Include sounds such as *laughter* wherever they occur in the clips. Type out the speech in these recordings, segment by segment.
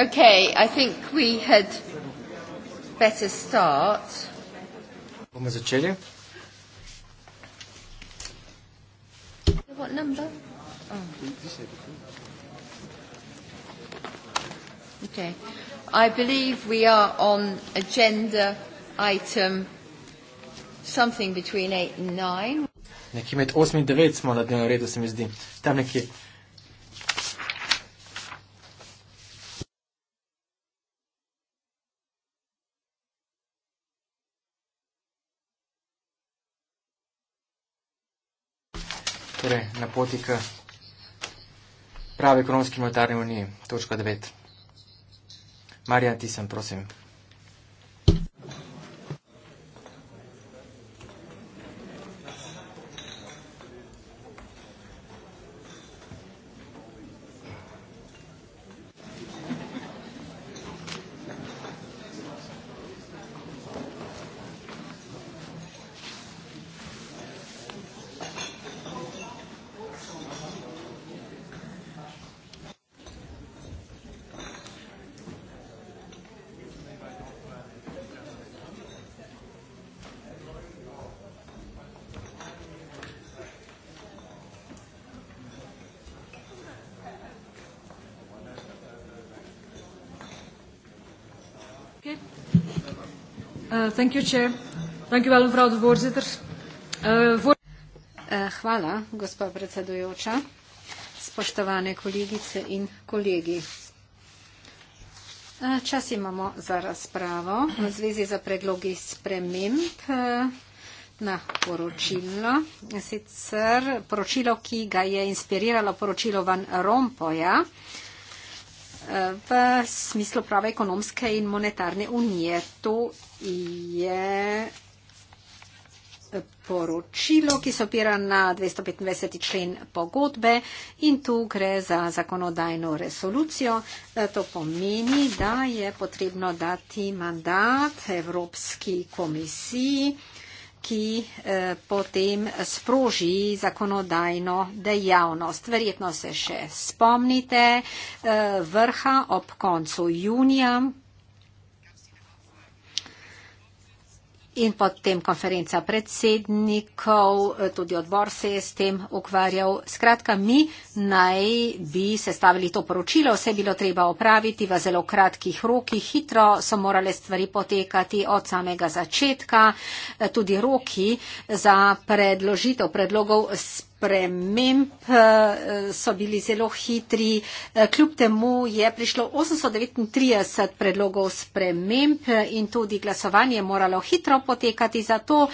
Okay, I think we had better start. Bomo začeli. What number? Oh. Okay. I believe we are on agenda item something between 8 and 9. Nekje med 8 in 9 smo na dnevnem redu, se mi zdi. Tam nekje. poti k pravi ekonomski monetarni uniji. Točka 9. Marija, ti sem, prosim. thank you, chair. Thank you, mevrouw de voorzitter. Uh, voor... uh, hvala, gospa predsedujoča. Spoštovane kolegice in kolegi. Eh, čas imamo za razpravo v zvezi za predlogi sprememb na poročilo. Sicer poročilo, ki ga je inspiriralo poročilo Van Rompoja, v smislu prave ekonomske in monetarne unije. To je poročilo, ki se opira na 225. člen pogodbe in tu gre za zakonodajno resolucijo. E, to pomeni, da je potrebno dati mandat Evropski komisiji uh, ki eh, potem sproži zakonodajno dejavnost. Verjetno se še spomnite eh, vrha ob koncu junija in potem konferenca predsednikov, eh, tudi odbor se je s tem ukvarjal. Skratka, mi naj bi sestavili to poročilo, vse bilo treba opraviti v zelo kratkih rokih, hitro so morale stvari potekati od samega začetka, eh, tudi roki za predložitev predlogov spremljati sprememb eh, so bili zelo hitri. Eh, kljub temu je prišlo 839 predlogov sprememb eh, in tudi glasovanje moralo hitro potekati, zato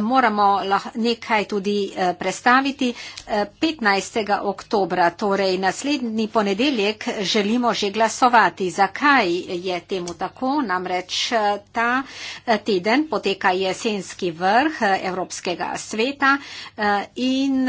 moramo nekaj tudi predstaviti. 15. oktobra, torej naslednji ponedeljek, želimo že glasovati. Zakaj je temu tako? Namreč ta teden poteka jesenski vrh Evropskega sveta in in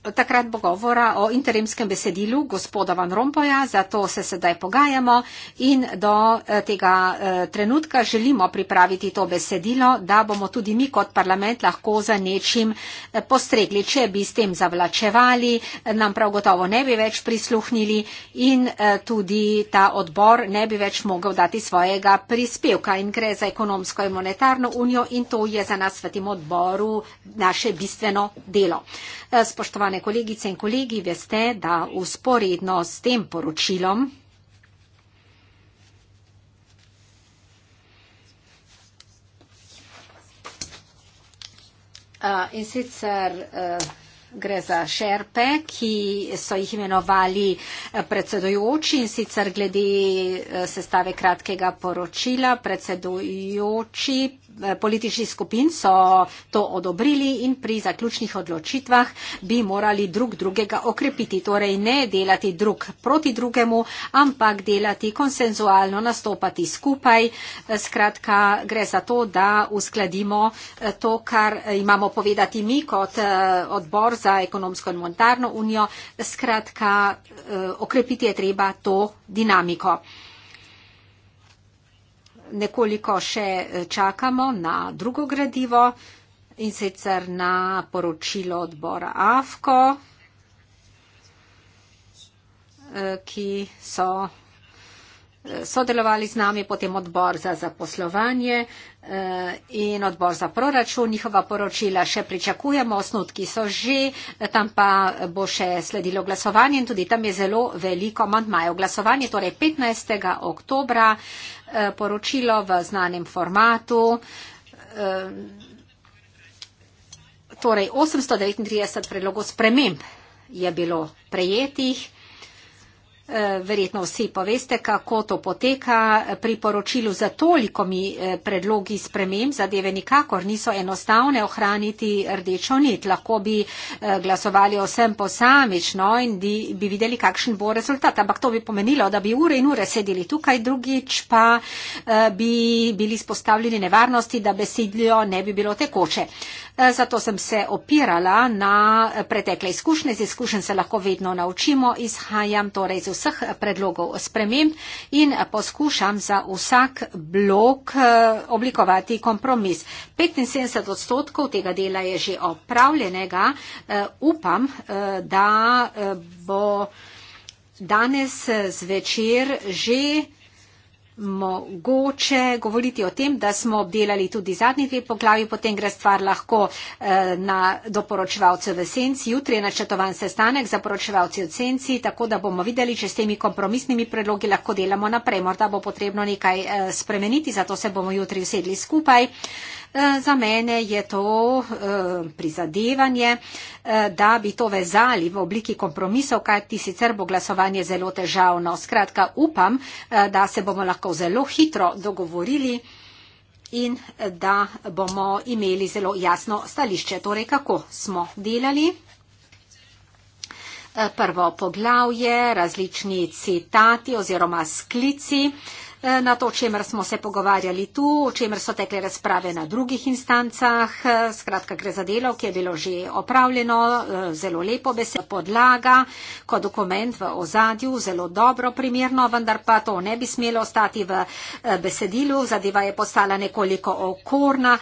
takrat bo govora o interimskem besedilu gospoda Van Rompoja, zato se sedaj pogajamo in do eh, tega eh, trenutka želimo pripraviti to besedilo, da bomo tudi mi kot parlament lahko za nečim eh, postregli. Če bi s tem zavlačevali, nam prav gotovo ne bi več prisluhnili in tudi ta odbor ne bi več mogel dati svojega prispevka in gre za ekonomsko in monetarno unijo in to je za nas v tem odboru naše bistveno delo. Spoštovane kolegice in kolegi, veste, da usporedno s tem poročilom in sicer gre za šerpe, ki so jih imenovali predsedojoči in sicer glede sestave kratkega poročila predsedojoči Eh, političnih skupin so to odobrili in pri zaključnih odločitvah bi morali drug drugega okrepiti. Torej ne delati drug proti drugemu, ampak delati konsenzualno, nastopati skupaj. Eh, skratka, gre za to, da uskladimo eh, to, kar imamo povedati mi kot odbor za ekonomsko in monetarno unijo. Skratka, okrepiti je treba to dinamiko nekoliko še eh, čakamo na drugo gradivo in sicer na poročilo odbora AFKO, eh, ki so sodelovali z nami, potem odbor za zaposlovanje eh, in odbor za proračun. Njihova poročila še pričakujemo, osnutki so že, tam pa bo še sledilo glasovanje in tudi tam je zelo veliko mandmajev. Glasovanje torej 15. oktobra, eh, poročilo v znanem formatu. Eh, torej 839 predlogov sprememb je bilo prejetih. Eh, verjetno vsi poveste, kako to poteka. Pri poročilu za tolikomi eh, predlogi sprememb zadeve nikakor niso enostavne ohraniti rdečo nit. Lahko bi eh, glasovali vsem posamično in bi videli, kakšen bo rezultat. Ampak to bi pomenilo, da bi ure in ure sedeli tukaj, drugič pa bi bili spostavljeni nevarnosti, da besedljo ne bi bilo tekoče. Zato sem se opirala na pretekle izkušnje. Z izkušenj se lahko vedno naučimo. Izhajam torej z vseh predlogov sprememb in poskušam za vsak blok eh, oblikovati kompromis. 75 odstotkov tega dela je že opravljenega. Eh, upam, eh, da bo danes zvečer že mogoče govoriti o tem, da smo obdelali tudi zadnji dve poglavi, potem gre stvar lahko eh, na doporočevalce v senci. Jutri je načrtovan sestanek za poročevalce v senci, tako da bomo videli, če s temi kompromisnimi predlogi lahko delamo naprej. Morda bo potrebno nekaj eh, spremeniti, zato se bomo jutri usedli skupaj. Eh, za mene je to eh, prizadevanje, eh, da bi to vezali v obliki kompromisov, kajti sicer bo glasovanje zelo težavno. Skratka, upam, da se bomo lahko zelo hitro dogovorili in da bomo imeli zelo jasno stališče. Torej, kako smo delali? Prvo poglavje, različni citati oziroma sklici. Eh, na to, o čemer smo se pogovarjali tu, o čemer so tekle razprave na drugih instancah. Eh, skratka, gre za delo, ki je bilo že opravljeno, eh, zelo lepo besedo podlaga, kot dokument v ozadju, zelo dobro primerno, vendar pa to ne bi smelo ostati v besedilu. Zadeva je postala nekoliko okorna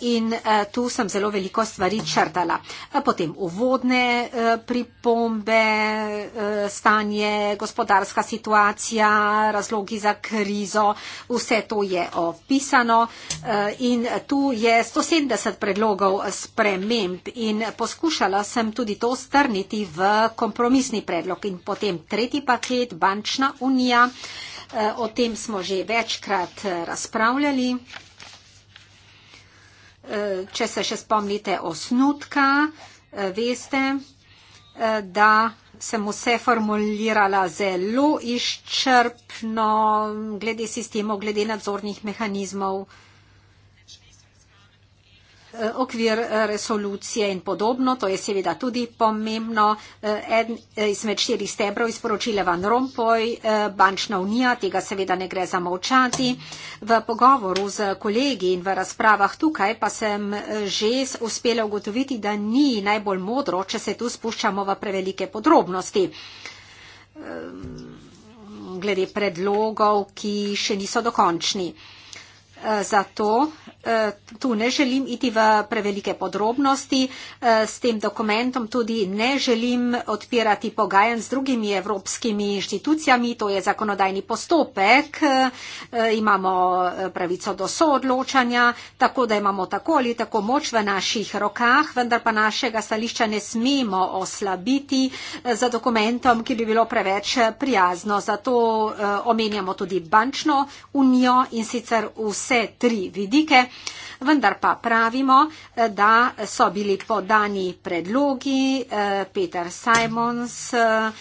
in tu sem zelo veliko stvari črtala. Potem uvodne pripombe, stanje, gospodarska situacija, razlogi za kriz analizo, vse to je opisano eh, in tu je 170 predlogov sprememb in poskušala sem tudi to strniti v kompromisni predlog in potem tretji paket, bančna unija, eh, o tem smo že večkrat eh, razpravljali. Če se še spomnite osnutka, veste, da sem vse formulirala zelo izčrpno glede sistemov, glede nadzornih mehanizmov. Eh, okvir eh, resolucije in podobno. To je seveda tudi pomembno. Eh, en izmed štirih stebrov izporočile Van Rompuy, bančna unija, tega seveda ne gre zamovčati. V pogovoru z kolegi in v razpravah tukaj pa sem že uspela ugotoviti, da ni najbolj modro, če se tu spuščamo v prevelike podrobnosti ehm, glede predlogov, ki še niso dokončni. Zato Eh, tu ne želim iti v prevelike podrobnosti. Eh, s tem dokumentom tudi ne želim odpirati pogajanj z drugimi evropskimi inštitucijami. To je zakonodajni postopek. Eh, imamo pravico do soodločanja, tako da imamo tako ali tako moč v naših rokah, vendar pa našega stališča ne smemo oslabiti za dokumentom, ki bi bilo preveč prijazno. Zato omenjamo tudi bančno unijo in sicer vse tri vidike vendar pa pravimo, eh, da so bili podani predlogi eh, Peter Simons, eh,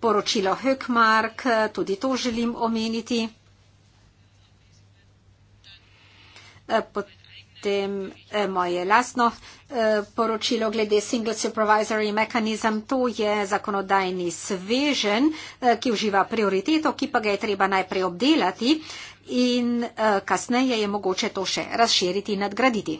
poročilo Höckmark, tudi to želim omeniti. Potem moje lastno poročilo glede Single Supervisory Mechanism, to je zakonodajni svežen, ki uživa prioriteto, ki pa ga je treba najprej obdelati in eh, kasneje je mogoče to še razširiti in nadgraditi.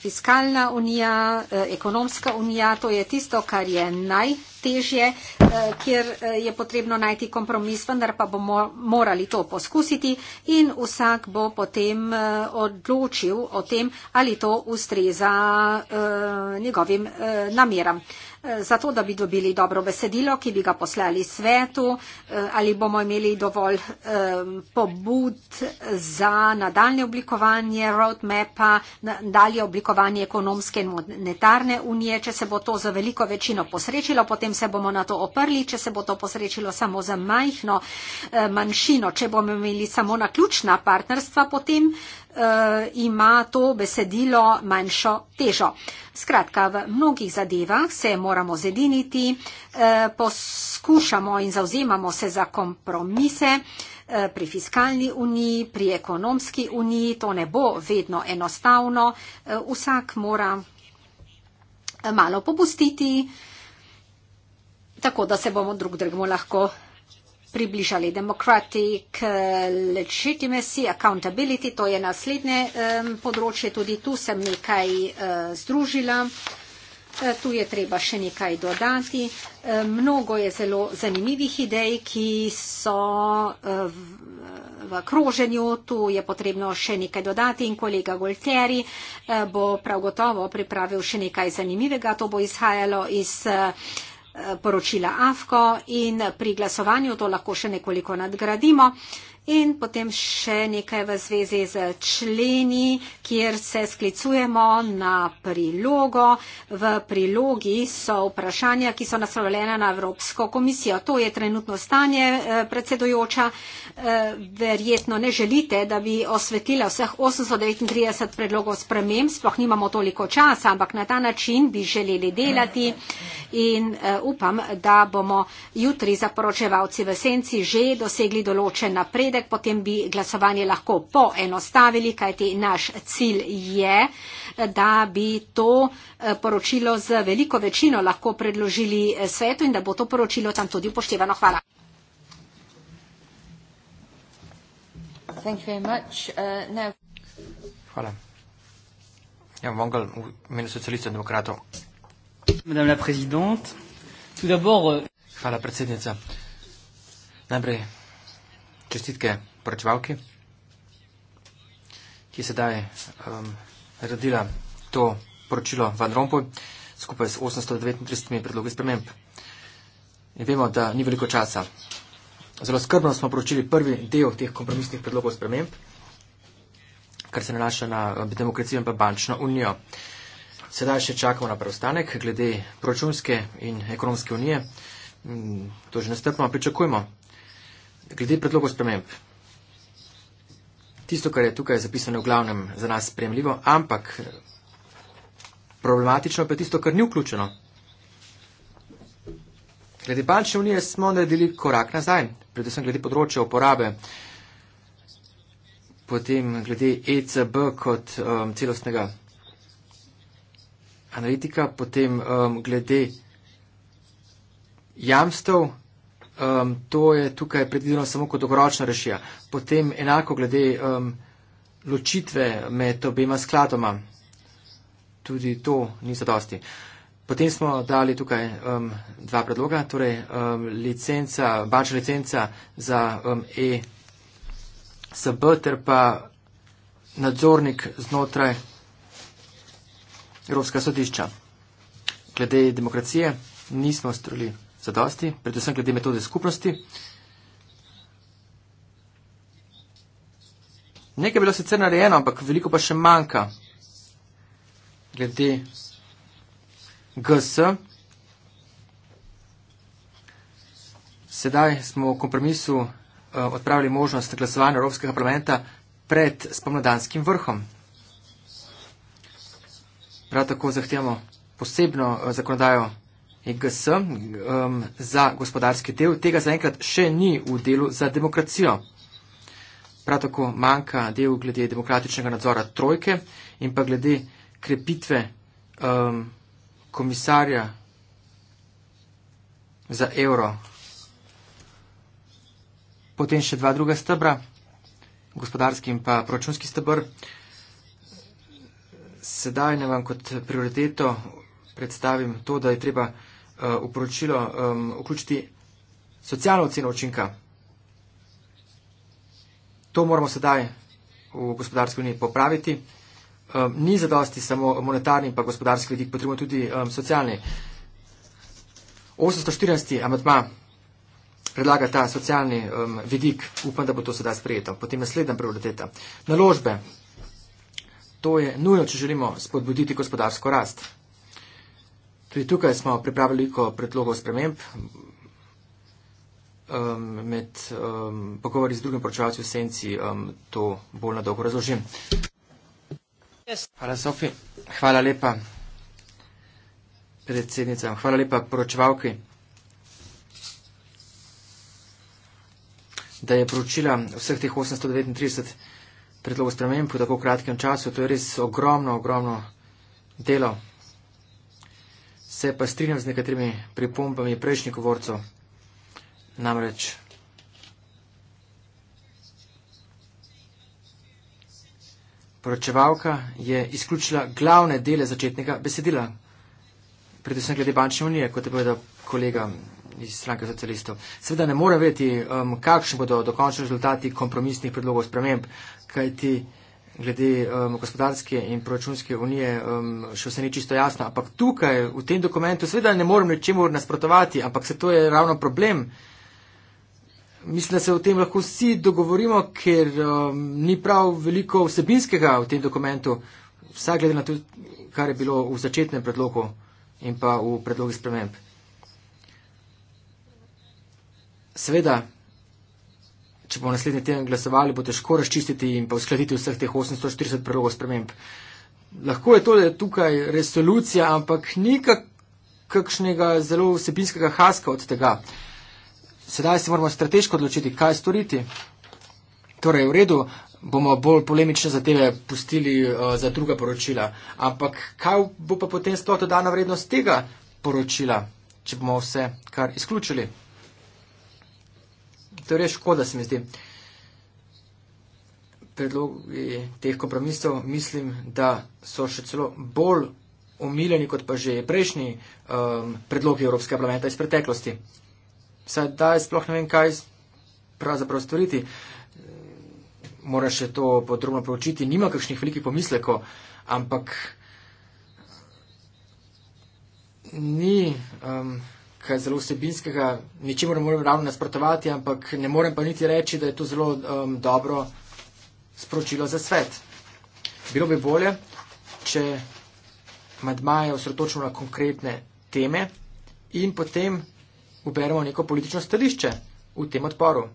Fiskalna unija, eh, ekonomska unija, to je tisto, kar je najtežje, eh, kjer je potrebno najti kompromis, vendar pa bomo morali to poskusiti in vsak bo potem odločil o tem, ali to ustreza njegovim nameram. Eh, zato da bi dobili dobro besedilo, ki bi ga poslali svetu, eh, ali bomo imeli dovolj eh, pobud za nadaljne oblikovanje roadmapa, nadalje oblikovanje ekonomske in monetarne unije. Če se bo to za veliko večino posrečilo, potem se bomo na to oprli. Če se bo to posrečilo samo za majhno manjšino, če bomo imeli samo naključna partnerstva, potem uh, ima to besedilo manjšo težo. Skratka, v mnogih zadevah se moramo zediniti, uh, poskušamo in zauzemamo se za kompromise eh, pri fiskalni uniji, pri ekonomski uniji, to ne bo vedno enostavno, vsak mora malo popustiti, tako da se bomo drug drugemu lahko približali. Democratic legitimacy, accountability, to je naslednje področje, tudi tu sem nekaj e, združila. E, tu je treba še nekaj dodati. E, mnogo je zelo zanimivih idej, ki so v kroženju. Tu je potrebno še nekaj dodati in kolega Golteri bo prav gotovo pripravil še nekaj zanimivega. To bo izhajalo iz Eh, poročila AFKO in pri glasovanju to lahko še nekoliko nadgradimo. In potem še nekaj v zvezi z členi, kjer se sklicujemo na prilogo. V prilogi so vprašanja, ki so naslovljena na Evropsko komisijo. To je trenutno stanje, eh, predsedojoča. Eh, verjetno ne želite, da bi osvetila vseh 839 predlogov sprememb, sploh nimamo toliko časa, ampak na ta način bi želeli delati. In eh, upam, da bomo jutri za poročevalci v senci že dosegli določen napredek napredek, potem bi glasovanje lahko poenostavili, kajti naš cilj je, da bi to eh, poročilo z veliko večino lahko predložili eh, svetu in da bo to poročilo tam tudi upoštevano. Hvala. Uh, Hvala. Jan Vongel, v imenu socialistov in demokratov. Euh- Hvala, predsednica. Najprej čestitke poročevalki, ki je sedaj um, redila to poročilo Van Rompuy skupaj s 839 predlogi sprememb. In vemo, da ni veliko časa. Zelo skrbno smo poročili prvi del teh kompromisnih predlogov sprememb, kar se nanaša na eh, demokracijo in pa bančno unijo. Sedaj še čakamo na preostanek glede proračunske in ekonomske unije. Mm, to že nestrpno pričakujemo. Glede predloga sprememb. Tisto, kar je tukaj zapisano v glavnem za nas spremljivo, ampak eh, problematično pa je tisto, kar ni vključeno. Glede bančne unije smo naredili korak nazaj, predvsem glede področja uporabe, potem glede ECB kot um, celostnega analitika, potem um, glede jamstev um, to je tukaj predvideno samo kot dolgoročna rešija. Potem enako glede um, ločitve med obema skladoma, tudi to ni zadosti. Potem smo dali tukaj um, dva predloga, torej um, licenca, bančna licenca za um, ESB ter pa nadzornik znotraj Evropska sodišča. Glede demokracije nismo strli zadosti, predvsem glede metode skupnosti. Nekaj je bilo sicer narejeno, ampak veliko pa še manjka glede GS. Sedaj smo v kompromisu eh, odpravili možnost glasovanja Evropskega parlamenta pred spomladanskim vrhom. Prav tako zahtevamo posebno eh, zakonodajo EGS um, za gospodarski del, tega zaenkrat še ni v delu za demokracijo. Prav tako manjka del glede demokratičnega nadzora trojke in pa glede krepitve um, komisarja za evro. Potem še dva druga stebra, gospodarski in pa proračunski stebr. Sedaj ne vam kot prioriteto predstavim to, da je treba uh, v poročilo um, vključiti socialno oceno učinka. To moramo sedaj v gospodarski uniji popraviti. Um, ni zadosti samo monetarni in pa gospodarski vidik, potrebujemo tudi um, socialni. 814. amatma predlaga ta socialni um, vidik. Upam, da bo to sedaj sprejeto. Potem naslednja prioriteta. Naložbe. To je nujno, če želimo spodbuditi gospodarsko rast. Tudi tukaj smo pripravili veliko predlogov sprememb. Um, med um, pogovori z drugim poročevalcem v senci um, to bolj na dolgo razložim. Yes. Hvala, Sofi. Hvala lepa, predsednica. Hvala lepa, poročevalki, da je poročila vseh teh 839 predlogov sprememb v tako kratkem času. To je res ogromno, ogromno delo se pa strinjam z nekaterimi pripombami prejšnjih govorcev, namreč poročevalka je izključila glavne dele začetnega besedila, predvsem glede bančne unije, kot je povedal kolega iz stranke socialistov. Seveda ne morem vedeti, um, kakšni bodo dokončni rezultati kompromisnih predlogov sprememb, kajti glede um, gospodarske in proračunske unije, um, še vse ni čisto jasno. Ampak tukaj, v tem dokumentu, seveda ne morem ničemu nasprotovati, ampak se to je ravno problem. Mislim, da se o tem lahko vsi dogovorimo, ker um, ni prav veliko vsebinskega v tem dokumentu, vsaj glede na to, kar je bilo v začetnem predlogu in pa v predlogu sprememb. Seveda, če bomo naslednji teden glasovali, bo težko razčistiti in pa uskladiti vseh teh 840 prelogov sprememb. Lahko je to, da je tukaj resolucija, ampak ni kakšnega zelo vsebinskega haska od tega. Sedaj se moramo strateško odločiti, kaj storiti. Torej, v redu, bomo bolj polemične zadeve pustili uh, za druga poročila, ampak kaj bo pa potem sploh dodana vrednost tega poročila, če bomo vse kar izključili? To je res škoda, se mi zdi. Predlogi teh kompromisov mislim, da so še celo bolj omiljeni kot pa že prejšnji um, predlogi Evropskega parlamenta iz preteklosti. Saj da je sploh ne vem, kaj pravzaprav storiti. Mora še to podrobno preučiti. Nima kakšnih velikih pomislekov, ampak ni. Um, kaj zelo vsebinskega, ničemu ne morem ravno nasprotovati, ampak ne morem pa niti reči, da je to zelo um, dobro sporočilo za svet. Bilo bi bolje, če madmaje osredotočimo na konkretne teme in potem uberemo neko politično stališče v tem odporu.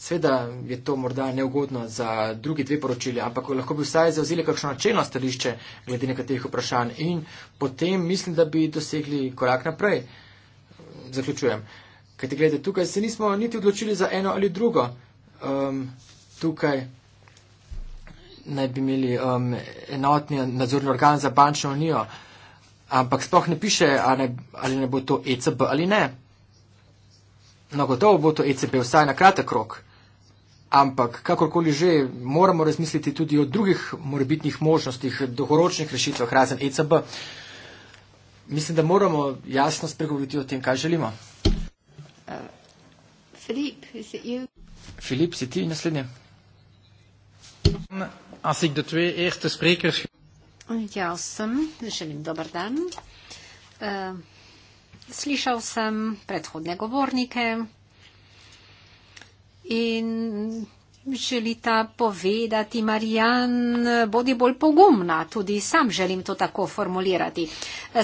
Sveda je to morda neugodno za drugi dve poročili, ampak lahko bi vsaj zauzeli kakšno načelno stališče glede nekaterih vprašanj in potem mislim, da bi dosegli korak naprej. Zaključujem. Kaj ti gledaj, tukaj se nismo niti odločili za eno ali drugo. Um, tukaj naj bi imeli um, enotni nadzorni organ za bančno unijo, ampak sploh ne piše, ali ne, ali ne bo to ECB ali ne. No, gotovo bo to ECB vsaj na kratek rok. Ampak, kakorkoli že, moramo razmisliti tudi o drugih morebitnih možnostih, dolgoročnih rešitvah, razen ECB. Mislim, da moramo jasno spregovoriti o tem, kaj želimo. Uh, Filip, si ti naslednji? Als ik de twee eerste sprekers. Ja, sem, želim dober dan. Uh, slišal sem predhodne govornike, in želita povedati, Marijan, bodi bolj pogumna, tudi sam želim to tako formulirati.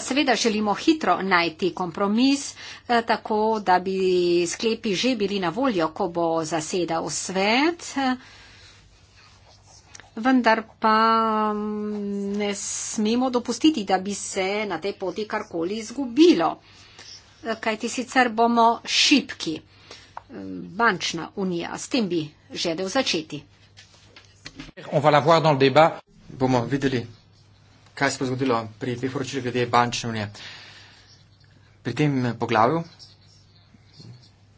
Seveda želimo hitro najti kompromis, eh, tako da bi sklepi že bili na voljo, ko bo zasedal svet. Vendar pa mm, ne smemo dopustiti, da bi se na tej poti karkoli izgubilo, eh, kajti sicer bomo šipki bančna unija. S tem bi želel začeti. Bomo videli, kaj se bo zgodilo pri dveh poročilih glede bančne unije. Pri tem eh, poglavju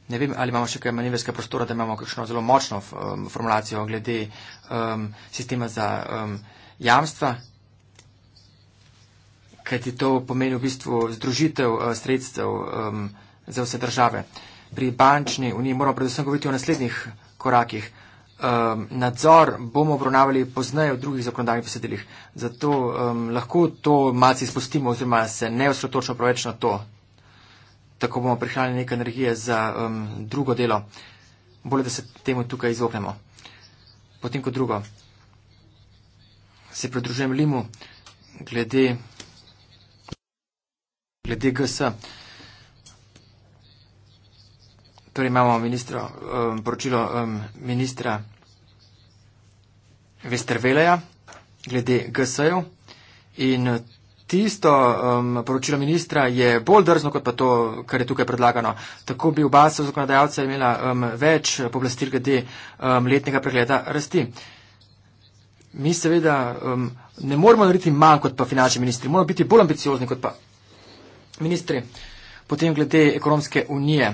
ne vem, ali imamo še kaj manjverska prostora, da imamo kakšno zelo močno um, formulacijo glede um, sistema za um, jamstva, kajti to pomeni v bistvu združitev uh, sredstev um, za vse države. Uh, pri bančni uniji moramo predvsem govoriti o naslednjih korakih. Um, nadzor bomo obravnavali poznaje v drugih zakonodajnih besedilih, zato um, lahko to malce izpustimo oziroma se ne osredotočimo preveč na to. Tako bomo prihranili nekaj energije za um, drugo delo. Bolje, da se temu tukaj izognemo. Potem kot drugo, se pridružujem Limu glede, glede GS. Torej imamo ministro, um, poročilo um, ministra Vesterveleja glede GSE-ev in tisto um, poročilo ministra je bolj drzno, kot pa to, kar je tukaj predlagano. Tako bi oba zakonodajalca imela um, več poblastil glede um, letnega pregleda rasti. Mi seveda um, ne moramo narediti manj kot pa finančni ministri, moramo biti bolj ambiciozni kot pa ministri. Potem glede ekonomske unije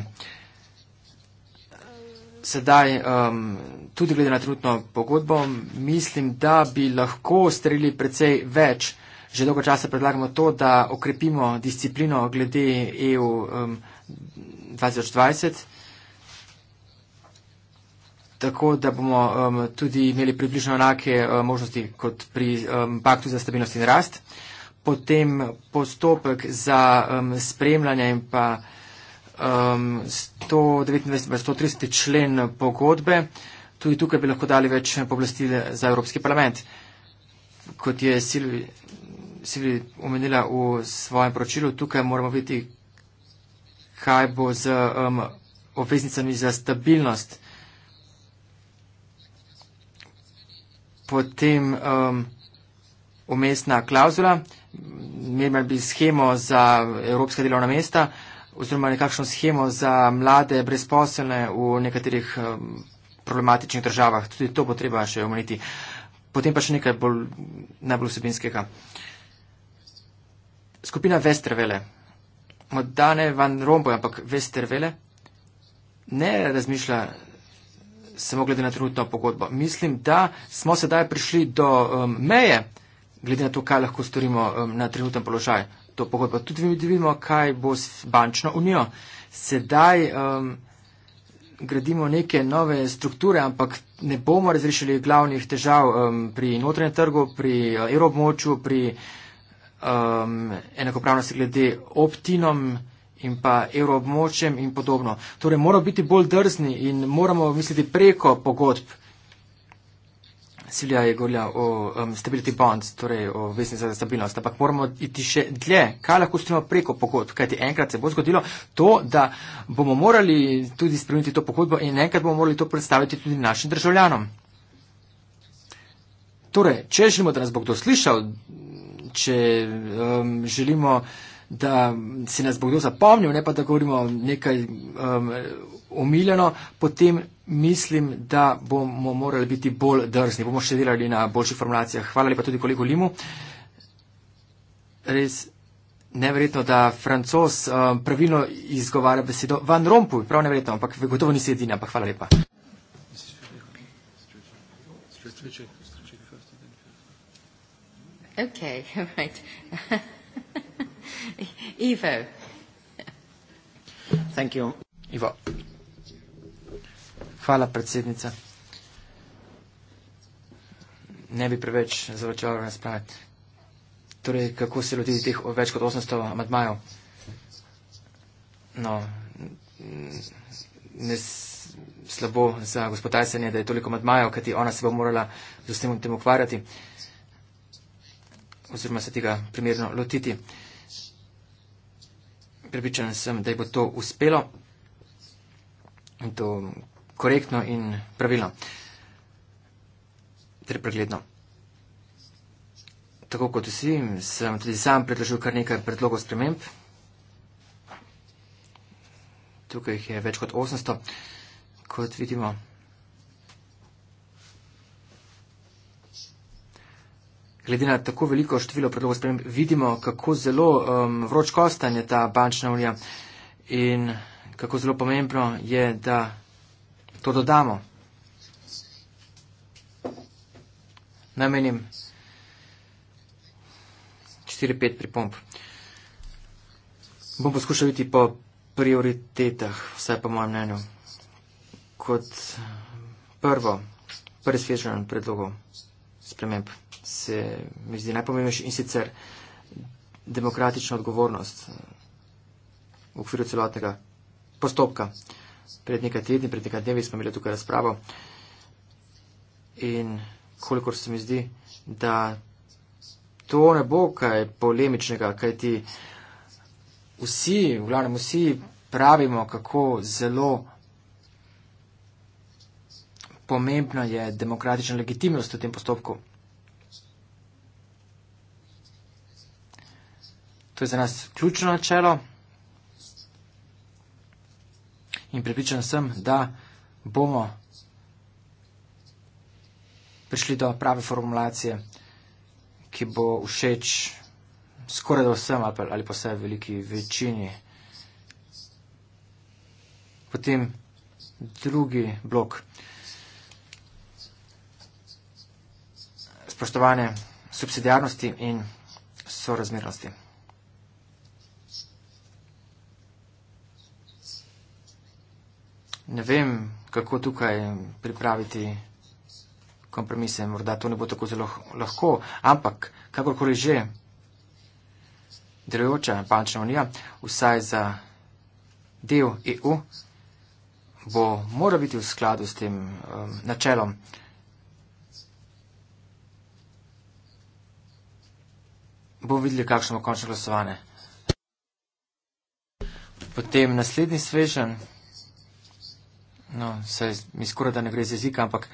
sedaj, um, tudi glede na trenutno pogodbo, mislim, da bi lahko strelili precej več. Že dolgo časa predlagamo to, da okrepimo disciplino glede EU um, 2020, tako da bomo um, tudi imeli približno enake um, možnosti kot pri um, paktu za stabilnost in rast. Potem postopek za um, spremljanje in pa um, 129 in 130 člen pogodbe. Tudi tukaj bi lahko dali več poblastil za Evropski parlament. Kot je Silvi omenila v svojem pročilu, tukaj moramo videti, kaj bo z um, obveznicami za stabilnost. Potem um, omestna klauzula, imeli bi schemo za evropska delovna mesta, oziroma nekakšno schemo za mlade brezposelne v nekaterih um, problematičnih državah. Tudi to bo treba še omeniti. Potem pa še nekaj bolj, najbolj vsebinskega. Skupina Vestervele, morda ne Van Rombo, ampak Vestervele, ne razmišlja samo glede na trenutno pogodbo. Mislim, da smo sedaj prišli do um, meje, glede na to, kaj lahko storimo um, na trenutnem položaju to pogodbo. Tudi vidimo, kaj bo s bančno unijo. Sedaj um, gradimo neke nove strukture, ampak ne bomo razrešili glavnih težav um, pri notranjem trgu, pri uh, evroobmočju, pri um, enakopravnosti glede optinom in pa evroobmočjem in podobno. Torej moramo biti bolj drzni in moramo misliti preko pogodb, Silja je govorila o um, stability bonds, torej o vesni za stabilnost, ampak moramo iti še dlje, kaj lahko ustrojimo preko pogodb, kajti enkrat se bo zgodilo to, da bomo morali tudi spremeniti to pogodbo in enkrat bomo morali to predstaviti tudi našim državljanom. Torej, če želimo, da nas bo kdo slišal, če um, želimo, da se nas bo kdo zapomnil, ne pa da govorimo nekaj. Um, omiljeno, potem mislim, da bomo morali biti bolj drzni. Bomo še delali na boljših formulacijah. Hvala lepa tudi kolegu Limu. Res neverjetno, da francos um, eh, pravilno izgovarja besedo van rompu, prav neverjetno, ampak gotovo nisi edina, ampak hvala lepa. Ok, *laughs* right. *laughs* Ivo. Thank you. Ivo. Hvala, predsednica. Ne bi preveč zavrčevalo razprave. Torej, kako se lotiti teh več kot 800 amadmajev? No, ne slabo za gospodajstvenje, da je toliko amadmajev, kajti ona se bo morala z vsem tem ukvarjati oziroma se tega primerno lotiti. Pripričan sem, da je bo to uspelo in to korektno in pravilno ter pregledno. Tako kot vsi, sem tudi sam predložil kar nekaj predlogov sprememb. Tukaj jih je več kot 800, kot vidimo. Glede na tako veliko število predlogov sprememb, vidimo, kako zelo um, vroč kostanje ta bančna unija in kako zelo pomembno je, da to dodamo. Namenim 4-5 pripomb. Bom poskušal biti po prioritetah, vse po mojem mnenju. Kot prvo, prvi svežen predlogov sprememb se mi zdi najpomembnejši in sicer demokratična odgovornost v okviru celotnega postopka. Uh, pred nekaj tedni, pred nekaj dnevi smo imeli tukaj razpravo in kolikor se mi zdi, da to ne bo kaj polemičnega, kaj ti vsi, v glavnem vsi pravimo, kako zelo pomembna je demokratična legitimnost v tem postopku. To je za nas ključno načelo. In pripričan sem, da bomo prišli do prave formulacije, ki bo všeč skoraj da vsem ali pa vse veliki večini. Potem drugi blok. Spoštovanje subsidijarnosti in sorazmernosti. ne vem, kako tukaj pripraviti kompromise. Morda to ne bo tako zelo lahko, ampak kakorkoli že, delujoča bančna unija, vsaj za del EU, bo mora biti v skladu s tem um, načelom. Bomo videli, kakšno bo končno glasovanje. Potem naslednji svežen. No, saj mi skoraj da ne gre z jezika, ampak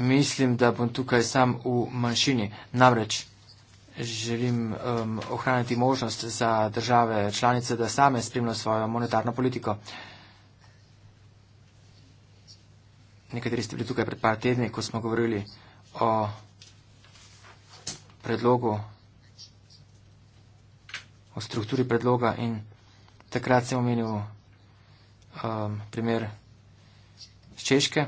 mislim, da bom tukaj sam v manjšini. Namreč želim um, ohraniti možnost za države članice, da same spremljajo svojo monetarno politiko. Nekateri ste bili tukaj pred par tedni, ko smo govorili o predlogu, o strukturi predloga in takrat sem omenil um, primer z Češke,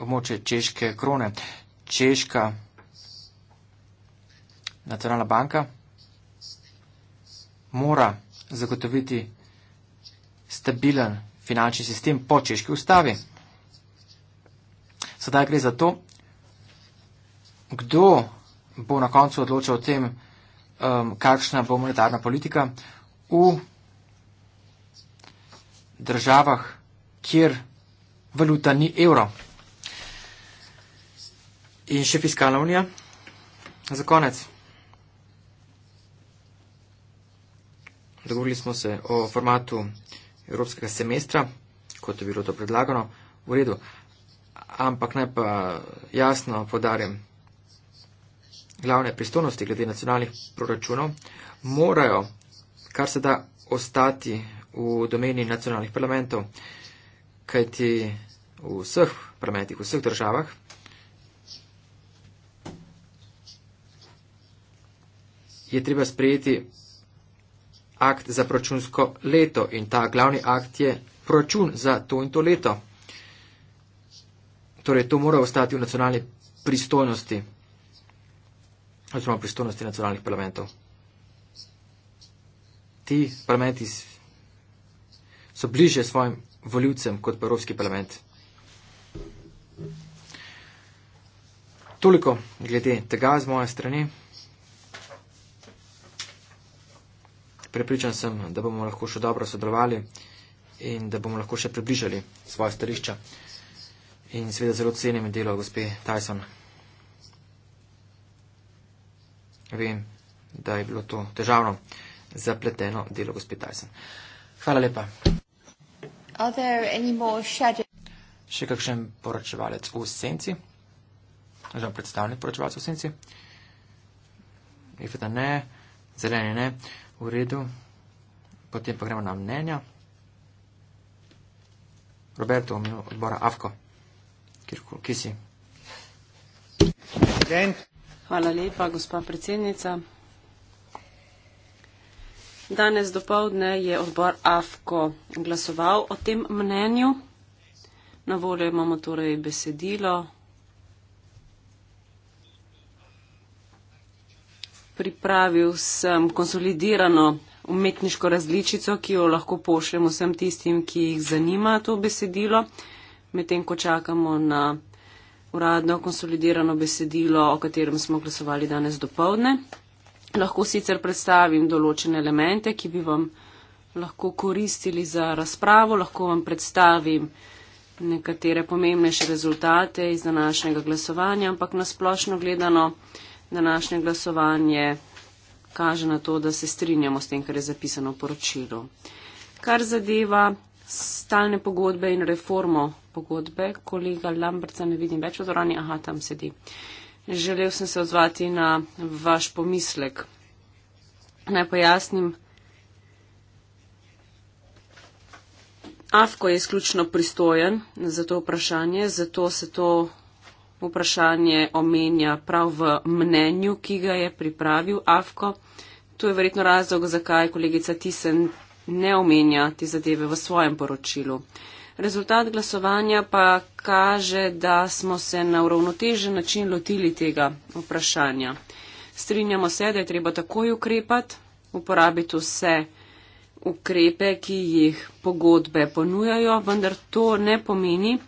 območje Češke krone. Češka nacionalna banka mora zagotoviti stabilen finančni sistem po Češki ustavi. Sedaj gre za to, kdo bo na koncu odločal o tem, um, kakšna bo monetarna politika v državah, kjer valuta ni evro. In še fiskalna unija. Za konec. Dogovorili smo se o formatu evropskega semestra, kot je bilo to predlagano, v redu. Ampak naj pa jasno podarim, glavne pristojnosti glede nacionalnih proračunov morajo kar se da ostati v domeni nacionalnih parlamentov, kajti v vseh parlamentih, v vseh državah je treba sprejeti akt za proračunsko leto in ta glavni akt je proračun za to in to leto. Torej, to mora ostati v nacionalni pristojnosti oziroma pristojnosti nacionalnih parlamentov. Ti parlamenti so bliže svojim voljivcem kot pa Evropski parlament. Toliko glede tega z moje strani. Prepričan sem, da bomo lahko še dobro sodelovali in da bomo lahko še približali svoje stališča. In seveda zelo cenim delo gospe Tyson. Vem, da je bilo to težavno, zapleteno delo gospe Tyson. Hvala lepa. Are there any more shadow? Še kakšen poročevalec v senci? Oziroma predstavnik poročevalcev v senci? Ifeta ne, zeleni ne, v redu. Potem pa gremo na mnenja. Roberto, v imenu odbora Avko, kjerkoli, ki si. Hvala lepa, gospa predsednica. Danes dopoledne je odbor AFKO glasoval o tem mnenju. Na voljo imamo torej besedilo. Pripravil sem konsolidirano umetniško različico, ki jo lahko pošljem vsem tistim, ki jih zanima to besedilo, medtem ko čakamo na uradno konsolidirano besedilo, o katerem smo glasovali danes dopoledne lahko sicer predstavim določene elemente, ki bi vam lahko koristili za razpravo, lahko vam predstavim nekatere pomembnejše rezultate iz današnjega glasovanja, ampak nasplošno gledano današnje glasovanje kaže na to, da se strinjamo s tem, kar je zapisano v poročilu. Kar zadeva stalne pogodbe in reformo pogodbe, kolega Lambrca ne vidim več v dvorani, aha, tam sedi. Uh, Želel sem se odzvati na vaš pomislek. Naj pojasnim. AFKO je izključno pristojen za to vprašanje, zato se to vprašanje omenja prav v mnenju, ki ga je pripravil AFKO. To je verjetno razlog, zakaj kolegica Tisen ne omenja te zadeve v svojem poročilu. Rezultat glasovanja pa kaže, da smo se na uravnotežen način lotili tega vprašanja. Strinjamo se, da je treba takoj ukrepati, uporabiti vse ukrepe, ki jih pogodbe ponujajo, vendar to ne pomeni,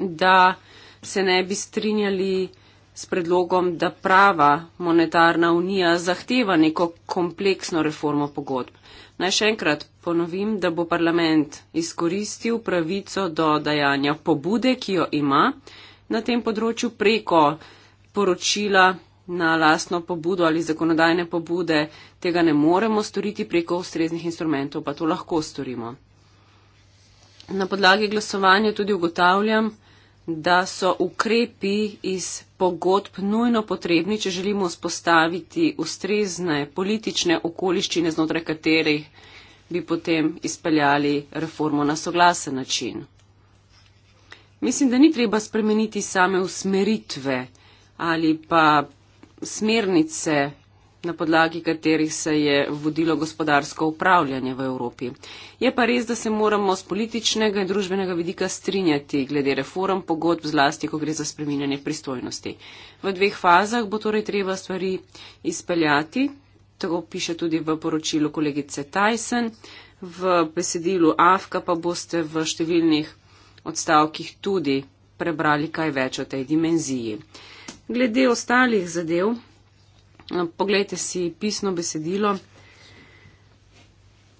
da se ne bi strinjali s predlogom, da prava monetarna unija zahteva neko kompleksno reformo pogodb. Naj še enkrat ponovim, da bo parlament izkoristil pravico do dajanja pobude, ki jo ima na tem področju preko poročila na lastno pobudo ali zakonodajne pobude. Tega ne moremo storiti preko ustreznih instrumentov, pa to lahko storimo. Na podlagi glasovanja tudi ugotavljam, da so ukrepi iz pogodb nujno potrebni, če želimo spostaviti ustrezne politične okoliščine, znotraj katerih bi potem izpeljali reformo na soglasen način. Mislim, da ni treba spremeniti same usmeritve ali pa smernice na podlagi katerih se je vodilo gospodarsko upravljanje v Evropi. Je pa res, da se moramo z političnega in družbenega vidika strinjati glede reform pogodb, zlasti, ko gre za spreminjanje pristojnosti. V dveh fazah bo torej treba stvari izpeljati, tako piše tudi v poročilu kolegice Tyson, v besedilu AFK pa boste v številnih odstavkih tudi prebrali kaj več o tej dimenziji. Glede ostalih zadev, Poglejte si pisno besedilo.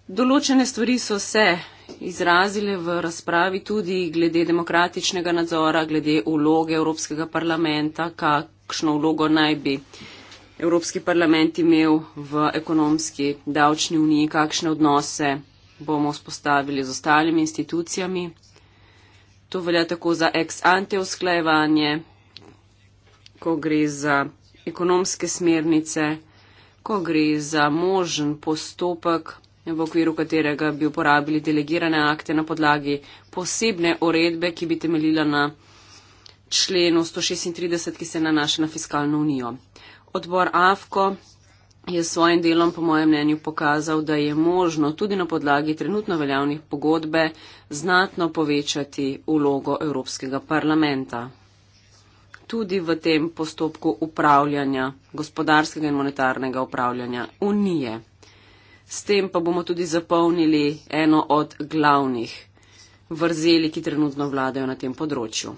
Določene stvari so se izrazile v razpravi tudi glede demokratičnega nadzora, glede vloge Evropskega parlamenta, kakšno vlogo naj bi Evropski parlament imel v ekonomski davčni uniji, kakšne odnose bomo spostavili z ostalimi institucijami. To velja tako za ex ante usklajevanje, ko gre za ekonomske smernice, ko gre za možen postopek, v okviru katerega bi uporabili delegirane akte na podlagi posebne uredbe, ki bi temeljila na členu 136, ki se nanaša na fiskalno unijo. Odbor AFKO je s svojim delom, po mojem mnenju, pokazal, da je možno tudi na podlagi trenutno veljavnih pogodbe znatno povečati ulogo Evropskega parlamenta tudi v tem postopku upravljanja, gospodarskega in monetarnega upravljanja unije. S tem pa bomo tudi zapolnili eno od glavnih vrzeli, ki trenutno vladajo na tem področju.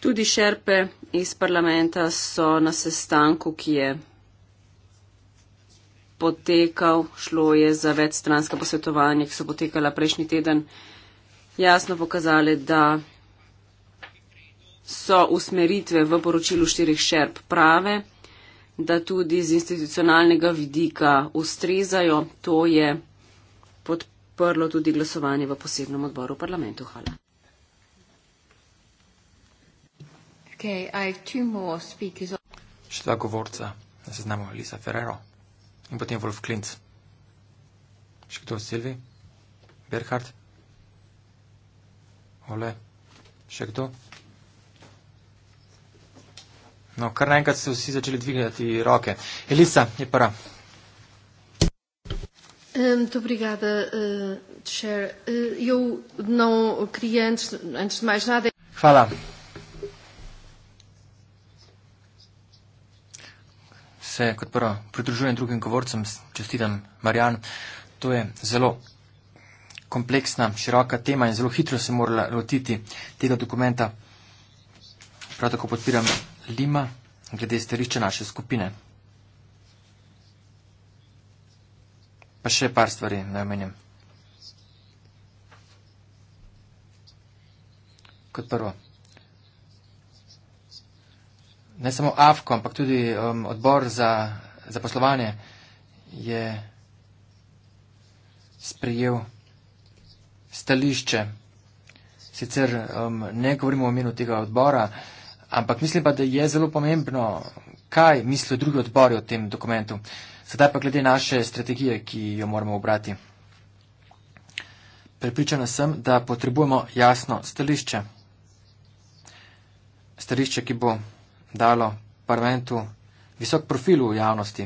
Tudi šerpe iz parlamenta so na sestanku, ki je potekal, šlo je za večstranska posvetovanja, ki so potekala prejšnji teden, jasno pokazali, da so usmeritve v poročilu štirih šerp prave, da tudi z institucionalnega vidika ustrezajo. To je podprlo tudi glasovanje v posebnem odboru parlamentu. Hvala. Okay, Še dva govorca na seznamu Lisa Ferrero in potem Wolf Klinc. Še kdo Silvi? Berhard? Ole? Še kdo? No, kar naenkrat so vsi začeli dvigati roke. Elisa, je para. Um, muito obrigada, uh, eh, Cher. Uh, eh, eu não queria, antes, antes de mais nada. Fala. Se, kot prvo, pridružujem drugim govorcem, čestitam Marjan. To je zelo kompleksna, široka tema in zelo hitro se morala lotiti tega dokumenta. Prav tako podpiram Lima, glede stališča naše skupine. Pa še par stvari naj omenim. Kot prvo. Ne samo AFKO, ampak tudi um, odbor za, za poslovanje je sprijel stališče. Sicer um, ne govorimo o imenu tega odbora, Ampak mislim pa, da je zelo pomembno, kaj mislijo drugi odbori o tem dokumentu. Sedaj pa glede naše strategije, ki jo moramo obrati. Pripričana sem, da potrebujemo jasno stališče. Stališče, ki bo dalo parlamentu visok profil v javnosti.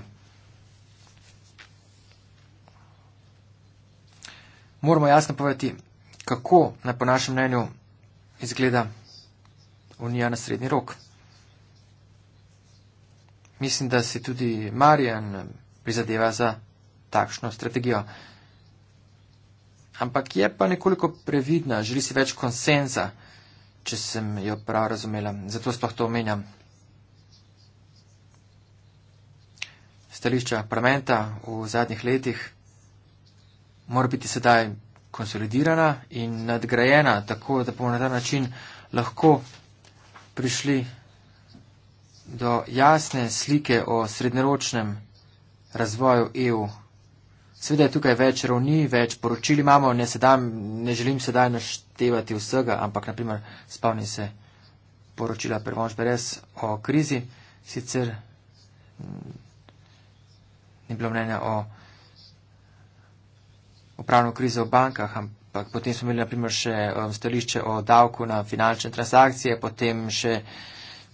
Moramo jasno povedati, kako na po našem mnenju izgleda unija na srednji rok. Mislim, da se tudi Marjan prizadeva za takšno strategijo. Ampak je pa nekoliko previdna, želi si več konsenza, če sem jo prav razumela. Zato sploh to omenjam. Stališča parlamenta v zadnjih letih mora biti sedaj konsolidirana in nadgrajena, tako da bomo na ta način lahko prišli do jasne slike o srednjeročnem razvoju EU. Sveda je tukaj več ravni, več poročili imamo, ne, sedam, ne želim sedaj naštevati vsega, ampak naprimer spomni se poročila Prvonš Beres o krizi, sicer mm, ni bilo mnenja o upravno krizo v bankah, ampak ampak potem smo imeli naprimer še um, stališče o davku na finančne transakcije, potem še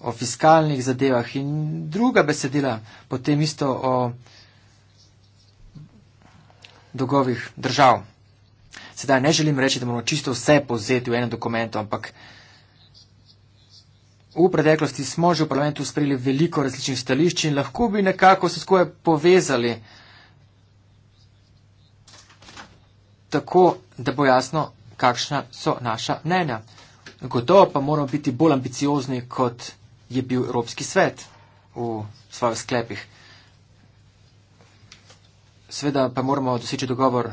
o fiskalnih zadevah in druga besedila, potem isto o dolgovih držav. Sedaj ne želim reči, da moramo čisto vse povzeti v enem dokumentu, ampak v preteklosti smo že v parlamentu sprejeli veliko različnih stališč in lahko bi nekako se skupaj povezali. tako, da bo jasno, kakšna so naša mnenja. Gotovo pa moramo biti bolj ambiciozni, kot je bil Evropski svet v svojih sklepih. Sveda pa moramo doseči dogovor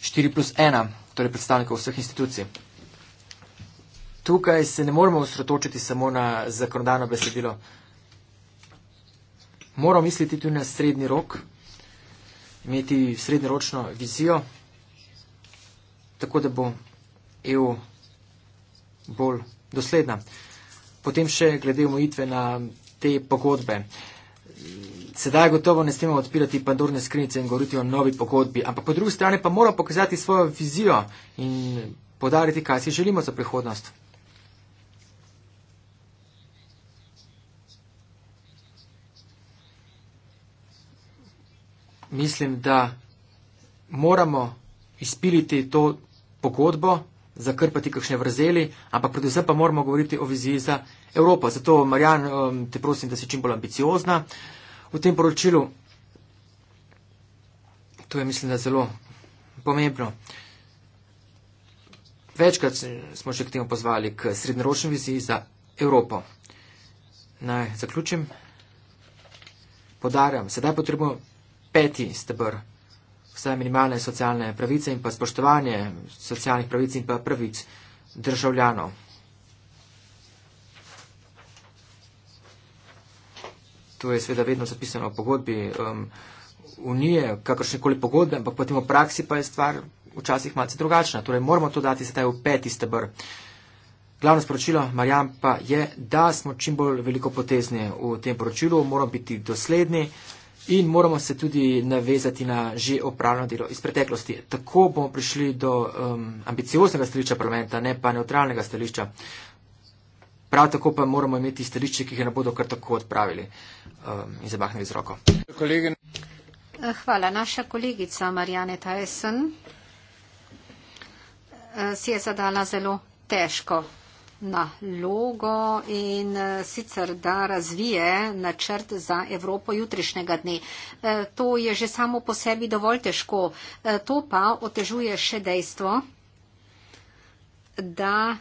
4 plus 1, torej predstavnikov vseh institucij. Tukaj se ne moramo osredotočiti samo na zakonodano besedilo. Moramo misliti tudi na srednji rok, imeti srednjeročno vizijo tako da bo EU bolj dosledna. Potem še glede omojitve na te pogodbe. Sedaj gotovo ne smemo odpirati pandorne skrinice in govoriti o novi pogodbi, ampak po drugi strani pa moramo pokazati svojo vizijo in podariti, kaj si želimo za prihodnost. Mislim, da moramo izpiliti to pogodbo, zakrpati kakšne vrzeli, ampak predvsem pa moramo govoriti o viziji za Evropo. Zato, Marjan, um, te prosim, da si čim bolj ambiciozna v tem poročilu. To je, mislim, da zelo pomembno. Večkrat smo še k temu pozvali k srednjeročni viziji za Evropo. Naj zaključim. Podarjam, sedaj potrebujemo peti stebr vse minimalne socialne pravice in pa spoštovanje socialnih pravic in pa pravic državljanov. To je sveda vedno zapisano v pogodbi um, unije, kakršnekoli pogodbe, ampak potem v praksi pa je stvar včasih malce drugačna. Torej moramo to dati sedaj v peti stebr. Glavno sporočilo Marjan pa je, da smo čim bolj veliko potezni v tem poročilu, moramo biti dosledni in moramo se tudi navezati na že opravljeno delo iz preteklosti. Tako bomo prišli do um, ambicioznega stališča parlamenta, ne pa neutralnega stališča. Prav tako pa moramo imeti stališče, ki jih ne bodo kar tako odpravili um, in zamahnili z roko. Eh, hvala. Naša kolegica Marjane Tajsen eh, si je zadala zelo težko nalogo in eh, sicer da razvije načrt za Evropo jutrišnjega dne. Eh, to je že samo po sebi dovolj težko. Eh, to pa otežuje še dejstvo, da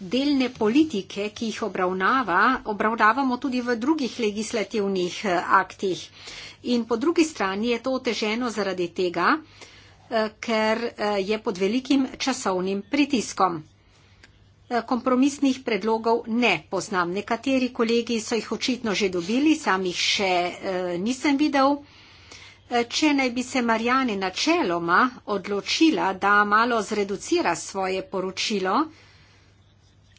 delne politike, ki jih obravnava, obravnavamo tudi v drugih legislativnih aktih. In po drugi strani je to oteženo zaradi tega, ker je pod velikim časovnim pritiskom. Eh, kompromisnih predlogov ne poznam. Nekateri kolegi so jih očitno že dobili, sam jih še eh, nisem videl. Eh, če naj bi se Marjane načeloma odločila, da malo zreducira svoje poročilo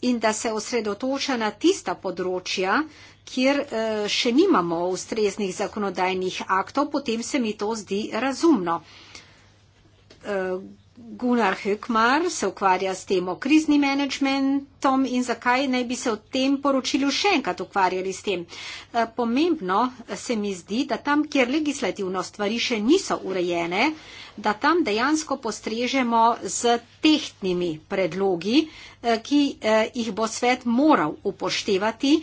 in da se osredotoča na tista področja, kjer še nimamo ustreznih zakonodajnih aktov, potem se mi to zdi razumno. Gunnar Hökmar se ukvarja s tem kriznim menedžmentom in zakaj ne bi se v tem poročilu še enkrat ukvarjali s tem. Eh, pomembno se mi zdi, da tam, kjer legislativno stvari še niso urejene, da tam dejansko postrežemo z tehtnimi predlogi, eh, ki eh, jih bo svet moral upoštevati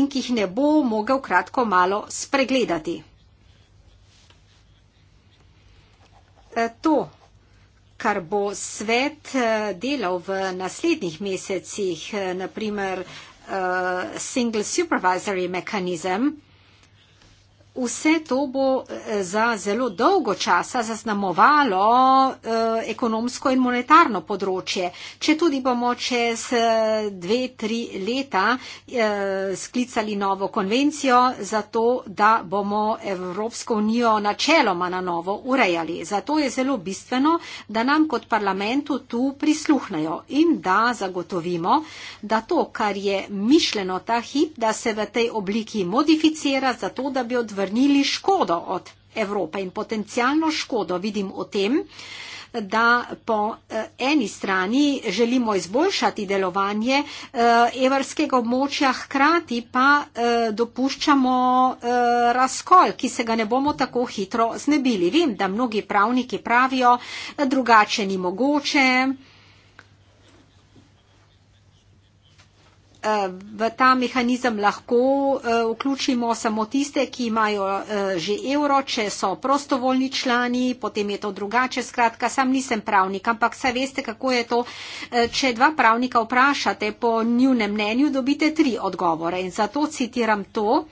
in ki jih ne bo mogel kratko malo spregledati. To kar bo svet eh, delal v naslednjih mesecih, eh, naprimer uh, eh, single supervisory mechanism, vse to bo eh, za zelo dolgo časa zaznamovalo eh, ekonomsko in monetarno področje. Če tudi bomo čez eh, dve, tri leta sklicali novo konvencijo za to, da bomo Evropsko unijo načeloma na novo urejali. Zato je zelo bistveno, da nam kot parlamentu tu prisluhnajo in da zagotovimo, da to, kar je mišljeno ta hip, da se v tej obliki modificira, zato da bi odvrnili zavrnili škodo od Evrope in potencijalno škodo vidim v tem, da po eh, eni strani želimo izboljšati delovanje eh, evrskega območja, hkrati pa eh, dopuščamo razkol, ki se ga ne bomo tako hitro znebili. Vem, da mnogi pravniki pravijo, drugače ni mogoče, Eh, v ta mehanizem lahko eh, vključimo samo tiste, ki imajo eh, že evro, če so prostovoljni člani, potem je to drugače. Skratka, sam nisem pravnik, ampak saj veste, kako je to. Če dva pravnika vprašate po njunem mnenju, dobite tri odgovore. In zato citiram to.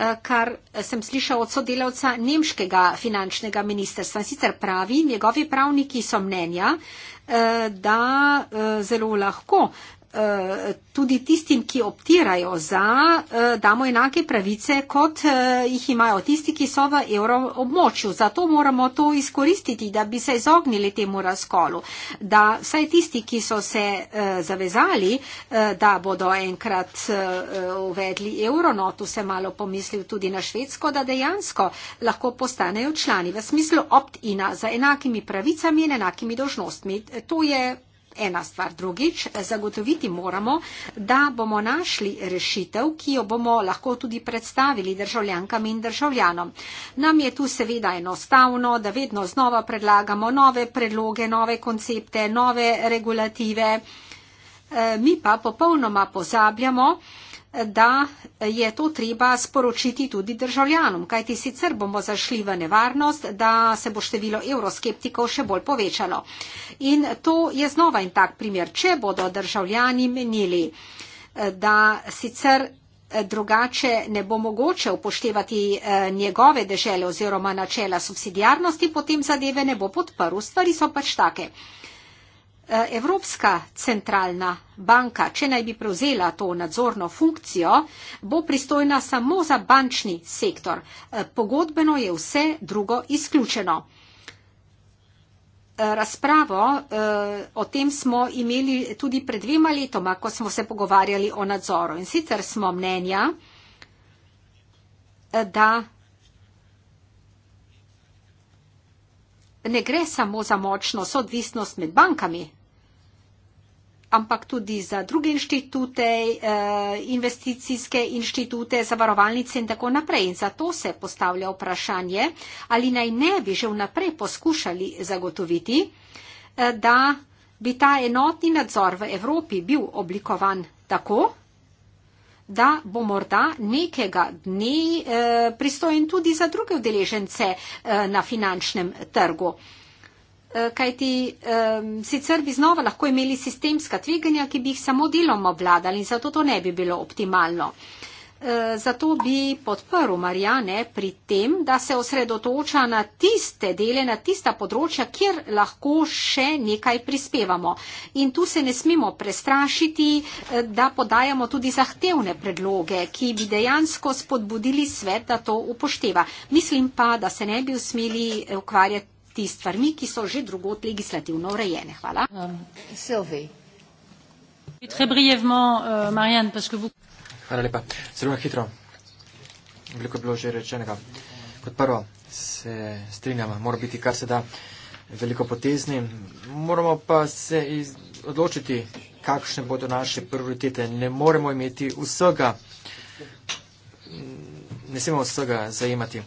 Eh, kar sem slišal od sodelavca nemškega finančnega ministrstva. Sicer pravi, njegovi pravniki so mnenja, eh, da eh, zelo lahko Eh, tudi tistim, ki optirajo za, eh, damo enake pravice, kot eh, jih imajo tisti, ki so v evroobmočju. Zato moramo to izkoristiti, da bi se izognili temu razkolu, da vsaj tisti, ki so se zavezali, da bodo enkrat uvedli evro, no tu sem malo pomislil tudi na švedsko, da dejansko lahko postanejo člani v smislu opt-ina za enakimi pravicami in enakimi dožnostmi. To je ena stvar. Drugič, zagotoviti moramo, da bomo našli rešitev, ki jo bomo lahko tudi predstavili državljankam in državljanom. Nam je tu seveda enostavno, da vedno znova predlagamo nove predloge, nove koncepte, nove regulative. Eh, mi pa popolnoma pozabljamo, da je to treba sporočiti tudi državljanom, kajti sicer bomo zašli v nevarnost, da se bo število euroskeptikov še bolj povečalo. In to je znova in tak primer, če bodo državljani menili, da sicer drugače ne bo mogoče upoštevati eh, njegove dežele oziroma načela subsidijarnosti, potem zadeve ne bo podprl, stvari so pač take. Eh, Evropska centralna banka, če naj bi prevzela to nadzorno funkcijo, bo pristojna samo za bančni sektor. Eh, pogodbeno je vse drugo izključeno. Eh, razpravo o tem smo imeli tudi pred dvema letoma, ko smo se pogovarjali o nadzoru. In sicer smo mnenja, da ne gre samo za močno sodvisnost med bankami, ampak tudi za druge inštitute, eh, investicijske inštitute, zavarovalnice in tako naprej. In zato se postavlja vprašanje, ali naj ne bi že vnaprej poskušali zagotoviti, eh, da bi ta enotni nadzor v Evropi bil oblikovan tako, da bo morda nekega dne eh, pristojen tudi za druge udeležence na finančnem trgu. Eh, kajti sicer bi znova lahko imeli sistemska tveganja, ki bi jih samo deloma obvladali in zato to ne bi bilo optimalno. Eh, zato bi podprl Marijane pri tem, da se osredotoča na tiste dele, na tista področja, kjer lahko še nekaj prispevamo. In tu se ne smemo prestrašiti, eh, da podajamo tudi zahtevne predloge, ki bi dejansko spodbudili svet, da to upošteva. Mislim pa, da se ne bi usmeli ukvarjati tisti stvarmi, ki so že drugot legislativno urejene. Hvala. Um, euh, Hvala lepa. Zelo hitro. Veliko je bilo že rečenega. Kot prvo se strinjamo, mora biti kar se da veliko potezni. Moramo pa se odločiti, kakšne bodo naše prioritete. Ne moremo imeti vsega. Ne smemo vsega zajemati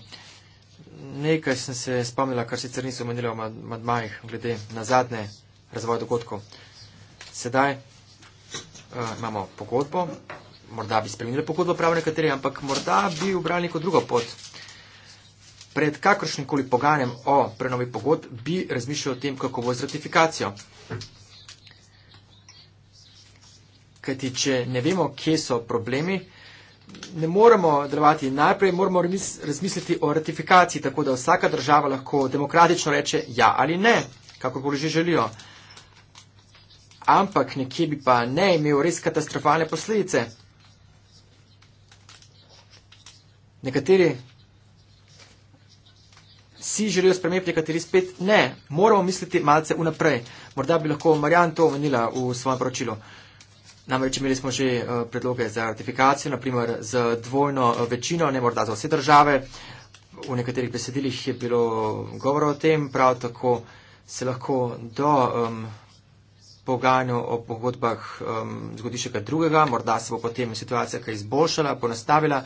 nekaj sem se spomnila, kar sicer niso omenili v madmajih, glede na zadnje razvoj dogodkov. Sedaj uh, imamo pogodbo, morda bi spremenili pogodbo pravo nekateri, ampak morda bi ubrali neko drugo pot. Pred kakršnim koli poganjem o prenovi pogodb bi razmišljali o tem, kako bo z ratifikacijo. Kajti, če ne vemo, kje so problemi, ne moremo delovati najprej, moramo razmisliti o ratifikaciji, tako da vsaka država lahko demokratično reče ja ali ne, kakorkoli že želijo. Ampak nekje bi pa ne imel res katastrofalne posledice. Nekateri si želijo spremeniti, nekateri spet ne. Moramo misliti malce vnaprej. Morda bi lahko Marjan to omenila v svojem poročilu. Uh, Namreč imeli smo že eh, predloge za ratifikacijo, naprimer z dvojno eh, večino, ne morda za vse države. V nekaterih besedilih je bilo govora o tem, prav tako se lahko do um, pogajanja o pogodbah um, zgodi še kaj drugega, morda se bo potem situacija kaj izboljšala, ponastavila.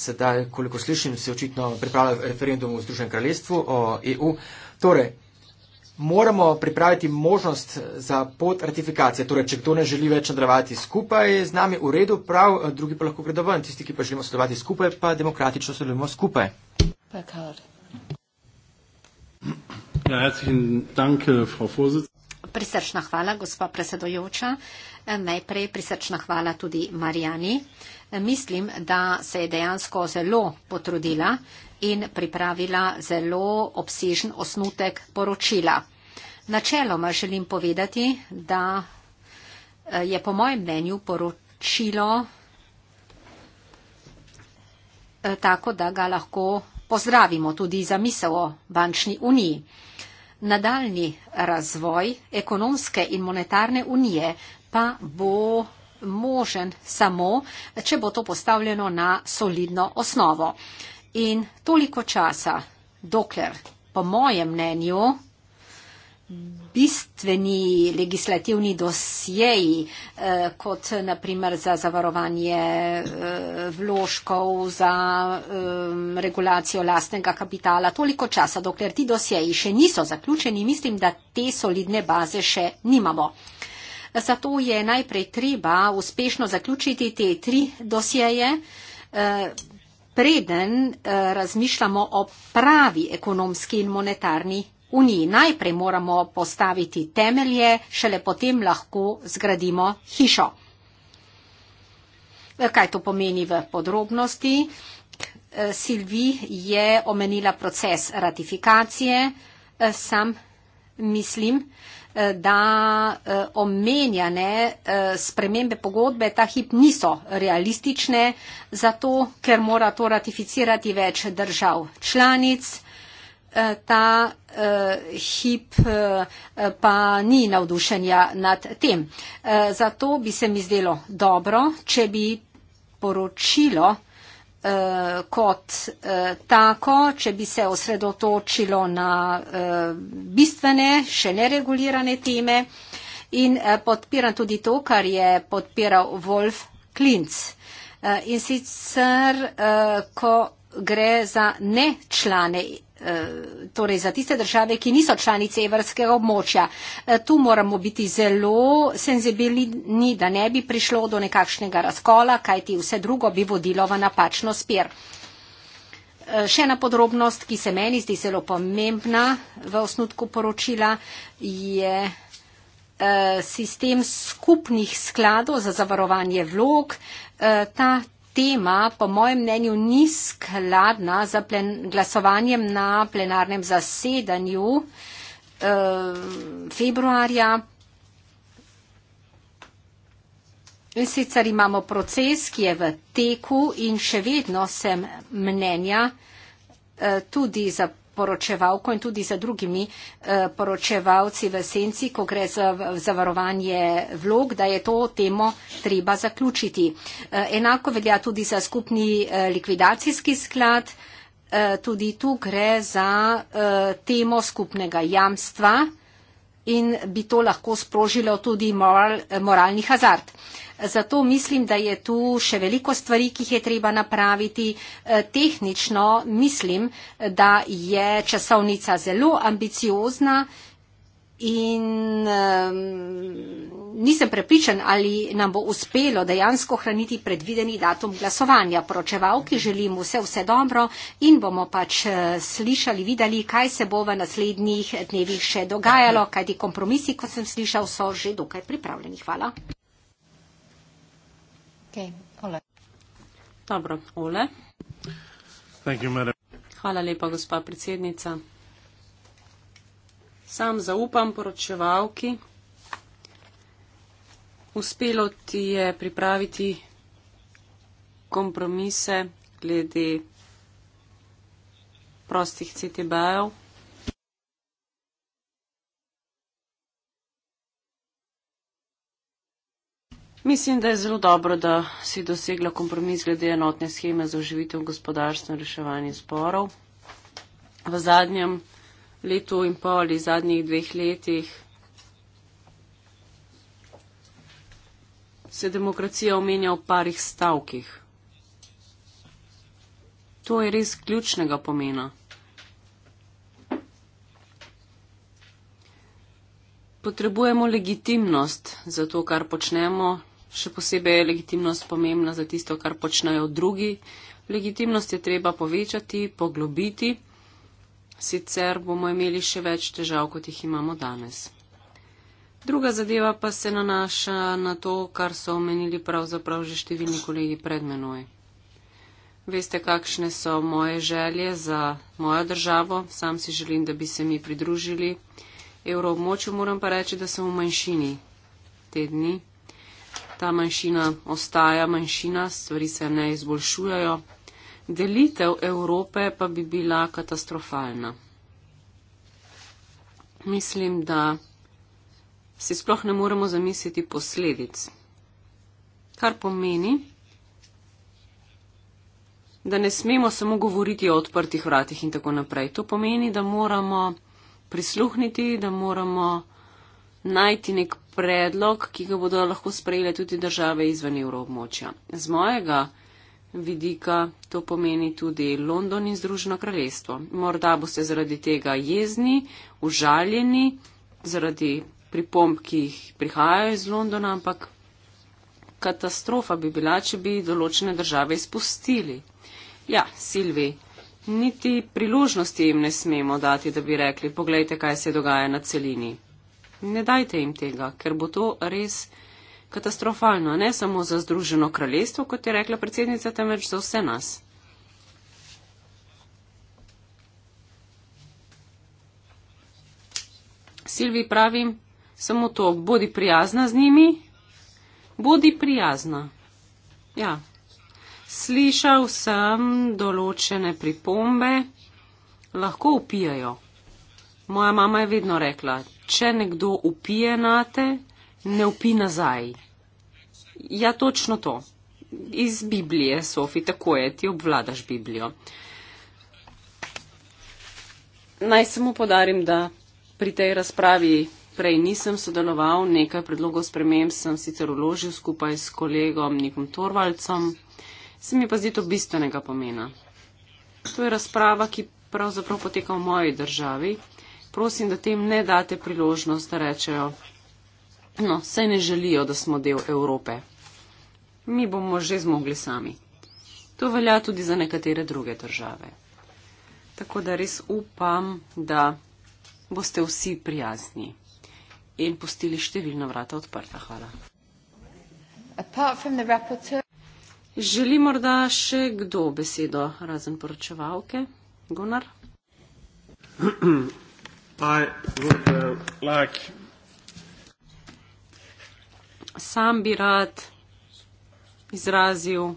Sedaj, koliko slišim, se očitno pripravlja referendum v Združenem kraljestvu o EU. Torej, moramo pripraviti možnost za pot ratifikacije. Torej, če kdo ne želi več nadaljevati skupaj z nami, v redu, prav, drugi pa lahko gredo ven. Tisti, ki pa želimo sodelovati skupaj, pa demokratično sodelujemo skupaj. Ja, äh, prisrčna hvala, gospa predsedojoča. Najprej prisrčna hvala tudi Marijani. Mislim, da se je dejansko zelo potrudila in pripravila zelo obsežen osnutek poročila. Načeloma želim povedati, da eh, je po mojem mnenju poročilo eh, tako, da ga lahko pozdravimo tudi za misel o bančni uniji. Nadaljni razvoj ekonomske in monetarne unije pa bo možen samo, če bo to postavljeno na solidno osnovo. In toliko časa, dokler, po mojem mnenju, bistveni legislativni dosjeji, eh, kot naprimer za zavarovanje eh, vložkov, za eh, regulacijo lastnega kapitala, toliko časa, dokler ti dosjeji še niso zaključeni, mislim, da te solidne baze še nimamo. Zato je najprej treba uspešno zaključiti te tri dosjeje preden eh, razmišljamo o pravi ekonomski in monetarni uniji. Najprej moramo postaviti temelje, šele potem lahko zgradimo hišo. Eh, kaj to pomeni v podrobnosti? Eh, Silvi je omenila proces ratifikacije, eh, sam mislim, Eh, da eh, omenjane eh, spremembe pogodbe ta hip niso realistične, zato ker mora to ratificirati več držav članic. Ta hip pa ni navdušenja nad tem. Zato bi se mi zdelo dobro, če bi poročilo Eh, kot eh, tako, če bi se osredotočilo na eh, bistvene, še neregulirane time. In podpiram tudi to, kar je podpiral Wolf Klinc. In sicer, ko gre za nečlane Eh, torej za tiste države, ki niso članice evrskega območja. Eh, tu moramo biti zelo senzibilni, da ne bi prišlo do nekakšnega razkola, kajti vse drugo bi vodilo v napačno spir. Eh, še ena podrobnost, ki se meni zdi zelo pomembna v osnutku poročila, je sistem skupnih skladov za zavarovanje vlog. Ta tema po mojem mnenju ni skladna z glasovanjem na plenarnem zasedanju eh, februarja. In sicer imamo proces, ki je v teku in še vedno sem mnenja eh, tudi za poročevalko in tudi za drugimi eh, poročevalci v senci, ko gre za zavarovanje vlog, da je to temo treba zaključiti. Eh, enako velja tudi za skupni eh, likvidacijski sklad. Tudi tu gre za temo skupnega jamstva in bi to lahko sprožilo tudi moral, moralni hazard. Zato mislim, da je tu še veliko stvari, ki jih je treba napraviti. Eh, tehnično mislim, da je časovnica zelo ambiciozna in um, nisem prepričan, ali nam bo uspelo dejansko hraniti predvideni datum glasovanja. Pročevalki želim vse, vse dobro in bomo pač eh, slišali, videli, kaj se bo v naslednjih dnevih še dogajalo, kajti kompromisi, kot sem slišal, so že dokaj pripravljeni. Hvala. Ok, Ole. Dobro, Ole. Thank you, madam. Hvala lepa, gospa predsednica. Sam zaupam poročevalki. Uspelo ti je pripraviti kompromise glede prostih CTB-ev. Mislim, da je zelo dobro, da si dosegla kompromis glede enotne scheme za oživitev gospodarstva in reševanje sporov. V zadnjem letu in pol ali zadnjih dveh letih se demokracija omenja v parih stavkih. To je res ključnega pomena. Potrebujemo legitimnost za to, kar počnemo, še posebej je legitimnost pomembna za tisto, kar počnejo drugi. Legitimnost je treba povečati, poglobiti, sicer bomo imeli še več težav, kot jih imamo danes. Druga zadeva pa se nanaša na to, kar so omenili pravzaprav že številni kolegi pred menoj. Veste, kakšne so moje želje za mojo državo, sam si želim, da bi se mi pridružili. Evroobmočju moram pa reči, da sem v manjšini te dni ta manjšina ostaja manjšina, stvari se ne izboljšujejo. Delitev Evrope pa bi bila katastrofalna. Mislim, da si sploh ne moremo zamisliti posledic. Kar pomeni, da ne smemo samo govoriti o odprtih vratih in tako naprej. To pomeni, da moramo prisluhniti, da moramo najti nek predlog, ki ga bodo lahko sprejele tudi države izven evroobmočja. Z mojega vidika to pomeni tudi London in Združeno kraljestvo. Morda boste zaradi tega jezni, užaljeni, zaradi pripomb, ki jih prihajajo iz Londona, ampak katastrofa bi bila, če bi določene države izpustili. Ja, Silvi, niti priložnosti jim ne smemo dati, da bi rekli, poglejte, kaj se dogaja na celini ne dajte jim tega, ker bo to res katastrofalno, ne samo za Združeno kraljestvo, kot je rekla predsednica, temveč za vse nas. Silvi pravim samo to, bodi prijazna z njimi, bodi prijazna. Ja. Slišal sem določene pripombe, lahko upijajo. Moja mama je vedno rekla, če nekdo upije na te, ne upi nazaj. Ja, točno to. Iz Biblije, Sofi, tako je, ti obvladaš Biblijo. Naj samo podarim, da pri tej razpravi prej nisem sodeloval, nekaj predlogov sprememb sem sicer uložil skupaj s kolegom Nikom Torvalcem, se mi pa zdi to bistvenega pomena. To je razprava, ki pravzaprav poteka v moji državi, prosim, da tem ne date priložnost, da rečejo, no, saj ne želijo, da smo del Evrope. Mi bomo že zmogli sami. To velja tudi za nekatere druge države. Tako da res upam, da boste vsi prijazni in pustili številna vrata odprta. Hvala. Želi morda še kdo besedo razen poročevalke? Gunnar? *clears throat* I would uh, like. Sam bi rad izrazil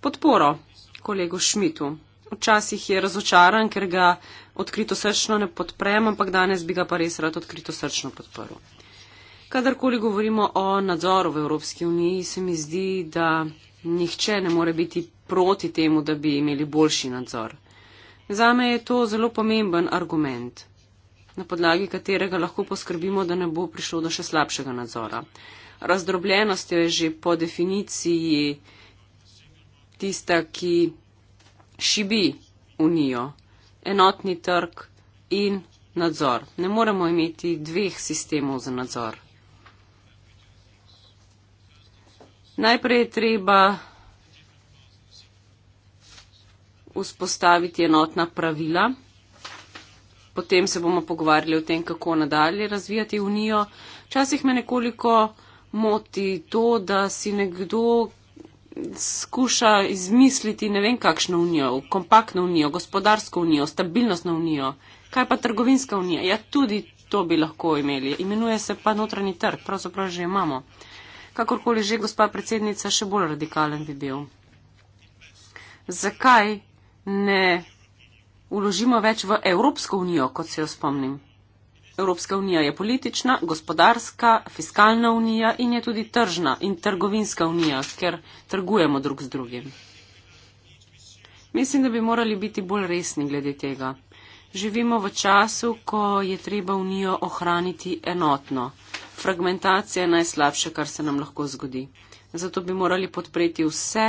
podporo kolegu Šmitu. Včasih je razočaran, ker ga odkrito srčno ne podprem, ampak danes bi ga pa res rad odkrito srčno podprl. Kadarkoli govorimo o nadzoru v Evropski uniji, se mi zdi, da nihče ne more biti proti temu, da bi imeli boljši nadzor. Zame je to zelo pomemben argument na podlagi katerega lahko poskrbimo, da ne bo prišlo do še slabšega nadzora. Razdrobljenost je že po definiciji tista, ki šibi unijo. Enotni trg in nadzor. Ne moremo imeti dveh sistemov za nadzor. Najprej je treba vzpostaviti enotna pravila potem se bomo pogovarjali o tem, kako nadalje razvijati unijo. Včasih me nekoliko moti to, da si nekdo skuša izmisliti ne vem kakšno unijo, kompaktno unijo, gospodarsko unijo, stabilnostno unijo. Kaj pa trgovinska unija? Ja, tudi to bi lahko imeli. Imenuje se pa notranji trg, pravzaprav že imamo. Kakorkoli že, gospa predsednica, še bolj radikalen bi bil. Zakaj ne vložimo več v Evropsko unijo, kot se jo spomnim. Evropska unija je politična, gospodarska, fiskalna unija in je tudi tržna in trgovinska unija, ker trgujemo drug z drugim. Mislim, da bi morali biti bolj resni glede tega. Živimo v času, ko je treba unijo ohraniti enotno. Fragmentacija je najslabše, kar se nam lahko zgodi. Zato bi morali podpreti vse,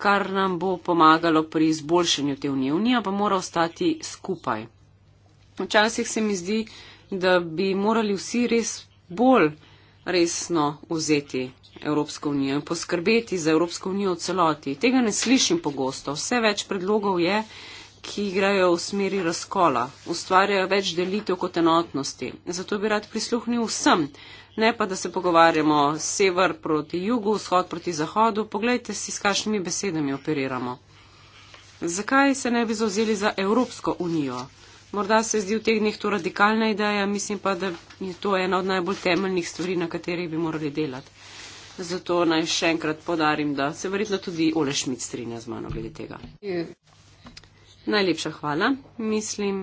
kar nam bo pomagalo pri izboljšanju te unije. Unija pa mora ostati skupaj. Včasih se mi zdi, da bi morali vsi res bolj resno vzeti Evropsko unijo in poskrbeti za Evropsko unijo v celoti. Tega ne slišim pogosto. Vse več predlogov je, ki igrajo v smeri razkola, ustvarjajo več delitev kot enotnosti. Zato bi rad prisluhnil vsem ne pa da se pogovarjamo sever proti jugu, vzhod proti zahodu. Poglejte si, s kakšnimi besedami operiramo. Zakaj se ne bi zauzeli za Evropsko unijo? Morda se zdi v teh dneh to radikalna ideja, mislim pa, da je to ena od najbolj temeljnih stvari, na katerih bi morali delati. Zato naj še enkrat podarim, da se verjetno tudi Ole Šmit strinja z mano glede tega. Najlepša hvala. Mislim,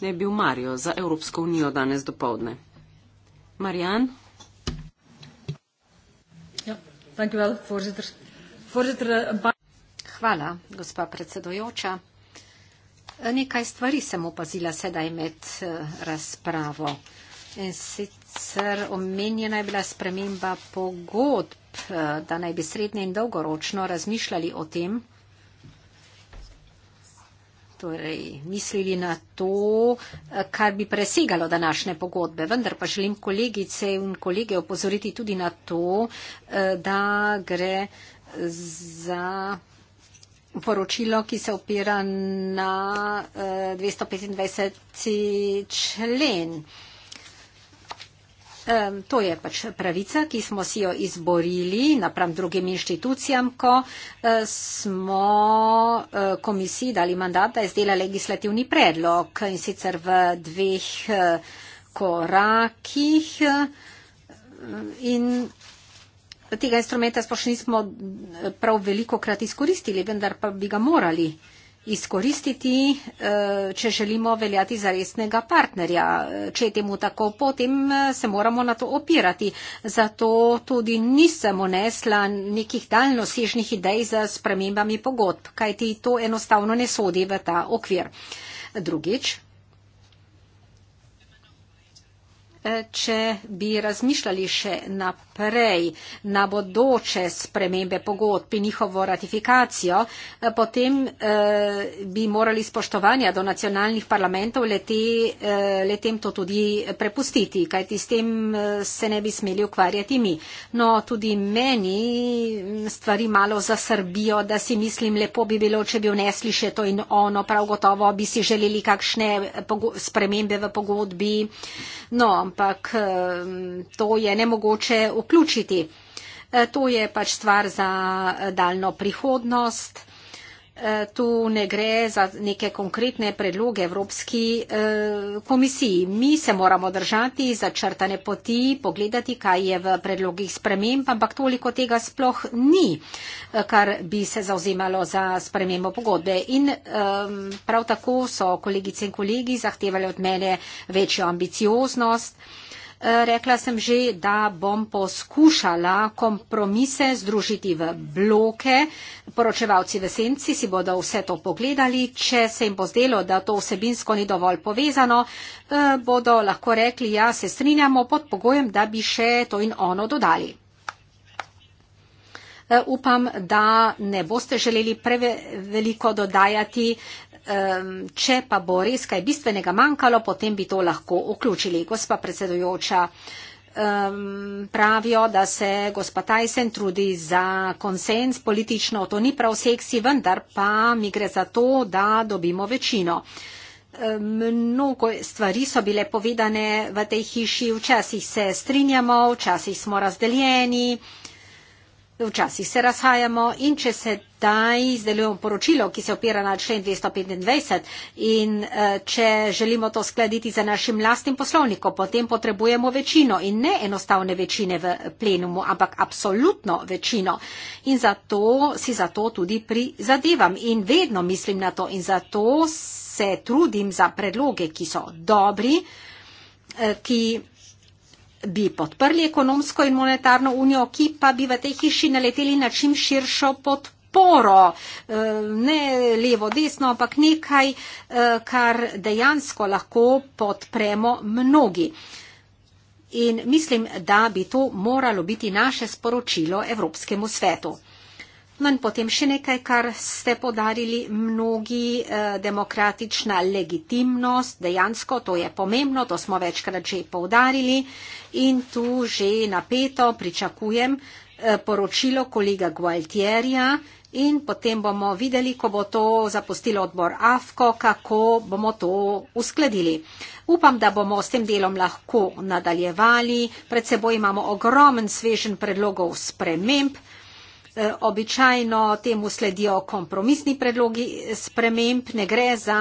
da je bil Mario za Evropsko unijo danes do povdne. Marian. Ja, dankjewel, voorzitter. Voorzitter, eh, een paar... Hvala, gospa predsedojoča. Eh, nekaj stvari sem opazila sedaj med eh, razpravo. In sicer omenjena je bila sprememba pogodb, da naj bi srednje in dolgoročno razmišljali o tem, torej, mislili na to, kar bi presegalo današnje pogodbe. Vendar pa želim kolegice in kolege opozoriti tudi na to, eh, da gre za poročilo, ki se opira na 225. Eh, člen to je pač pravica, ki smo si jo izborili napram drugim inštitucijam, ko e, smo e, komisiji dali mandat, da je zdela legislativni predlog in sicer v dveh e, korakih. In tega instrumenta sploh nismo prav veliko krat izkoristili, vendar pa bi ga morali izkoristiti, eh, če želimo veljati za resnega partnerja. Če je temu tako, potem eh, se moramo na to opirati. Zato tudi nisem unesla nekih daljnosežnih idej za spremembami pogodb, kajti to enostavno ne sodi v ta okvir. Drugič, če bi razmišljali še naprej na bodoče spremembe pogodb in njihovo ratifikacijo, eh, potem eh, bi morali spoštovanja do nacionalnih parlamentov eh, letem to tudi prepustiti, kajti s tem se ne bi smeli ukvarjati mi. No, tudi meni mm, stvari malo zasrbijo, da si mislim, lepo bi bilo, če bi vnesli še to in ono, prav gotovo bi si želeli kakšne spremembe v pogodbi. No, ampak to je nemogoče vključiti. E, to je pač stvar za daljno prihodnost. E, tu ne gre za neke konkretne predloge Evropski e, komisiji. Mi se moramo držati začrtane poti, pogledati, kaj je v predlogih sprememb, ampak toliko tega sploh ni, e, kar bi se zauzemalo za spremembo pogodbe. In prav tako so kolegice in kolegi zahtevali od mene večjo ambicioznost. Eh, rekla sem že, da bom poskušala kompromise združiti v bloke. Poročevalci v senci si bodo vse to pogledali. Če se jim bo zdelo, da to vsebinsko ni dovolj povezano, eh, bodo lahko rekli, ja, se strinjamo pod pogojem, da bi še to in ono dodali. Eh, upam, da ne boste želeli preveliko dodajati, um, če pa bo res kaj bistvenega manjkalo, potem bi to lahko vključili. Gospa predsedujoča, um, pravijo, da se gospa Tyson trudi za konsens politično, to ni prav seksi, vendar pa mi gre za to, da dobimo večino. Mnogo stvari so bile povedane v tej hiši, včasih se strinjamo, včasih smo razdeljeni včasih se razhajamo in če se daj izdelujemo poročilo, ki se opira na člen 225 in eh, če želimo to skladiti za našim lastnim poslovnikom, potem potrebujemo večino in ne enostavne večine v plenumu, ampak absolutno večino. In zato si zato tudi prizadevam in vedno mislim na to in zato se trudim za predloge, ki so dobri, eh, ki bi podprli ekonomsko in monetarno unijo, ki pa bi v tej hiši naleteli na čim širšo podporo. Eh, ne levo, desno, ampak nekaj, eh, kar dejansko lahko podpremo mnogi. In mislim, da bi to moralo biti naše sporočilo Evropskemu svetu. No in potem še nekaj, kar ste podarili mnogi, eh, demokratična legitimnost, dejansko to je pomembno, to smo večkrat že povdarili in tu že napeto pričakujem eh, poročilo kolega Gualtierja in potem bomo videli, ko bo to zapustilo odbor AFKO, kako bomo to uskladili. Upam, da bomo s tem delom lahko nadaljevali. Pred seboj imamo ogromen svežen predlogov sprememb. E, običajno temu sledijo kompromisni predlogi sprememb, ne gre za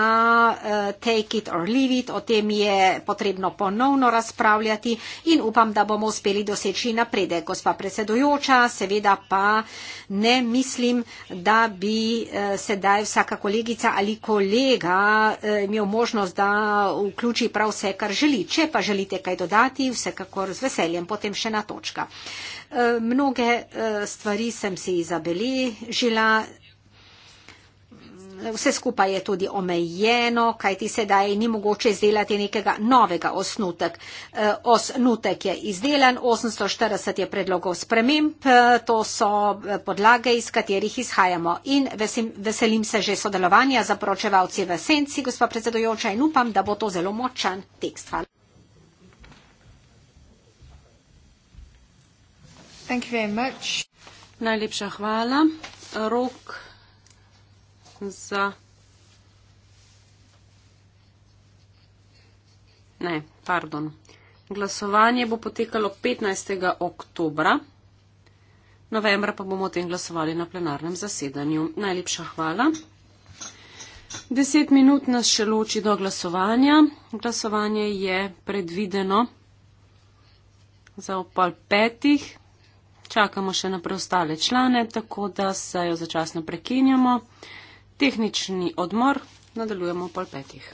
uh, take it or leave it, o tem je potrebno ponovno razpravljati in upam, da bomo uspeli doseči napredek. Gospa predsedujoča, seveda pa ne mislim, da bi uh, sedaj vsaka kolegica ali kolega uh, imel možnost, da vključi prav vse, kar želi. Če pa želite kaj dodati, vsekakor z veseljem, potem še na točka. Uh, Eh, mnoge eh, stvari sem si zabeležila. Vse skupaj je tudi omejeno, kaj ti sedaj ni mogoče izdelati nekega novega osnutek. Eh, osnutek je izdelan, 840 je predlogov sprememb, to so podlage, iz katerih izhajamo. In veselim se že sodelovanja za poročevalci v senci, gospod predsedojoča, in upam, da bo to zelo močan tekst. Hvala. Thank you very much. Najlepša hvala. Rok za. Ne, pardon. Glasovanje bo potekalo 15. oktobra, novembra pa bomo o tem glasovali na plenarnem zasedanju. Najlepša hvala. Deset minut nas še loči do glasovanja. Glasovanje je predvideno za opal petih. Čakamo še na preostale člane, tako da se jo začasno prekinjamo. Tehnični odmor nadaljujemo pol petih.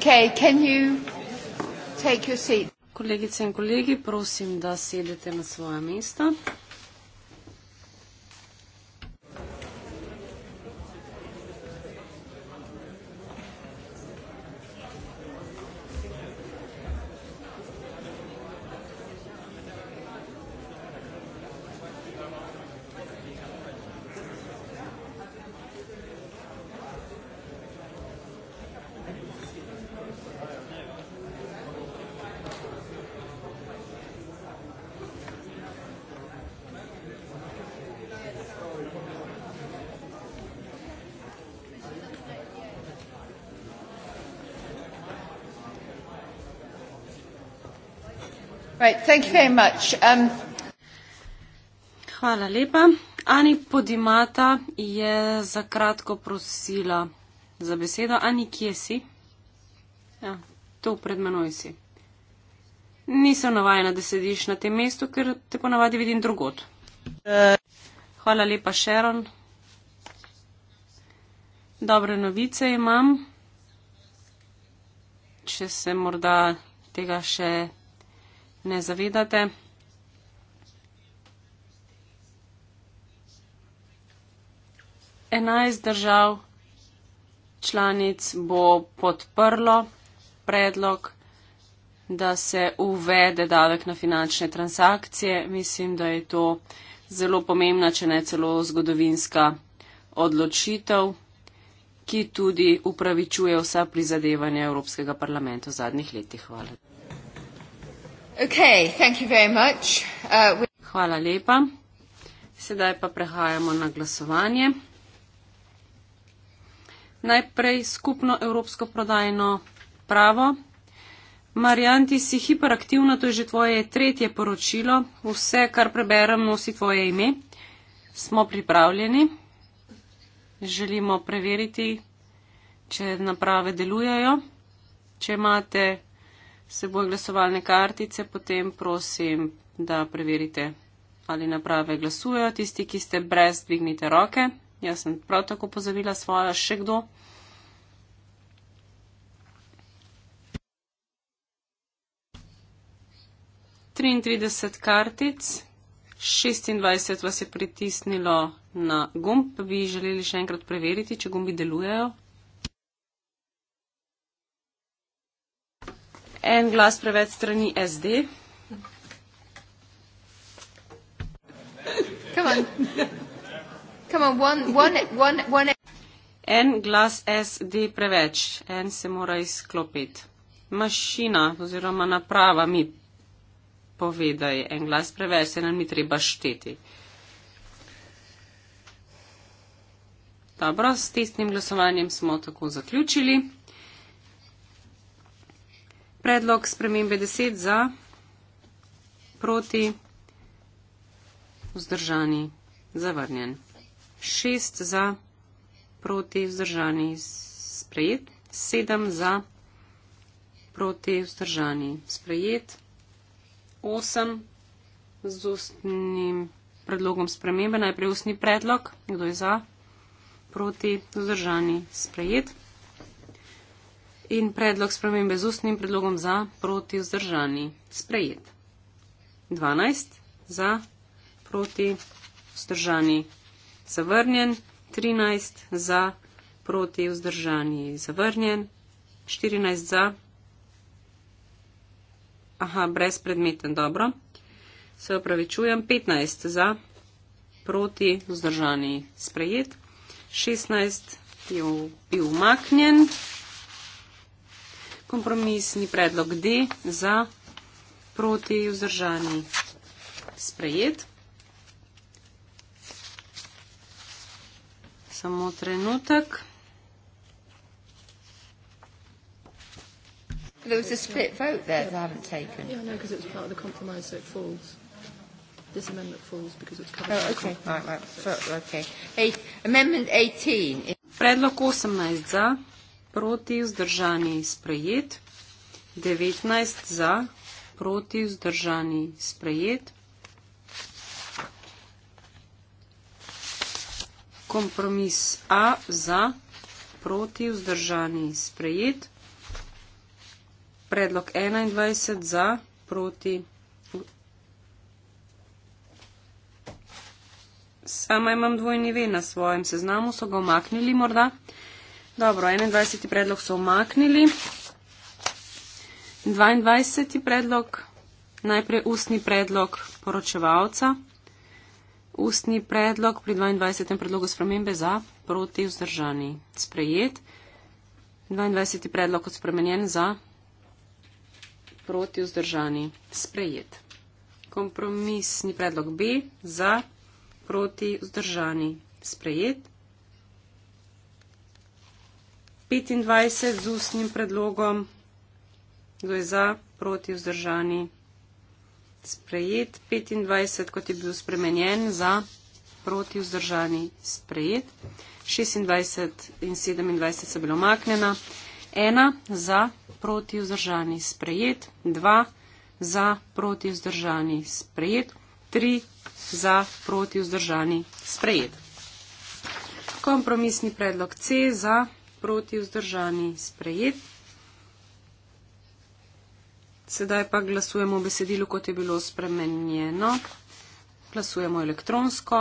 Okay, can you take your seat? Kolegice in kolegi, prosim, da sedete na svoja mesta. Um, Hvala lepa. Ani Podimata je za kratko prosila za besedo. Ani, kje si? Ja, tu pred menoj si. Nisem navajena, da sediš na tem mestu, ker te ponavadi vidim drugot. Hvala lepa, Sharon. Dobre novice imam. Če se morda tega še ne zavedate. Enajst držav članic bo podprlo predlog, da se uvede davek na finančne transakcije. Mislim, da je to zelo pomembna, če ne celo zgodovinska odločitev, ki tudi upravičuje vsa prizadevanja Evropskega parlamenta v zadnjih letih. Hvala. Uh, Hvala lepa. Sedaj pa prehajamo na glasovanje. Najprej skupno evropsko prodajno pravo. Marjan, ti si hiperaktivna, to je že tvoje tretje poročilo. Vse, kar preberem, nosi tvoje ime. Smo pripravljeni. Želimo preveriti, če naprave delujejo. Če imate seboj glasovalne kartice, potem prosim, da preverite, ali naprave glasujejo. Tisti, ki ste brez, dvignite roke. Jaz sem prav tako pozavila svojo, še kdo. Kartic, 26 vas je pritisnilo na gumb. Bi želeli še enkrat preveriti, če gumbi delujejo? en glas preveč strani SD. Come on. Come on, one, one, one, one. En glas SD preveč, en se mora izklopiti. Mašina oziroma naprava mi pove, da je en glas preveč, se nam ni treba šteti. Dobro, s testnim glasovanjem smo tako zaključili. Predlog spremembe 10 za, proti, vzdržani, zavrnjen. 6 za, proti, vzdržani, sprejet. 7 za, proti, vzdržani, sprejet. 8 z ustnim predlogom spremembe, najprej ustni predlog, kdo je za, proti, vzdržani, sprejet in predlog spremembe z ustnim predlogom za proti vzdržani. Sprejet. 12 za proti vzdržani. Zavrnjen. 13 za proti vzdržani. Zavrnjen. 14 za. Aha, brezpredmeten, dobro. Se opravičujem. 15 za proti vzdržani. Sprejet. 16 je bil umaknjen kompromisni predlog D za proti vzdržani sprejet. Samo trenutek. There was a split vote there that I haven't taken. Yeah, I know, because it was part of the compromise, so it falls. This amendment falls because it's covered. Oh, okay. Right, right. So, okay. Hey, amendment 18. Predlog 18 za proti vzdržani sprejet, 19 za, proti vzdržani sprejet. Kompromis A za, proti vzdržani sprejet. Predlog 21 za, proti. Sama imam dvojni ve na svojem seznamu, so ga omaknili morda. Dobro, 21. predlog so omaknili. 22. predlog, najprej ustni predlog poročevalca. Ustni predlog pri 22. predlogu spremembe za proti vzdržani sprejet. 22. predlog kot spremenjen za proti vzdržani sprejet. Kompromisni predlog B za proti vzdržani sprejet. 25 z ustnim predlogom, kdo je za, proti, vzdržani, sprejet, 25, kot je bil spremenjen, za, proti, vzdržani, sprejet, 26 in 27 so bila omaknjena, 1 za, proti, vzdržani, sprejet, 2 za, proti, vzdržani, sprejet, 3 za, proti, vzdržani, sprejet. Kompromisni predlog C za proti vzdržani sprejet. Sedaj pa glasujemo v besedilu, kot je bilo spremenjeno. Glasujemo elektronsko.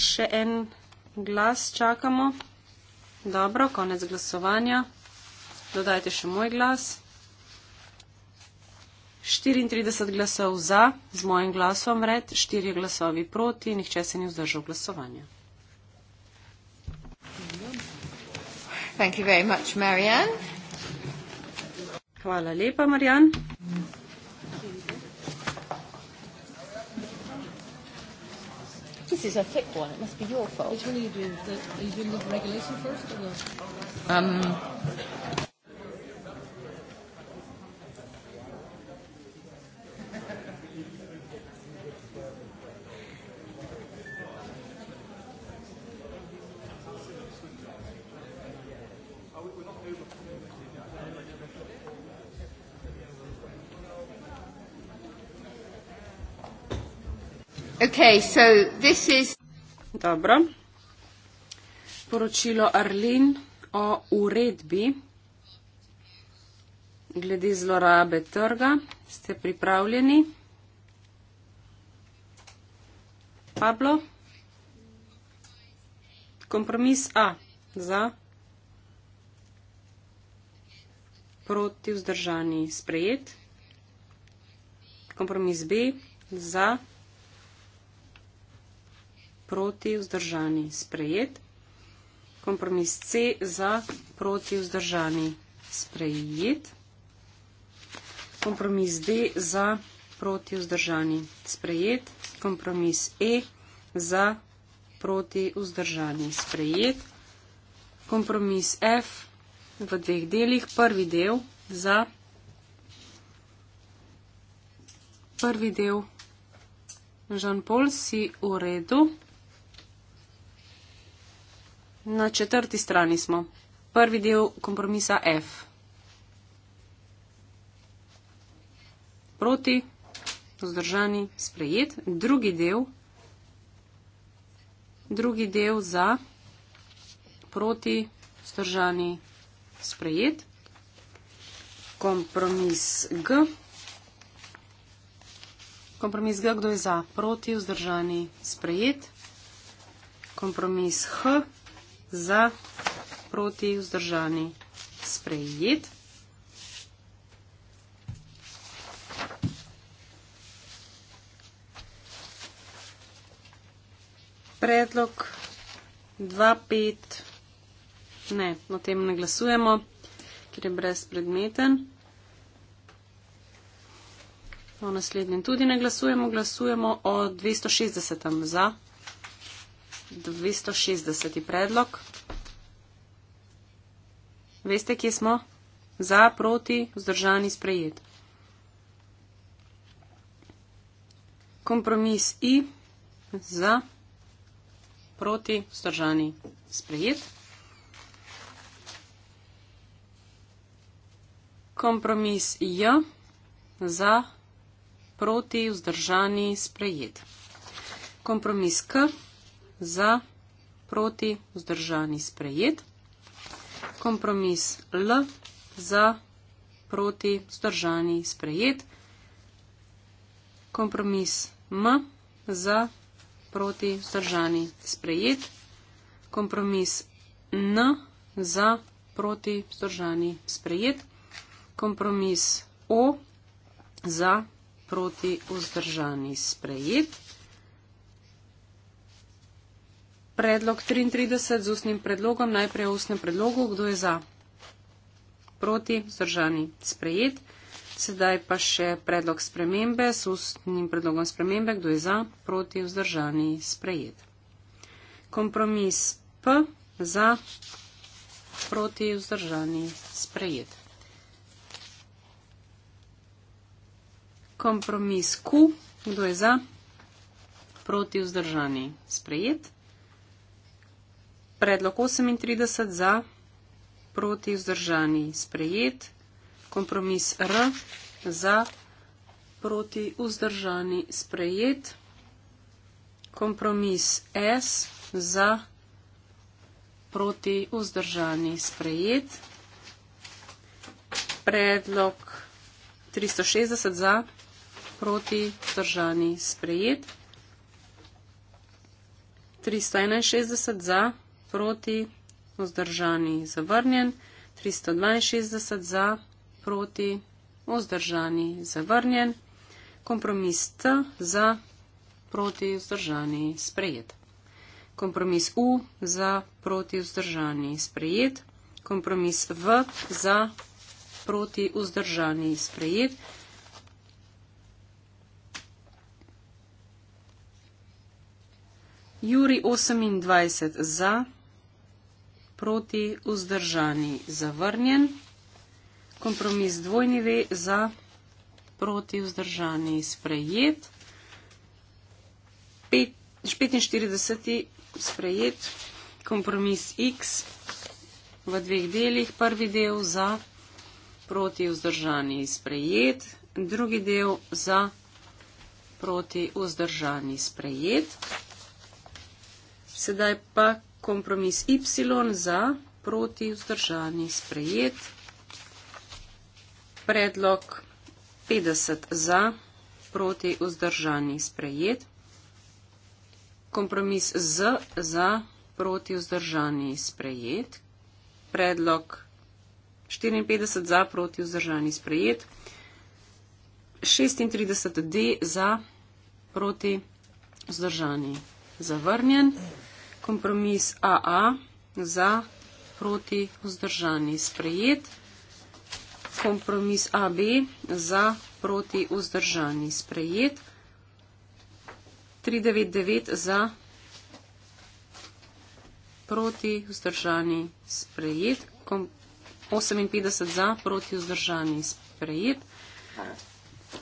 Še en glas čakamo. Dobro, konec glasovanja. Dodajte še moj glas. 34 glasov za, z mojim glasom red, 4 glasovi proti, nihče se ni vzdržal glasovanja. Thank you very much, Marianne. Hvala lepa, Marjan. This is a thick one. It must be your fault. Which one are you doing? The, are you doing the regulation first or the... Um. Okay, so this is... Dobro. Poročilo Arlin o uredbi glede zlorabe trga. Ste pripravljeni? Pablo? Kompromis A za proti vzdržani sprejet. Kompromis B za proti vzdržani sprejet proti vzdržani sprejet. Kompromis C za proti vzdržani sprejet. Kompromis D za proti vzdržani sprejet. Kompromis E za proti vzdržani sprejet. Kompromis F v dveh delih. Prvi del za prvi del. Jean-Paul, si v redu. Na četrti strani smo. Prvi del kompromisa F. Proti, vzdržani, sprejet. Drugi del. Drugi del za, proti, vzdržani, sprejet. Kompromis G. Kompromis G, kdo je za, proti, vzdržani, sprejet. Kompromis H za, proti, vzdržani, sprejet. Predlog 2.5. Ne, o tem ne glasujemo, ker je brezpredmeten. O naslednjem tudi ne glasujemo, glasujemo o 260. za. 260. predlog. Veste, kje smo? Za, proti, vzdržani, sprejet. Kompromis I, za, proti, vzdržani, sprejet. Kompromis J, za, proti, vzdržani, sprejet. Kompromis K, za, proti, vzdržani, sprejet. Kompromis L za, proti, vzdržani, sprejet. Kompromis M za, proti, vzdržani, sprejet. Kompromis N za, proti, vzdržani, sprejet. Kompromis O za, proti, vzdržani, sprejet. predlog 33 z ustnim predlogom, najprej o ustnem predlogu, kdo je za, proti, zdržani, sprejet. Sedaj pa še predlog spremembe s ustnim predlogom spremembe, kdo je za, proti, vzdržani, sprejet. Kompromis P za, proti, vzdržani, sprejet. Kompromis Q, kdo je za, proti, vzdržani, sprejet. Predlog 38 za, proti vzdržani sprejet. Kompromis R za, proti vzdržani sprejet. Kompromis S za, proti vzdržani sprejet. Predlog 360 za, proti vzdržani sprejet. 361 za, proti vzdržani sprejet proti, vzdržani, zavrnjen, 362 za, proti, vzdržani, zavrnjen, kompromis T za, proti, vzdržani, sprejet. Kompromis U za, proti, vzdržani, sprejet. Kompromis V za, proti, vzdržani, sprejet. Juri 28 za, proti, vzdržani, zavrnjen. Kompromis dvojni ve za, proti, vzdržani, sprejet. Pet, 45. sprejet. Kompromis X v dveh delih. Prvi del za, proti, vzdržani, sprejet. Drugi del za, proti, vzdržani, sprejet. Sedaj pa kompromis Y za, proti, vzdržani, sprejet. Predlog 50 za, proti, vzdržani, sprejet. Kompromis Z za, proti, vzdržani, sprejet. Predlog 54 za, proti, vzdržani, sprejet. 36 D za, proti, vzdržani, zavrnjen. Zavrnjen kompromis AA za, proti, vzdržani, sprejet. Kompromis AB za, proti, vzdržani, sprejet. 399 za, proti, vzdržani, sprejet. Kom 58 za, proti, vzdržani, sprejet.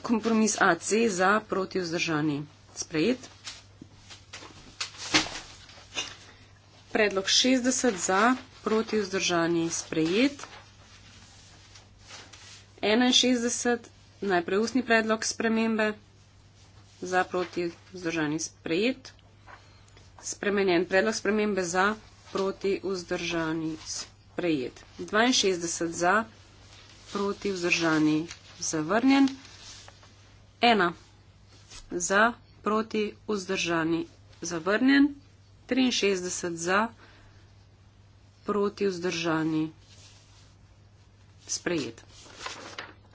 Kompromis AC za, proti, vzdržani, sprejet. predlog 60 za, proti vzdržani sprejet. 61, najprej ustni predlog spremembe, za, proti vzdržani sprejet. Spremenjen predlog spremembe za, proti vzdržani sprejet. 62 za, proti vzdržani zavrnjen. 1 za, proti vzdržani zavrnjen. 63 za, proti vzdržani. Sprejet.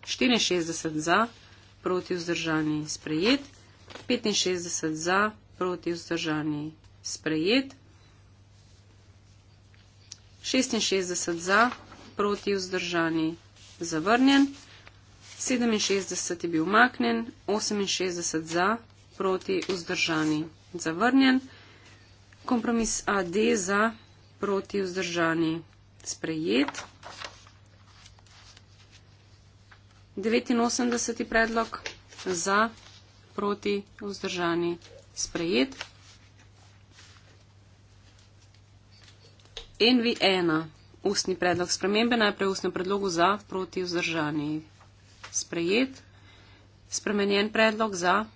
64 za, proti vzdržani. Sprejet. 65 za, proti vzdržani. Sprejet. 66 za, proti vzdržani. Zavrnjen. 67 je bil umaknen. 68 za, proti vzdržani. Zavrnjen. Kompromis AD za proti vzdržani sprejet. 89. predlog za proti vzdržani sprejet. NV1. Ustni predlog spremembe. Najprej ustni predlog za proti vzdržani sprejet. Spremenjen predlog za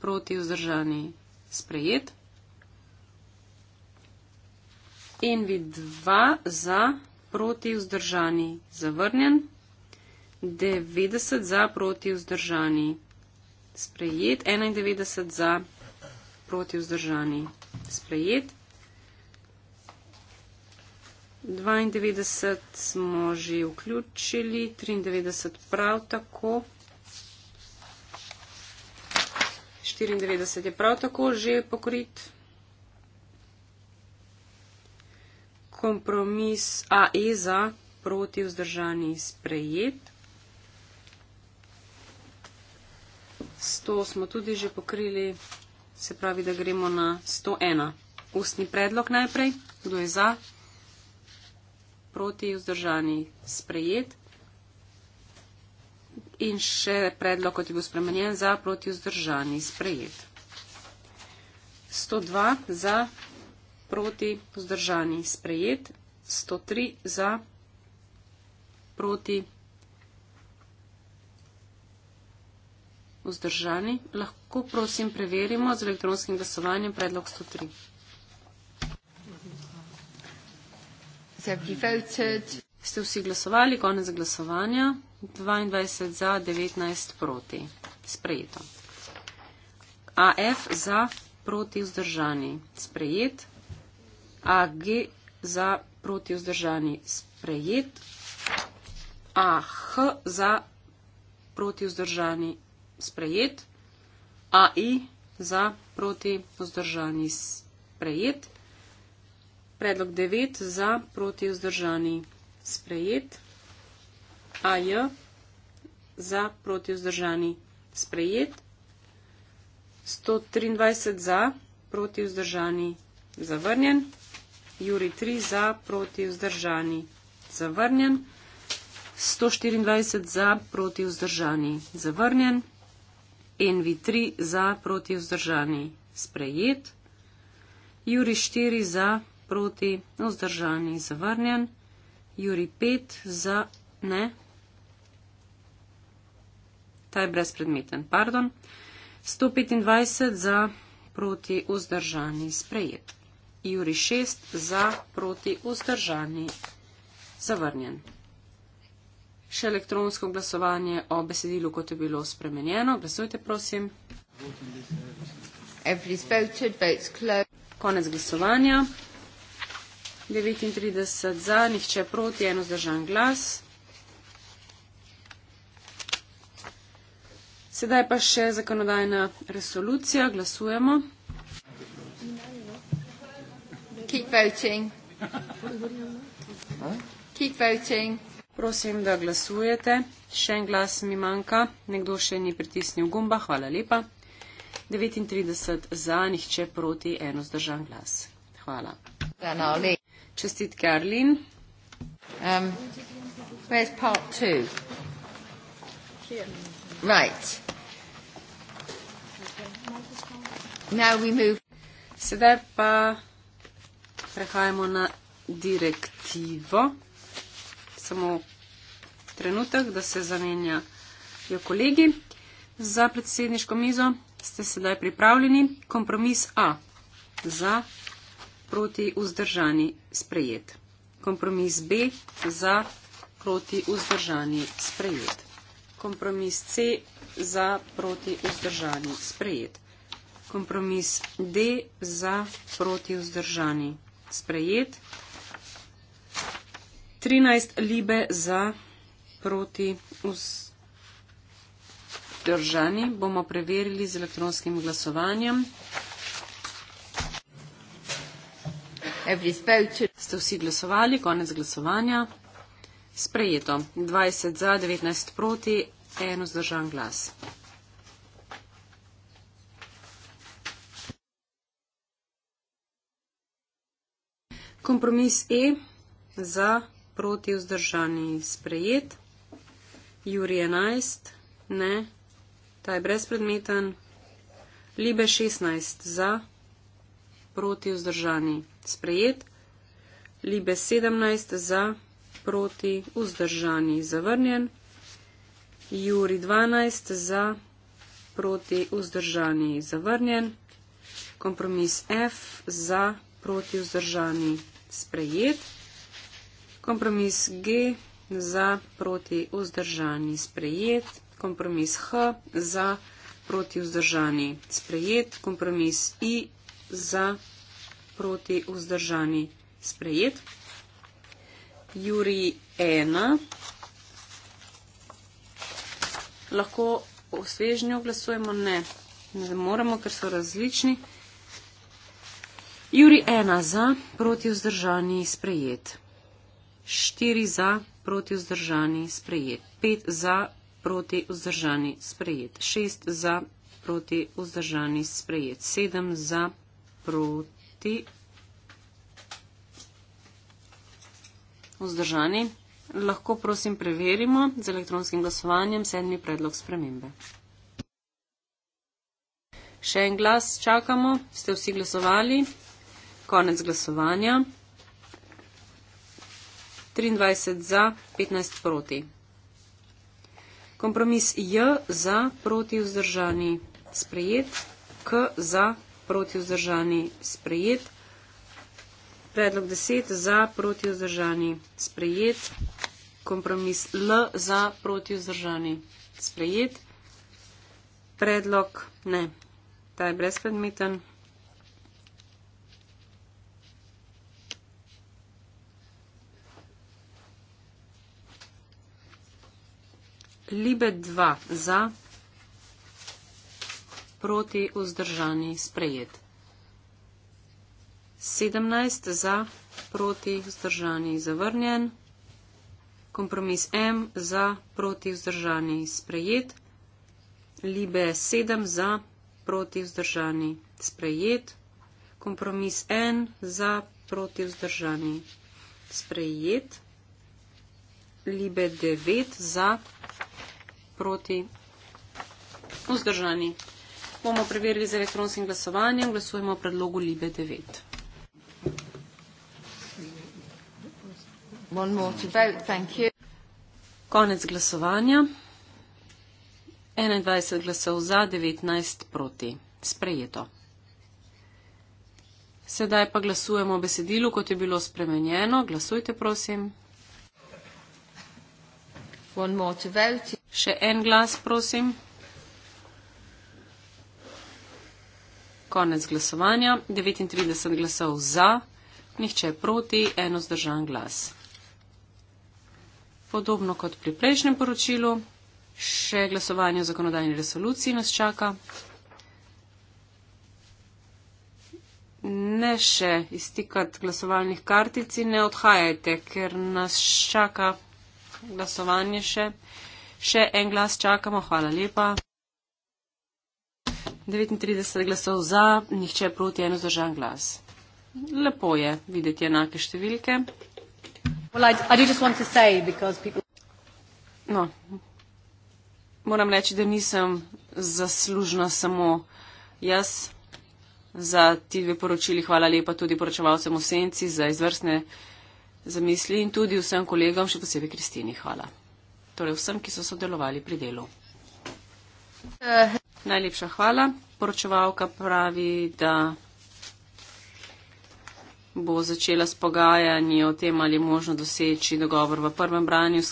proti vzdržani sprejet. 90 in vi dva za, proti vzdržani, zavrnjen. 90 za, proti vzdržani, sprejet. 91 za, proti vzdržani, sprejet. 92 smo že vključili, 93 prav tako. 94 je prav tako že pokrit. kompromis AEZA proti vzdržani sprejet. S to smo tudi že pokrili, se pravi, da gremo na 101. Ustni predlog najprej, kdo je za, proti vzdržani sprejet. In še predlog, kot je bil spremenjen, za, proti vzdržani sprejet. 102 za, proti, vzdržani, sprejet, 103 za, proti, vzdržani. Lahko prosim preverimo z elektronskim glasovanjem predlog 103. Ste vsi glasovali, konec glasovanja, 22 za, 19 proti, sprejeto. AF za, proti, vzdržani, sprejet, AG za proti vzdržani sprejet, AH za proti vzdržani sprejet, AI za proti vzdržani sprejet, predlog 9 za proti vzdržani sprejet, AJ za proti vzdržani sprejet, 123 za proti vzdržani zavrnjen. Juri 3 za, proti vzdržani, zavrnjen. 124 za, proti vzdržani, zavrnjen. NV3 za, proti vzdržani, sprejet. Juri 4 za, proti vzdržani, zavrnjen. Juri 5 za, ne. Ta je brezpredmeten, pardon. 125 za, proti vzdržani, sprejet. Juri 6 za proti vzdržani zavrnjen. Še elektronsko glasovanje o besedilu, kot je bilo spremenjeno. Glasujte, prosim. Voted, Konec glasovanja. 39 za, nihče proti, eno zdržan glas. Sedaj pa še zakonodajna resolucija. Glasujemo. Keep voting. Keep voting. Prosim, da glasujete. Še en glas mi manjka. Nekdo še ni pritisnil gumba. Hvala lepa. 39 za, nihče proti, eno zdržan glas. Hvala. Čestitke, Arlin. Um, right. Sedaj pa. Prehajamo na direktivo. Samo trenutek, da se zamenjajo kolegi za predsedniško mizo. Ste sedaj pripravljeni? Kompromis A za proti vzdržani sprejet. Kompromis B za proti vzdržani sprejet. Kompromis C za proti vzdržani sprejet. Kompromis D za proti vzdržani sprejet sprejet. 13 libe za proti vzdržani bomo preverili z elektronskim glasovanjem. Ste vsi glasovali, konec glasovanja. Sprejeto. 20 za, 19 proti, en vzdržan glas. Kompromis E za proti vzdržani sprejet. Juri 11, ne, ta je brezpredmeten. Libe 16 za proti vzdržani sprejet. Libe 17 za proti vzdržani zavrnjen. Juri 12 za proti vzdržani zavrnjen. Kompromis F za proti vzdržani sprejet. Kompromis G za proti vzdržani sprejet. Kompromis H za proti vzdržani sprejet. Kompromis I za proti vzdržani sprejet. Juri 1. Lahko o svežnju glasujemo? Ne. Ne moremo, ker so različni. Juri ena za, proti vzdržani sprejet. Štiri za, proti vzdržani sprejet. Pet za, proti vzdržani sprejet. Šest za, proti vzdržani sprejet. Sedem za, proti vzdržani. Lahko prosim preverimo z elektronskim glasovanjem sedmi predlog spremembe. Še en glas čakamo. Ste vsi glasovali? Konec glasovanja. 23 za, 15 proti. Kompromis J za, proti vzdržani, sprejet. K za, proti vzdržani, sprejet. Predlog 10 za, proti vzdržani, sprejet. Kompromis L za, proti vzdržani, sprejet. Predlog ne. Ta je brezpredmeten. Libe 2 za, proti vzdržani sprejet. 17 za, proti vzdržani zavrnjen. Kompromis M za, proti vzdržani sprejet. Libe 7 za, proti vzdržani sprejet. Kompromis N za, proti vzdržani sprejet. Libe 9 za, proti vzdržani sprejet proti vzdržani. Bomo preverili z elektronskim glasovanjem. Glasujemo o predlogu Libe 9. Konec glasovanja. 21 glasov za, 19 proti. Sprejeto. Sedaj pa glasujemo o besedilu, kot je bilo spremenjeno. Glasujte, prosim. One more to vote. Še en glas, prosim. Konec glasovanja. 39 glasov za, nihče proti, eno zdržan glas. Podobno kot pri prejšnjem poročilu, še glasovanje o zakonodajni resoluciji nas čaka. Ne še iztikati glasovalnih kartic in ne odhajajte, ker nas čaka glasovanje še. Še en glas čakamo, hvala lepa. 39 glasov za, nihče proti, eno zdržan glas. Lepo je videti enake številke. No, moram reči, da nisem zaslužna samo jaz za ti dve poročili. Hvala lepa tudi poročevalcem v Senci za izvrstne zamisli in tudi vsem kolegom, še posebej Kristini. Hvala torej vsem, ki so sodelovali pri delu. Eh. Najlepša hvala. Poročevalka pravi, da bo začela s pogajanji o tem, ali je možno doseči dogovor v prvem branju.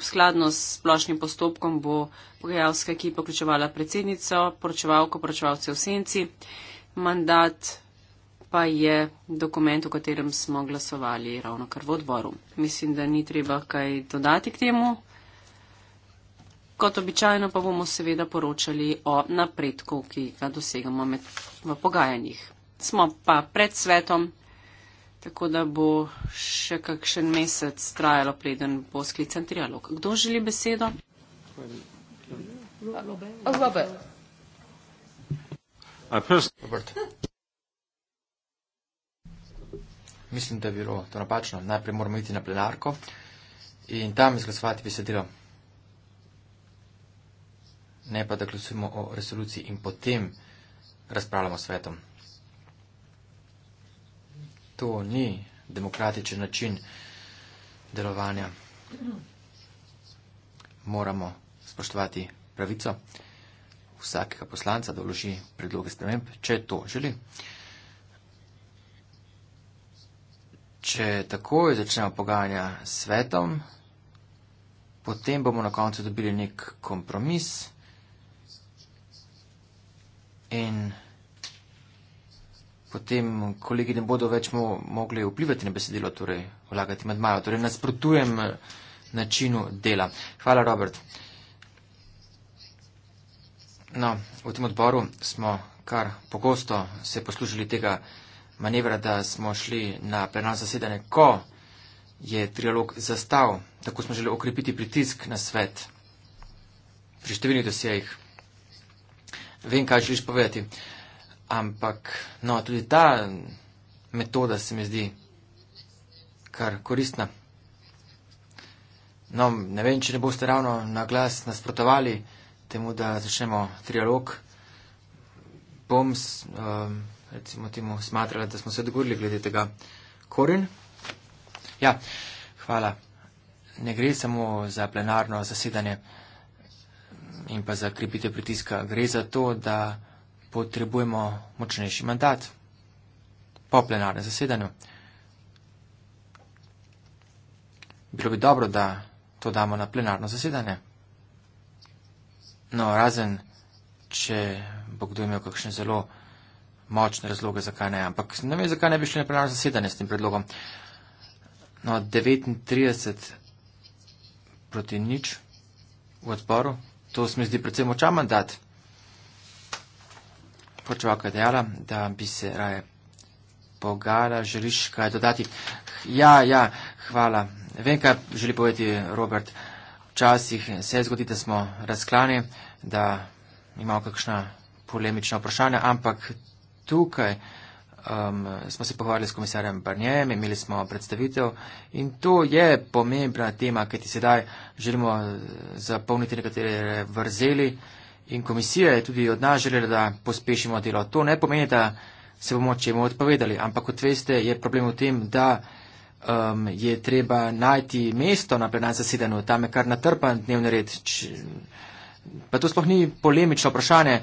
Skladno s splošnim postopkom bo pogajalska ekipa vključevala predsednico, poročevalko, poročevalce v senci. Mandat pa je dokument, o katerem smo glasovali ravno kar v odboru. Mislim, da ni treba kaj dodati k temu. Kot običajno pa bomo seveda poročali o napredku, ki ga dosegamo med, v pogajanjih. Smo pa pred svetom, tako da bo še kakšen mesec trajalo, preden bo sklican trialog. Kdo želi besedo? Robert. Mislim, da je bilo to napačno. Najprej moramo iti na plenarko in tam izglasovati besedilo ne pa da glasujemo o resoluciji in potem razpravljamo s svetom. To ni demokratičen način delovanja. Moramo spoštovati pravico vsakega poslanca, da vloži predloge sprememb, če to želi. Če takoj začnemo pogajanja s svetom, potem bomo na koncu dobili nek kompromis in potem kolegi ne bodo več mo mogli vplivati na besedilo, torej vlagati madmajo. Torej nasprotujem eh, načinu dela. Hvala, Robert. No, v tem odboru smo kar pogosto se poslužili tega manevra, da smo šli na plenarno zasedanje, ko je trialog zastav, tako smo želeli okrepiti pritisk na svet pri številnih dosjejih vem, kaj želiš povedati. Ampak no, tudi ta metoda se mi zdi kar koristna. No, ne vem, če ne boste ravno na glas nasprotovali temu, da začnemo trialog. Bom s, um, recimo temu smatrala, da smo se dogovorili glede tega korin. Ja, hvala. Ne gre samo za plenarno zasedanje in pa za krepitev pritiska. Gre za to, da potrebujemo močnejši mandat po plenarnem zasedanju. Bilo bi dobro, da to damo na plenarno zasedanje. No, razen, če bo kdo imel kakšne zelo močne razloge, zakaj ne. Ampak ne vem, zakaj ne bi šli na plenarno zasedanje s tem predlogom. No, 39 proti nič v odporu. To se mi zdi predvsem močan mandat. Počevalka je dejala, da bi se raje pogajala, želiš kaj dodati. Ja, ja, hvala. Vem, kaj želi povedati Robert. Včasih se zgodi, da smo razklani, da imamo kakšna polemična vprašanja, ampak tukaj um, smo se pogovarjali s komisarjem Barnjem, imeli smo predstavitev in to je pomembna tema, kajti sedaj želimo uh, zapolniti nekatere vrzeli in komisija je tudi od nas želela, da pospešimo delo. To ne pomeni, da se bomo čemu odpovedali, ampak kot veste, je problem v tem, da um, je treba najti mesto na plenarnem zasedanju, tam je kar natrpan dnevni red. Pa to sploh ni polemično vprašanje.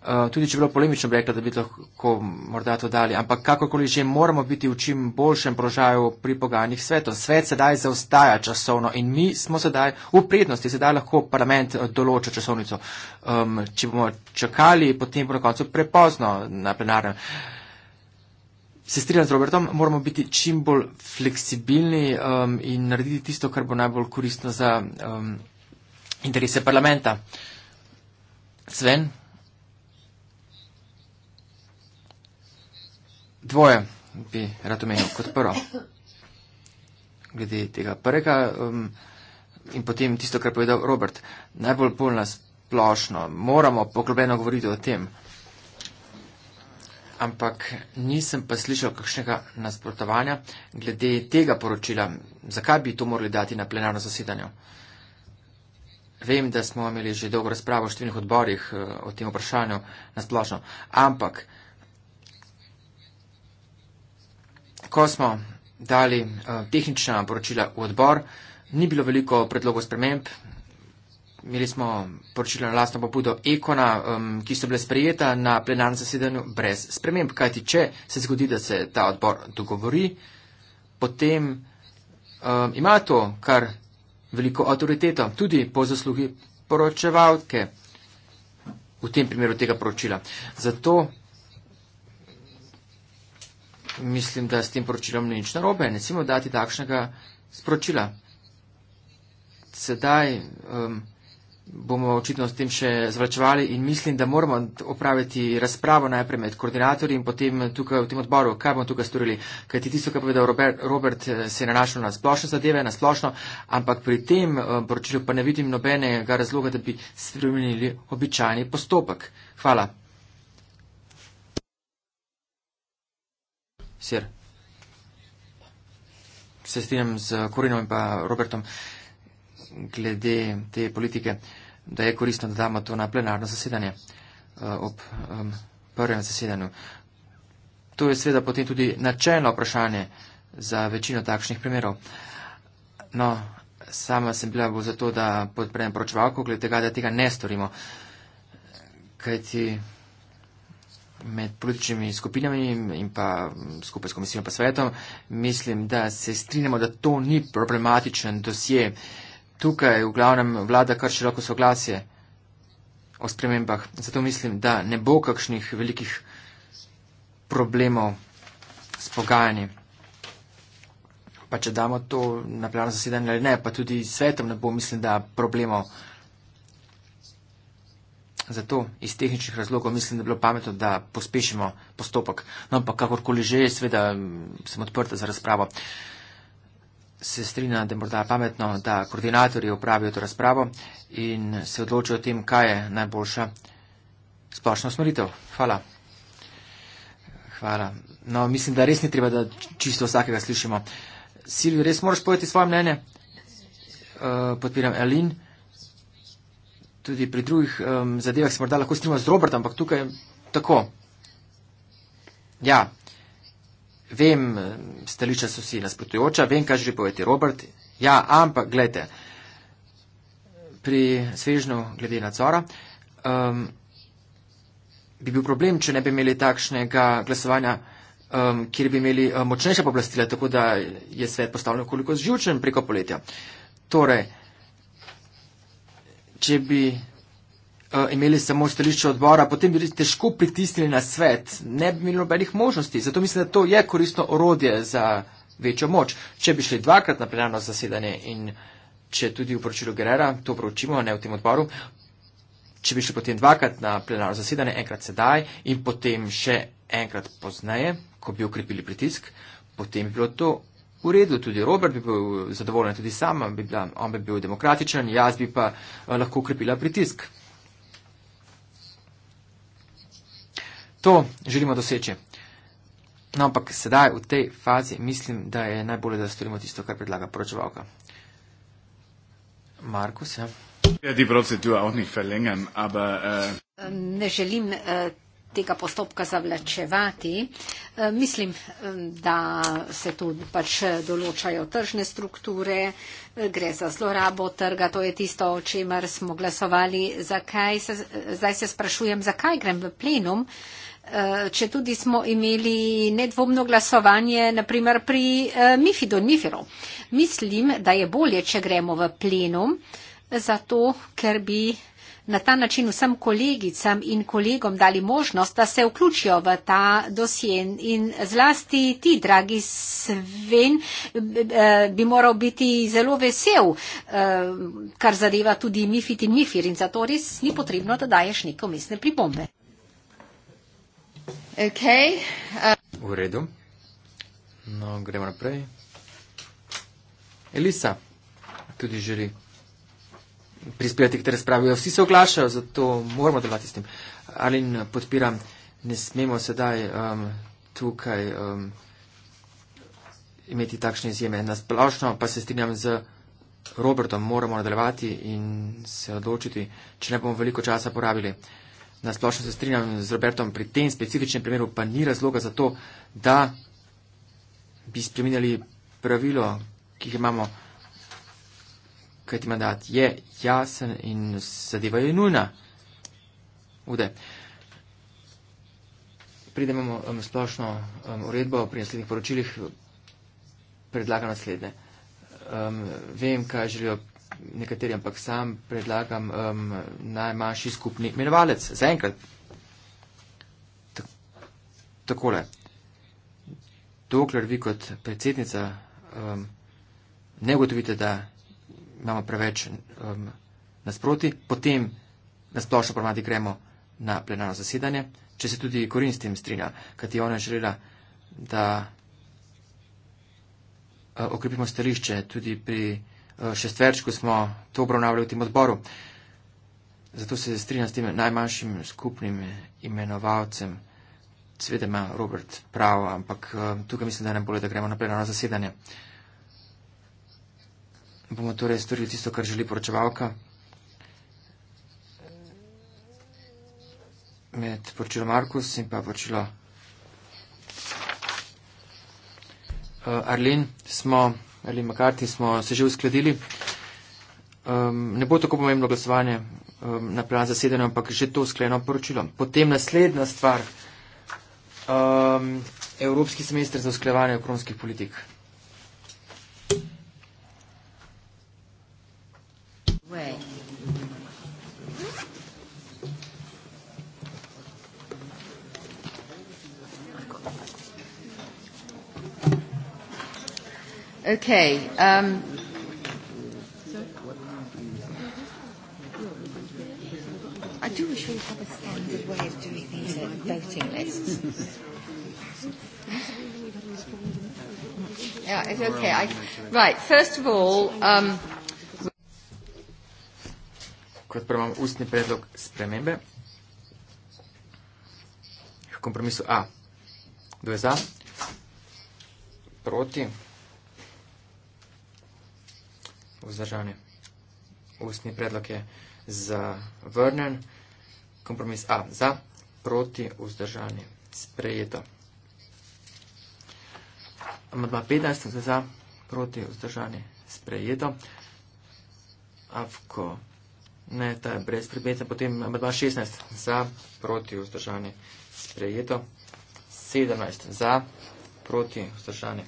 Eh, tudi če bilo polemično, bi rekla, da bi lahko morda to dali, ampak kakorkoli že moramo biti v čim boljšem prožaju pri pogajanjih svetov. Svet sedaj zaostaja časovno in mi smo sedaj v prednosti, sedaj lahko parlament eh, določa časovnico. Um, če bomo čakali, potem bo na koncu prepozno na plenarnem. Se strinjam z Robertom, moramo biti čim bolj fleksibilni um, in narediti tisto, kar bo najbolj koristno za um, interese parlamenta. Sven? dvoje bi rad omenil kot prvo. Glede tega prvega um, in potem tisto, kar je povedal Robert. Najbolj bolj nasplošno. Moramo poglobeno govoriti o tem. Ampak nisem pa slišal kakšnega nasprotovanja glede tega poročila. Zakaj bi to morali dati na plenarno zasedanje? Vem, da smo imeli že dolgo razpravo v številnih odborih uh, o tem vprašanju nasplošno. Ampak ko smo dali uh, tehnična poročila v odbor, ni bilo veliko predlogov sprememb. Imeli smo poročilo na lastno pobudo Ekona, um, ki so bile sprejeta na plenarnem zasedanju brez sprememb, kajti če se zgodi, da se ta odbor dogovori, potem um, ima to kar veliko avtoriteto, tudi po zaslugi poročevalke v tem primeru tega poročila. Zato mislim, da s tem poročilom ni nič narobe, ne smemo dati takšnega sporočila. Sedaj um, bomo očitno s tem še zvračevali in mislim, da moramo opraviti razpravo najprej med koordinatorji in potem tukaj v tem odboru, kaj bomo tukaj storili. Kaj ti tisto, kar povedal Robert, Robert, eh, se je nanašalo na splošne zadeve, na splošno, ampak pri tem um, poročilu pa ne vidim nobenega razloga, da bi spremenili običajni postopek. Hvala. sir. Se strinjam z Korinom in pa Robertom glede te politike, da je koristno, da damo to na plenarno zasedanje eh, ob prvem zasedanju. To je sveda potem tudi načelno vprašanje za večino takšnih primerov. No, sama sem bila bo zato, da podprem pročevalko glede tega, da tega ne storimo. Kajti med političnimi skupinami in pa mm, skupaj s komisijo pa svetom, mislim, da se strinjamo, da to ni problematičen dosje. Tukaj v glavnem vlada kar široko soglasje o spremembah. Zato mislim, da ne bo kakšnih velikih problemov s pogajanji. Pa če damo to na plano zasedanje ali ne, pa tudi svetom ne bo, mislim, da problemov. Zato iz tehničnih razlogov mislim, da bi bilo pametno, da pospešimo postopek. No, ampak kakorkoli že, seveda sem odprta za razpravo. Se strinjam, da je morda pametno, da koordinatorji upravijo to razpravo in se odločijo o tem, kaj je najboljša splošna usmeritev. Hvala. Hvala. No, mislim, da res ni treba, da čisto vsakega slišimo. Silvi, res moraš povedati svoje mnenje? Uh, podpiram Elin tudi pri drugih um, zadevah se morda lahko strinjamo z Robertom, ampak tukaj tako. Ja, vem, stališča so si nasprotujoča, vem, kaj želi povedati Robert. Ja, ampak gledajte, pri svežnju glede nadzora um, bi bil problem, če ne bi imeli takšnega glasovanja, um, kjer bi imeli močnejša poblastila, tako da je svet postavljen koliko zžučen preko poletja. Torej, če bi uh, imeli samo stališče odbora, potem bi težko pritisnili na svet, ne bi imeli nobenih možnosti. Zato mislim, da to je koristno orodje za večjo moč. Če bi šli dvakrat na plenarno zasedanje in če tudi v poročilu Gerera to proučimo, ne v tem odboru, če bi šli potem dvakrat na plenarno zasedanje, enkrat sedaj in potem še enkrat pozneje, ko bi okrepili pritisk, potem bi bilo to V redu, tudi Robert bi bil zadovoljen, tudi sama bi bila, on bi bil demokratičen, jaz bi pa eh, lahko ukrepila pritisk. To želimo doseči. No, ampak sedaj v tej fazi mislim, da je najbolje, da storimo tisto, kar predlaga poročevalka. Markus, ja. Ja, die Prozedur auch nicht verlängern, aber... Äh ähm, ne želim äh, tega postopka zavlačevati. Eh, mislim, eh, da se tu pač določajo tržne strukture, eh, gre za zlorabo trga, to je tisto, o čemer smo glasovali. Zakaj se, zdaj se sprašujem, zakaj grem v plenum, če tudi smo imeli nedvomno glasovanje, naprimer pri Mifidu in Mifiru. Mislim, da je bolje, če gremo v plenum, zato ker bi na ta način vsem kolegicam in kolegom dali možnost, da se vključijo v ta dosje. In zlasti ti, dragi Sven, eh, bi moral biti zelo vesel, eh, kar zadeva tudi Mifit in Mifir in zato res ni potrebno, da daješ neko mestne pripombe. Okay, uh... V redu. No, gremo naprej. Elisa, tudi želi prispevati k tej razpravi. Vsi se oglašajo, zato moramo delovati s tem. Alin podpira, ne smemo sedaj um, tukaj um, imeti takšne izjeme. Nasplošno pa se strinjam z Robertom, moramo nadaljevati in se odločiti, če ne bomo veliko časa porabili. Nasplošno se strinjam z Robertom, pri tem specifičnem primeru pa ni razloga za to, da bi spremenjali pravilo, ki jih imamo kajti mandat je jasen in zadeva je nujna. Ude. Pridemo na um, splošno um, uredbo pri naslednjih poročilih, predlagam naslednje. Um, vem, kaj želijo nekateri, ampak sam predlagam um, najmanjši skupni imenovalec. Zaenkrat. Takole. Dokler vi kot predsednica um, ne ugotovite, da imamo preveč um, nasproti, potem na splošno pravati gremo na plenarno zasedanje, če se tudi korin s tem strinja, kajti ona je želela, da uh, okrepimo stališče tudi pri uh, šestverčku smo to obravnavali v tem odboru. Zato se strinja s tem najmanjšim skupnim imenovalcem. Sveda ima Robert pravo, ampak uh, tukaj mislim, da je najbolje, da gremo na plenarno zasedanje. Uh, Bomo torej storili tisto, kar želi poročevalka. Med poročilo Markus in pa poročilo eh, Arlin smo, Arlin Makarti smo se že uskladili. Um, ne bo tako pomembno glasovanje um, na plan zasedeno, ampak že to uskleno poročilo. Potem naslednja stvar. Um, Evropski semester za usklejevanje okronskih politik. Okay. Um, I do wish we had a standard way of doing these voting lists. Yeah, it's okay. Right. First of all, um, Kot prvo, ustni predlog spremembe. K kompromisu A. Kdo je za? Proti? vzdržanje. Ustni predlog je zavrnen. Kompromis A za, proti vzdržanje. Sprejeto. Amadma 15 za, za, proti vzdržanje. Sprejeto. Avko. Ne, ta je brez predmeta. Potem amadma 16 za, proti vzdržanje. Sprejeto. 17 za, proti vzdržanje.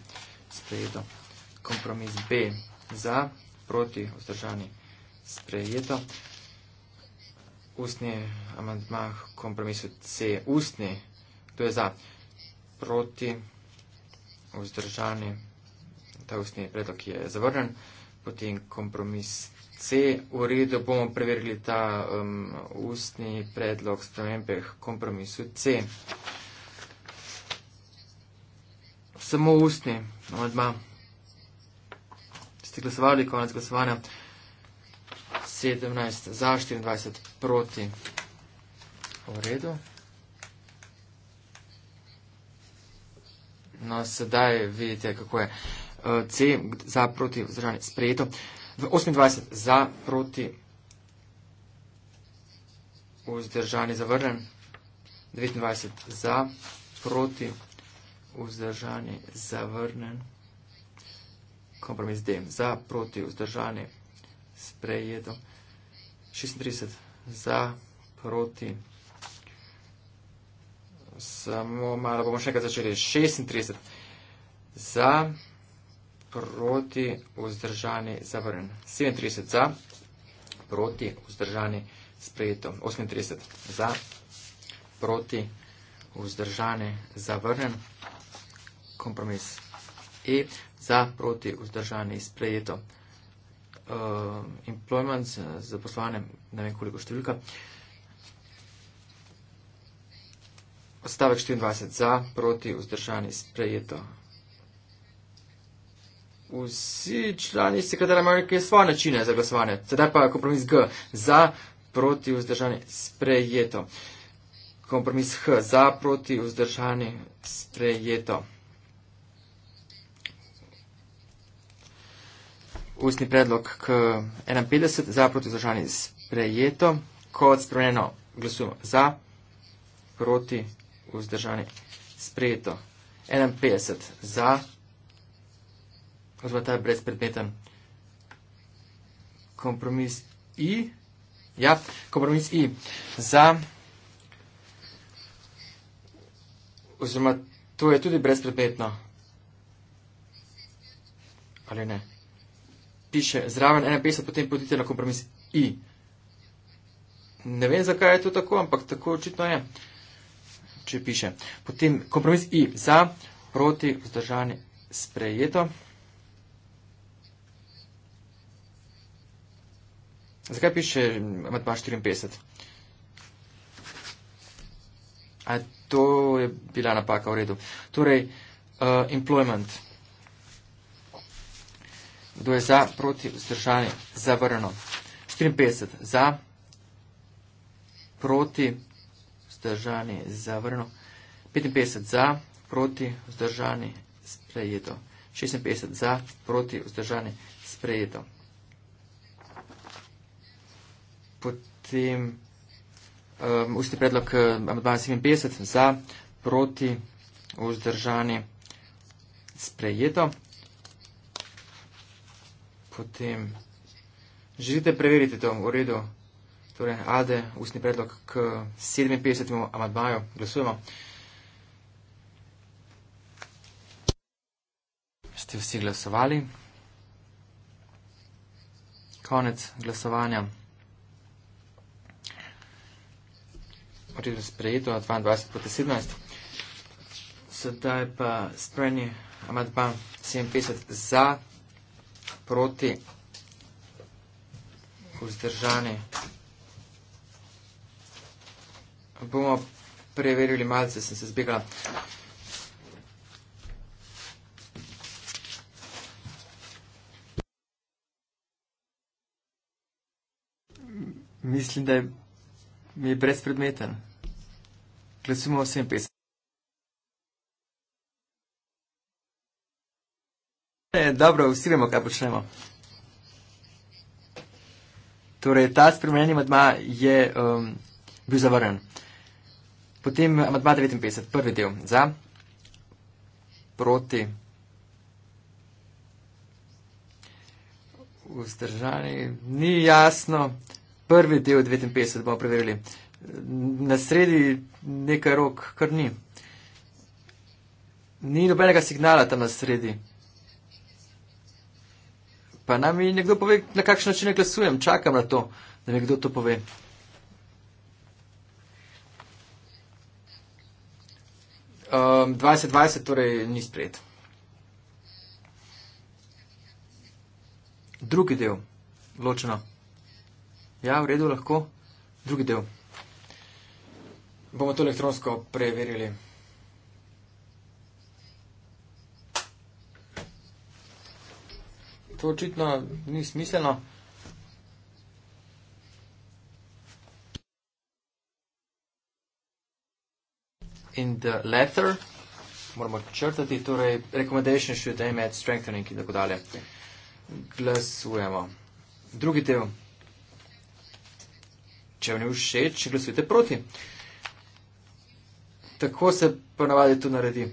Sprejeto. Kompromis B za, proti, vzdržani sprejeto. Ustni amandma k kompromisu C. Ustni, to je za proti, vzdržani, ta ustni predlog je zavrnen. Potem kompromis C. V redu bomo preverili ta um, ustni predlog spremembe k kompromisu C. Samo ustni amandma. No, ste glasovali, konec glasovanja 17 za 24 proti. V redu. No, sedaj vidite, kako je eh, C za proti vzdržanje sprejeto. 28 za proti vzdržanje zavrnen. 29 za proti vzdržanje zavrnen kompromis dem za proti vzdržani sprejeto 36 za proti samo malo bomo še enkrat začeli 36 za proti vzdržani zavrnen 37 za proti vzdržani sprejeto 38 za proti vzdržani zavrnen kompromis E za proti vzdržanje izprejeto. Uh, employment z zaposlovanjem, ne vem koliko številka. Odstavek 24 za proti vzdržanje izprejeto. Vsi člani sekretarja Amerike svoje načine za glasovanje. Sedaj pa kompromis G za proti vzdržanje sprejeto. Kompromis H za proti vzdržanje sprejeto. ustni predlog k 51, za proti vzdržanje sprejeto, kot spremenjeno glasujemo za proti vzdržanje sprejeto. 51 za, oziroma ta je brezpredmeten kompromis I, ja, kompromis I za, oziroma to je tudi brezpredmetno, ali ne? piše zraven 51, potem podite na kompromis I. Ne vem, zakaj je to tako, ampak tako očitno je, če piše. Potem kompromis I za, proti, vzdržanje, sprejeto. Zakaj piše matma 54? A to je bila napaka v redu. Torej, uh, employment. Employment. Kdo je za? Proti vzdržanje. Zavrano. 54. Za. Proti vzdržanje. Zavrano. 55. Za. Proti vzdržanje. Sprejeto. 56. Za. Proti vzdržanje. Sprejeto. Potem um, usti predlog um, amadbana 57. Za. Proti vzdržanje. Sprejeto. Potem, želite preveriti to v redu? Torej, Ade, ustni predlog k 57. amadbaju. Glasujemo. Ste vsi glasovali? Konec glasovanja. Očitno sprejeto na 22 proti 17. Sedaj pa spremeni amadba 57 za proti vzdržani. Bomo preverili malce, sem se zbegala. Mislim, da je mi je brezpredmeten. Glasujemo 57. dobro, vsi vemo, kaj počnemo. Torej, ta spremenjeni madma je um, bil zavrnen. Potem madma 59, prvi del. Za, proti, vzdržani, ni jasno. Prvi del 59 bomo preverili. Na sredi nekaj rok, kar ni. Ni nobenega signala tam na sredi pa nam je nekdo pove, na kakšen način glasujem, čakam na to, da nekdo to pove. Um, 2020 torej ni sprejet. Drugi del, ločeno. Ja, v redu, lahko. Drugi del. Bomo to elektronsko preverili. to očitno ni smiselno. In the letter, moramo črtati, torej recommendation should aim at strengthening in tako dalje. Glasujemo. Drugi del. Če vam ne všeč, glasujte proti. Tako se ponavadi tu naredi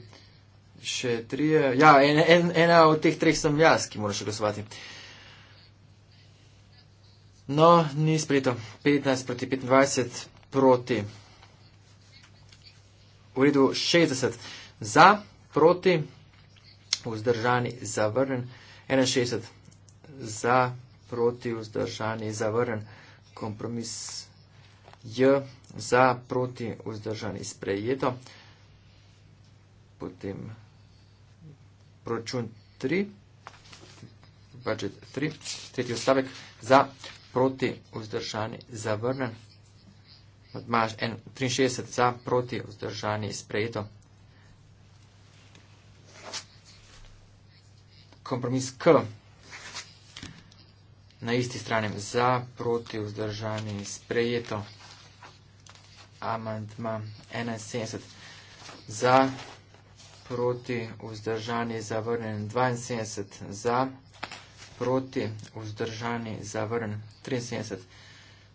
še tri. Ja, en, en, ena od teh treh sem jaz, ki moraš glasovati. No, ni sprejeto. 15 proti 25 proti. V redu 60 za, proti, vzdržani, zavrnen. 61 za, proti, vzdržani, zavrnen. Kompromis J za, proti, vzdržani, sprejeto. Potem proračun 3, budget 3, tretji ostavek, za proti vzdržani zavrnen, odmaž 63 za proti vzdržani sprejeto. Kompromis K, na isti strani, za proti vzdržani sprejeto, amantma 71 za proti vzdržani sprejeto proti, vzdržani, zavrnjen, 72 za, proti, vzdržani, zavrnjen, 73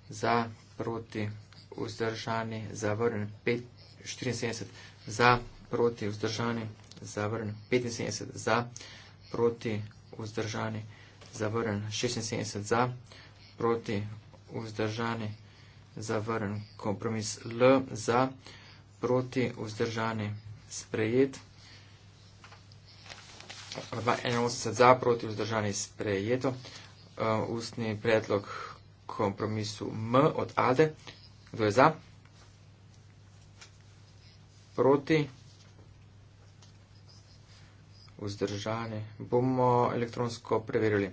za, proti, vzdržani, zavrnjen, 74 za, proti, vzdržani, zavrnjen, 75 za, proti, vzdržani, zavrnjen, 76 za, proti, vzdržani, zavrnjen, kompromis L za, proti, vzdržani, sprejet. 81 za, proti vzdržani sprejeto. Uh, ustni predlog kompromisu M od Ade. Kdo je za? Proti. Vzdržani. Bomo elektronsko preverili.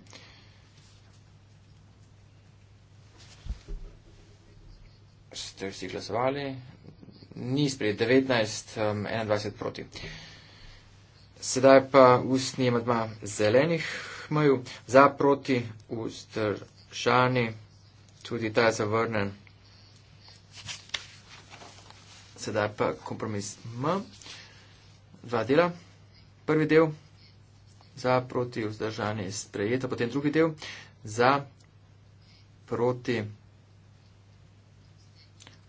Ste vsi glasovali? Ni sprejet. 19, um, 21 proti. Uh, Sedaj pa ustni amadma zelenih mojo za proti vzdržani, tudi ta je zavrnen. Sedaj pa kompromis M. Dva dela. Prvi del za proti vzdržani je sprejeta, potem drugi del za proti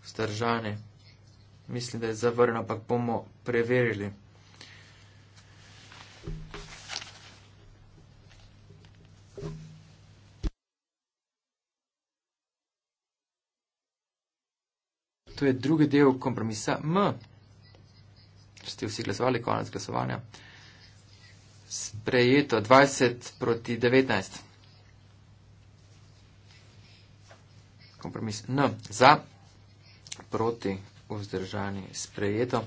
vzdržani. Mislim, da je zavrnjeno, ampak bomo preverili. To je drugi del kompromisa M. Če ste vsi glasovali, konec glasovanja. Sprejeto 20 proti 19. Kompromis N za, proti vzdržani sprejeto.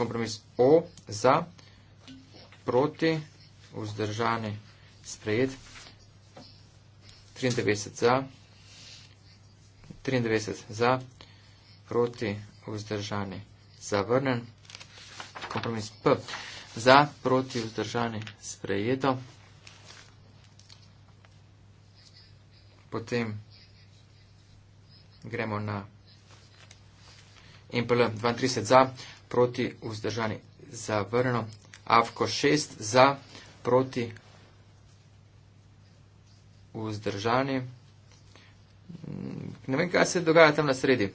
Kompromis O za, proti vzdržani sprejet. 93 za. 93 za, proti, vzdržani, zavrnen, kompromis P, za, proti, vzdržani, sprejeto, potem gremo na MPL 32 za, proti, vzdržani, zavrnen, AFKO 6 za, proti, vzdržani, vzdržani, Mm, ne vem, kaj se dogaja tam na sredi.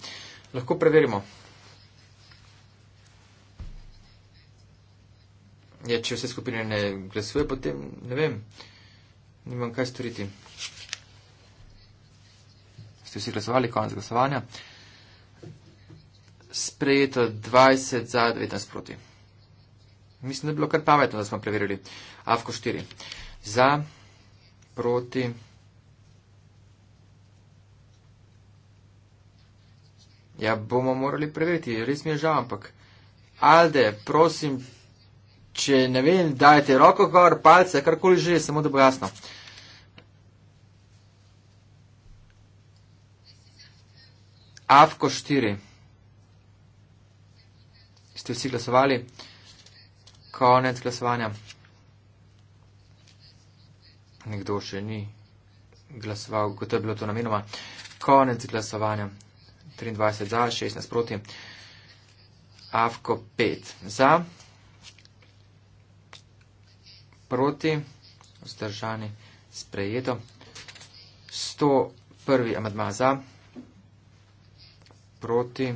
Lahko preverimo. Ja, če vse skupine ne glasuje, potem ne vem. Nimam kaj storiti. Ste vsi glasovali, konec glasovanja. Sprejeto 20 za 19 proti. Mislim, da je bilo kar pametno, da smo preverili. Avko 4. Za, proti. Ja, bomo morali preveriti, res mi je žal, ampak Alde, prosim, če ne vem, dajte roko gor, palce, karkoli že, samo da bo jasno. Avko 4. Ste vsi glasovali? Konec glasovanja. Nekdo še ni glasoval, kot je bilo to namenoma. Konec glasovanja. 23 za, 16 proti. Avko 5 za, proti, vzdržani, sprejeto. 101. amadma za, proti,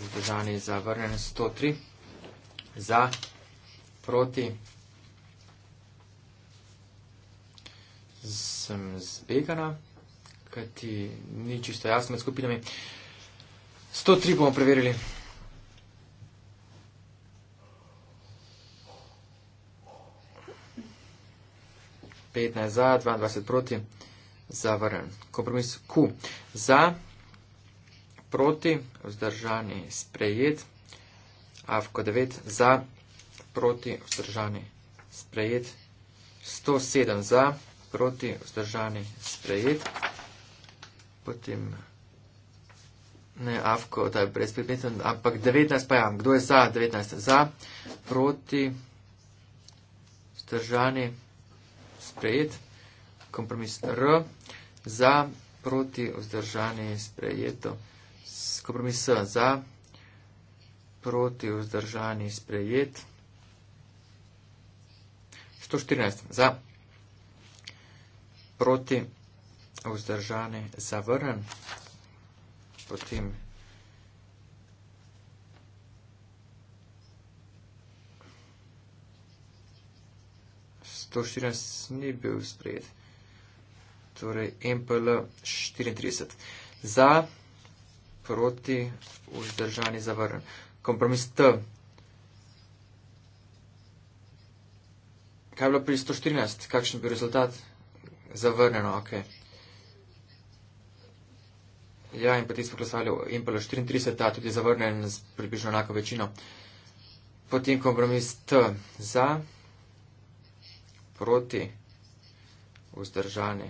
vzdržani, zavrnjen. 103 za, proti. Sem zbegana kajti ni čisto jasno med skupinami. 103 bomo preverili. za, 22 proti, zavrn. Kompromis Q. Za, proti, vzdržani, sprejet. Avko 9, za, proti, vzdržani, sprejet. 107 za, proti, vzdržani, sprejet potem ne avko, da je brezpredmeten, ampak 19 pa je, kdo je za, 19 je za, proti, vzdržani, sprejet, kompromis R, za, proti, vzdržani, sprejeto, kompromis S, za, proti, vzdržani, sprejet, 114, za, proti, vzdržani, zavrn, potem sto štirinajst ni bil sprejet, torej MPL štiriintrideset za, proti, vzdržani, zavrn. Kompromis T. Kaj je bilo pri 114? Kakšen bi bil rezultat? Zavrnjeno, okej. Okay. Ja, in potem smo glasovali, in pa je 34, ta tudi zavrnjen z približno enako večino. Potem kompromis T za, proti, vzdržani,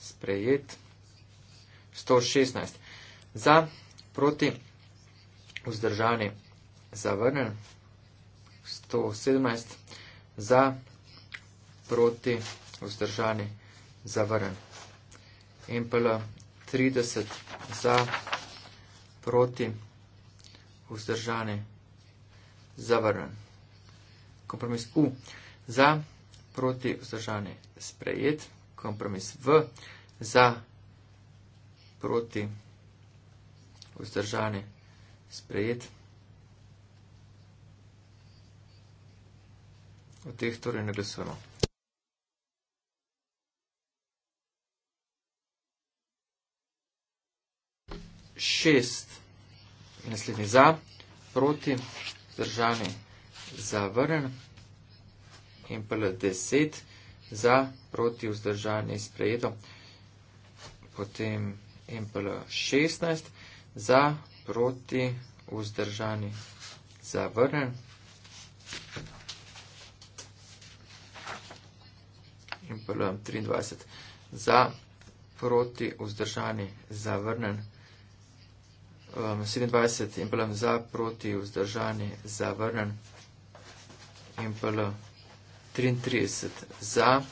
sprejet. 116 za, proti, vzdržani, zavrnjen. 117 za, proti, vzdržani, zavrnjen. MPL 30 za, proti, vzdržani, zavrnen. Kompromis U za, proti, vzdržani, sprejet. Kompromis V za, proti, vzdržani, sprejet. V teh torej ne glasujemo. šest, naslednji za, proti, zdržani, zavrnen, in pa le deset, za, proti, vzdržani, sprejeto, potem in pa le šestnajst, za, proti, vzdržani, zavrnen, in pa le 23, za, proti, vzdržani, zavrnen, um, 27 MPLM za, proti, vzdržani, zavrnen, MPL 33 za,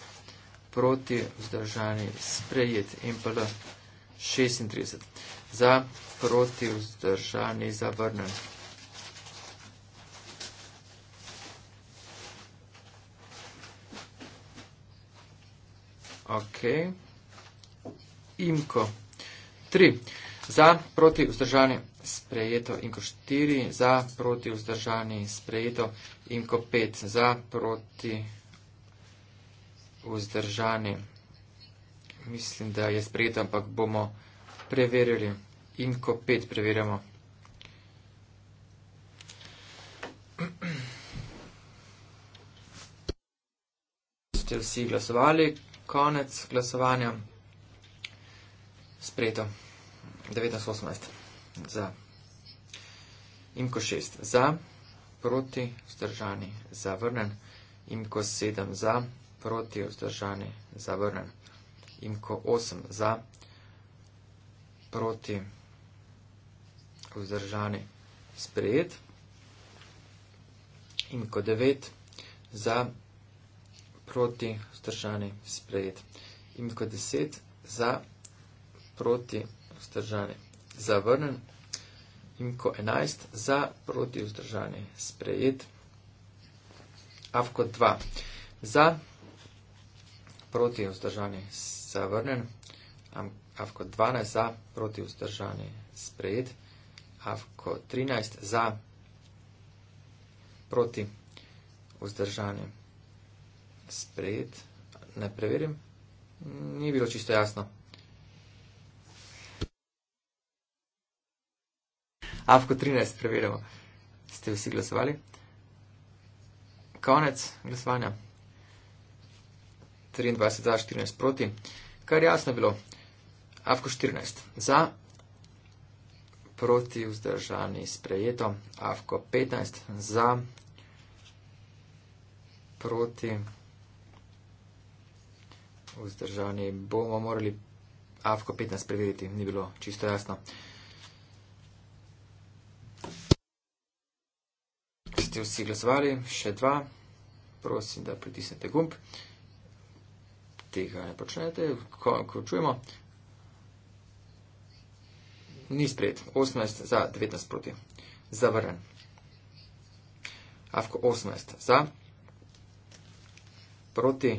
proti, vzdržani, sprejet, MPL 36 za, proti, vzdržani, zavrnen. Ok. Imko. 3. Za proti vzdržani sprejeto in ko 4, za proti vzdržani sprejeto in ko 5, za proti vzdržani. Mislim, da je sprejeto, ampak bomo preverili. In ko 5 preverjamo. Ste vsi glasovali? Konec glasovanja. Sprejeto. 19.18. Za. Imko 6. Za. Proti. Vzdržani. Zavrnen. Imko 7. Za. Proti. Vzdržani. Zavrnen. Imko 8. Za. Proti. Vzdržani. Sprejet. Imko 9. Za. Proti. Vzdržani. Sprejet. Imko 10. Za. Proti. Vzdržani vzdržane. Zavrnen. Imko 11. Za proti vzdržane. Sprejet. Avko 2. Za proti vzdržane. Zavrnen. Avko 12. Za proti vzdržane. Sprejet. Avko 13. Za proti vzdržane. Sprejet. Ne preverim. Ni bilo čisto jasno. AFK 13 preverjamo. Ste vsi glasovali? Konec glasovanja. 23 za, 14 proti. Kar jasno bilo. AFK 14 za, proti vzdržani sprejeto. AFK 15 za, proti vzdržani bomo morali. AFK 15 preveriti, ni bilo čisto jasno. ste vsi glasovali, še dva, prosim, da pritisnete gumb. Tega ne počnete, ko, ko čujemo. Ni sprejet. 18 za, 19 proti. Zavrnen. Avko 18 za, proti,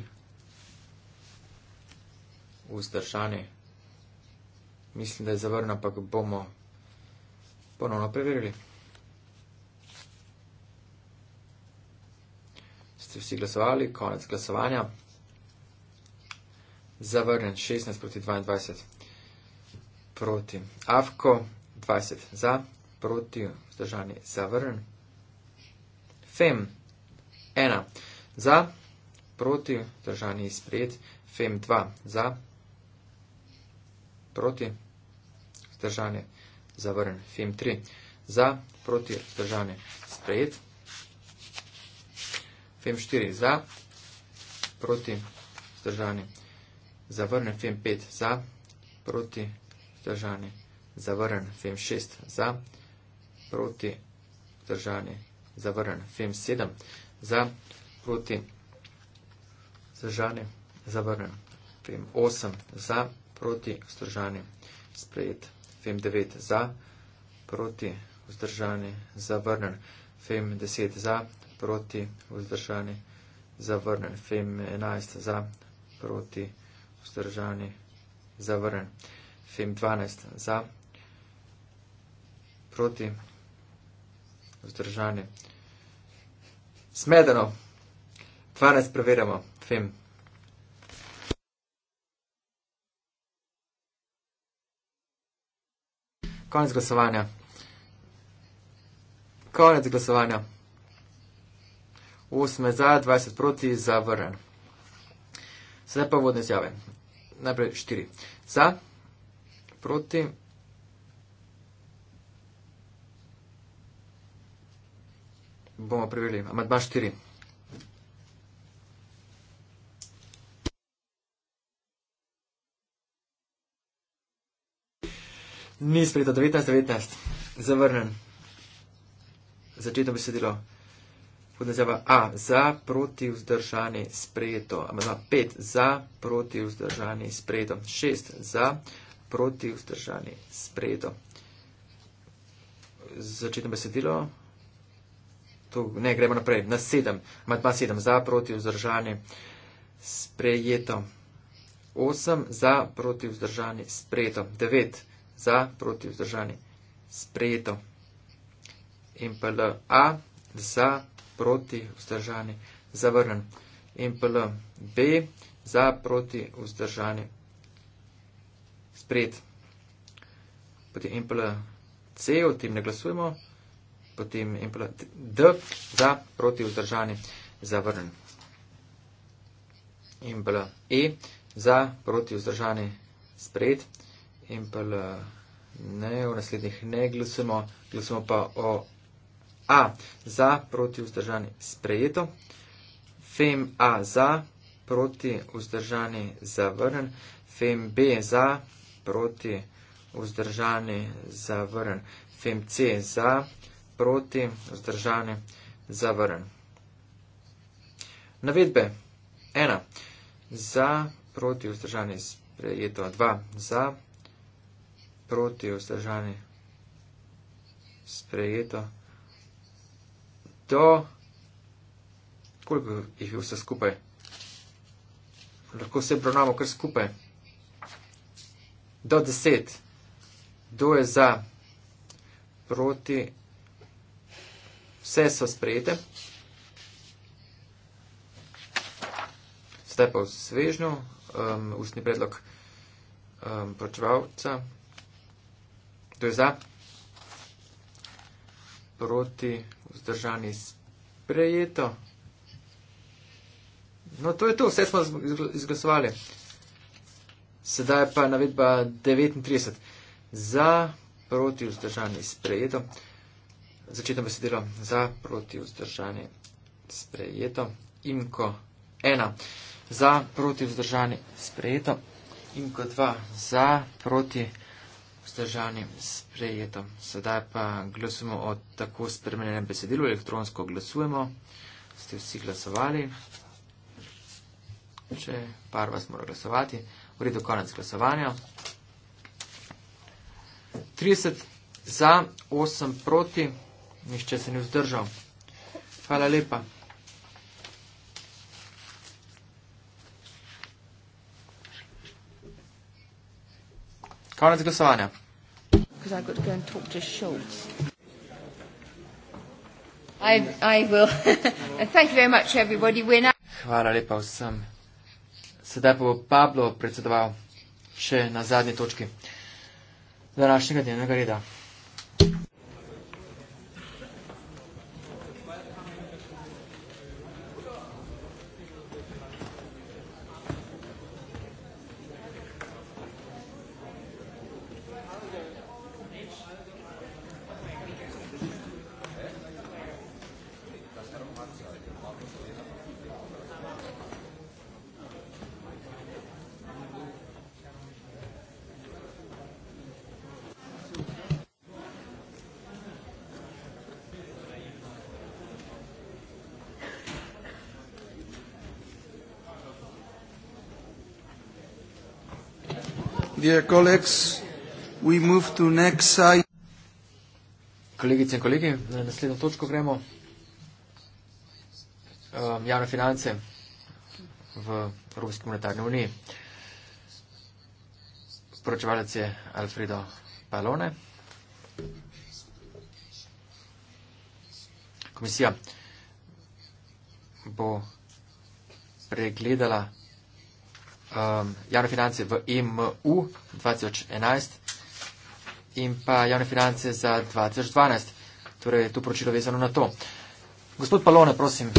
vzdržani. Mislim, da je zavrnen, ampak bomo ponovno preverili. ste vsi glasovali, konec glasovanja. Zavrnjen 16 proti 22 proti Avko, 20 za, proti vzdržanje zavrnjen. FEM 1 za, proti vzdržanje sprejet. FEM 2 za, proti vzdržanje zavrnjen. FEM 3 za, proti vzdržanje sprejet. FEM 4 za, proti vzdržani, zavrne FEM 5 za, proti vzdržani, zavrne FEM 6 za, proti vzdržani, zavrne FEM 7 za, proti vzdržani, zavrne FEM 8 za, proti vzdržani, sprejet FEM 9 za, proti vzdržani, zavrne FEM 10 za, proti, vzdržani, zavrnen. FEM 11 za, proti, vzdržani, zavrnen. FEM 12 za, proti, vzdržani. Smedeno. 12 preverjamo. FEM. Konec glasovanja. Konec glasovanja. 8 za, 20 proti, zavrnen. Sedaj pa vodne izjave. Najprej 4. Za, proti, bomo preverili. Amadba 4. Ni sprejeto 19, 19. Zavrnen. Začetno besedilo podnaziva A za proti vzdržani sprejeto, amandma 5 za proti vzdržani sprejeto, 6 za proti vzdržani sprejeto. Začetno besedilo. Tu ne gremo naprej. Na 7. Amandma 7 za proti vzdržani sprejeto. 8 za proti vzdržani sprejeto. 9 za proti vzdržani sprejeto. MPLA za proti, vzdržani, zavrnen. In pl B za, proti, vzdržani, spred. Potem in pl C, o tem ne glasujemo. Potem in pl D za, proti, vzdržani, zavrnen. In pl E za, proti, vzdržani, spred. In pl ne, v naslednjih ne glasujemo, glasujemo pa o A za, proti vzdržani, sprejeto. Fem A za, proti vzdržani, zavrnen. Fem B za, proti vzdržani, zavrnen. Fem C za, proti vzdržani, zavrnen. Navedbe. 1. Za, proti vzdržani, sprejeto. 2. Za, proti vzdržani, sprejeto do. Koliko jih je vse skupaj? Lahko vse obravnavamo kar skupaj. Do deset. Kdo je za? Proti. Vse so sprejete. Zdaj pa v svežnju, um, ustni predlog um, pročevalca. Kdo je za? proti vzdržani sprejeto. No, to je to, vse smo izglasovali. Sedaj pa je navedba 39. Za proti vzdržani sprejeto. Začetno besedilo za proti vzdržani sprejeto. Imko 1. Za proti vzdržani sprejeto. Imko 2. Za proti vzdržani sprejeto vzdržanim sprejetom. Sedaj pa glasujemo o tako spremenjenem besedilu, elektronsko glasujemo. Ste vsi glasovali? Če par vas mora glasovati. V redu, konec glasovanja. 30 za, 8 proti, nišče se ni vzdržal. Hvala lepa. Konec glasovanja because I've got to go and talk to Schultz. I, I will. *laughs* Thank you very much, everybody. We're now. Hvala lepa vsem. Sedaj pa bo Pablo predsedoval še na zadnji točki današnjega dnevnega reda. dear colleagues, we move to next side. Kolegice in kolegi, na naslednjo točko gremo. Um, javne finance v Evropski monetarni uniji. Poročevalec je Alfredo Palone. Komisija bo pregledala um, javne finance v EMU 2011 in pa javne finance za 2012. Torej, tu poročilo vezano na to. Gospod Palone, prosim.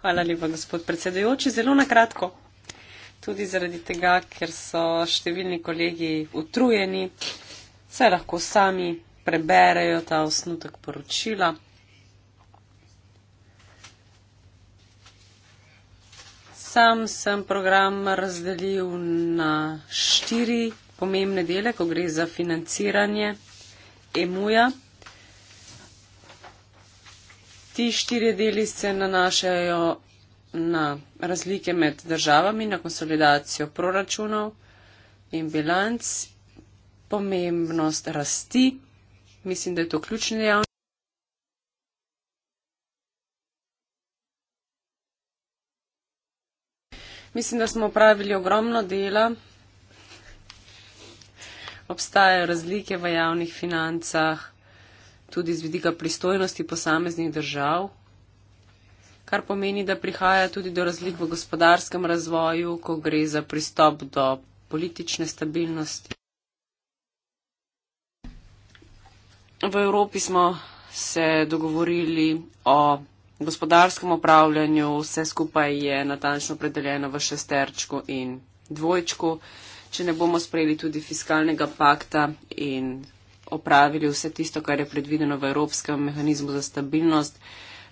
Hvala lepa, gospod predsedujoči. Zelo na kratko. Tudi zaradi tega, ker so številni kolegi utrujeni, se lahko sami preberejo ta osnutek poročila. Sam sem program razdelil na štiri pomembne dele, ko gre za financiranje EMU-ja. Ti štiri deli se nanašajo na razlike med državami, na konsolidacijo proračunov in bilanc, pomembnost rasti, mislim, da je to ključni dejavnik. Mislim, da smo upravili ogromno dela. Obstajajo razlike v javnih financah, tudi z vidika pristojnosti posameznih držav, kar pomeni, da prihaja tudi do razlik v gospodarskem razvoju, ko gre za pristop do politične stabilnosti. V Evropi smo se dogovorili o gospodarskem upravljanju vse skupaj je natančno predeljeno v šesterčku in dvojčku. Če ne bomo sprejeli tudi fiskalnega pakta in opravili vse tisto, kar je predvideno v Evropskem mehanizmu za stabilnost,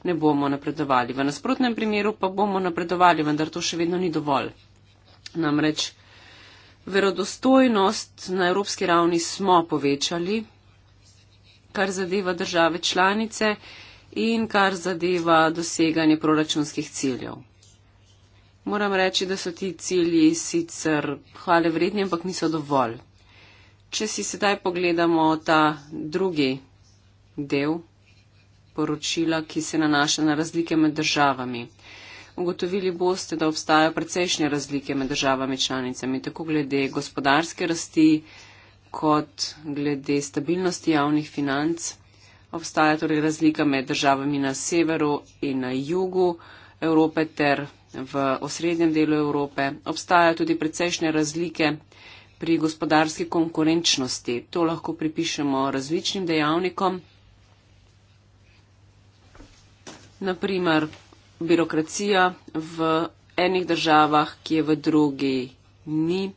ne bomo napredovali. V nasprotnem primeru pa bomo napredovali, vendar to še vedno ni dovolj. Namreč verodostojnost na evropski ravni smo povečali, kar zadeva države članice in kar zadeva doseganje proračunskih ciljev. Moram reči, da so ti cilji sicer hvale vredni, ampak niso dovolj. Če si sedaj pogledamo ta drugi del poročila, ki se nanaša na razlike med državami. Ugotovili boste, da obstajajo precejšnje razlike med državami članicami, tako glede gospodarske rasti kot glede stabilnosti javnih financ obstaja torej razlika med državami na severu in na jugu Evrope ter v osrednjem delu Evrope. Obstajajo tudi precejšnje razlike pri gospodarski konkurenčnosti. To lahko pripišemo različnim dejavnikom. Naprimer, birokracija v enih državah, ki je v drugi ni.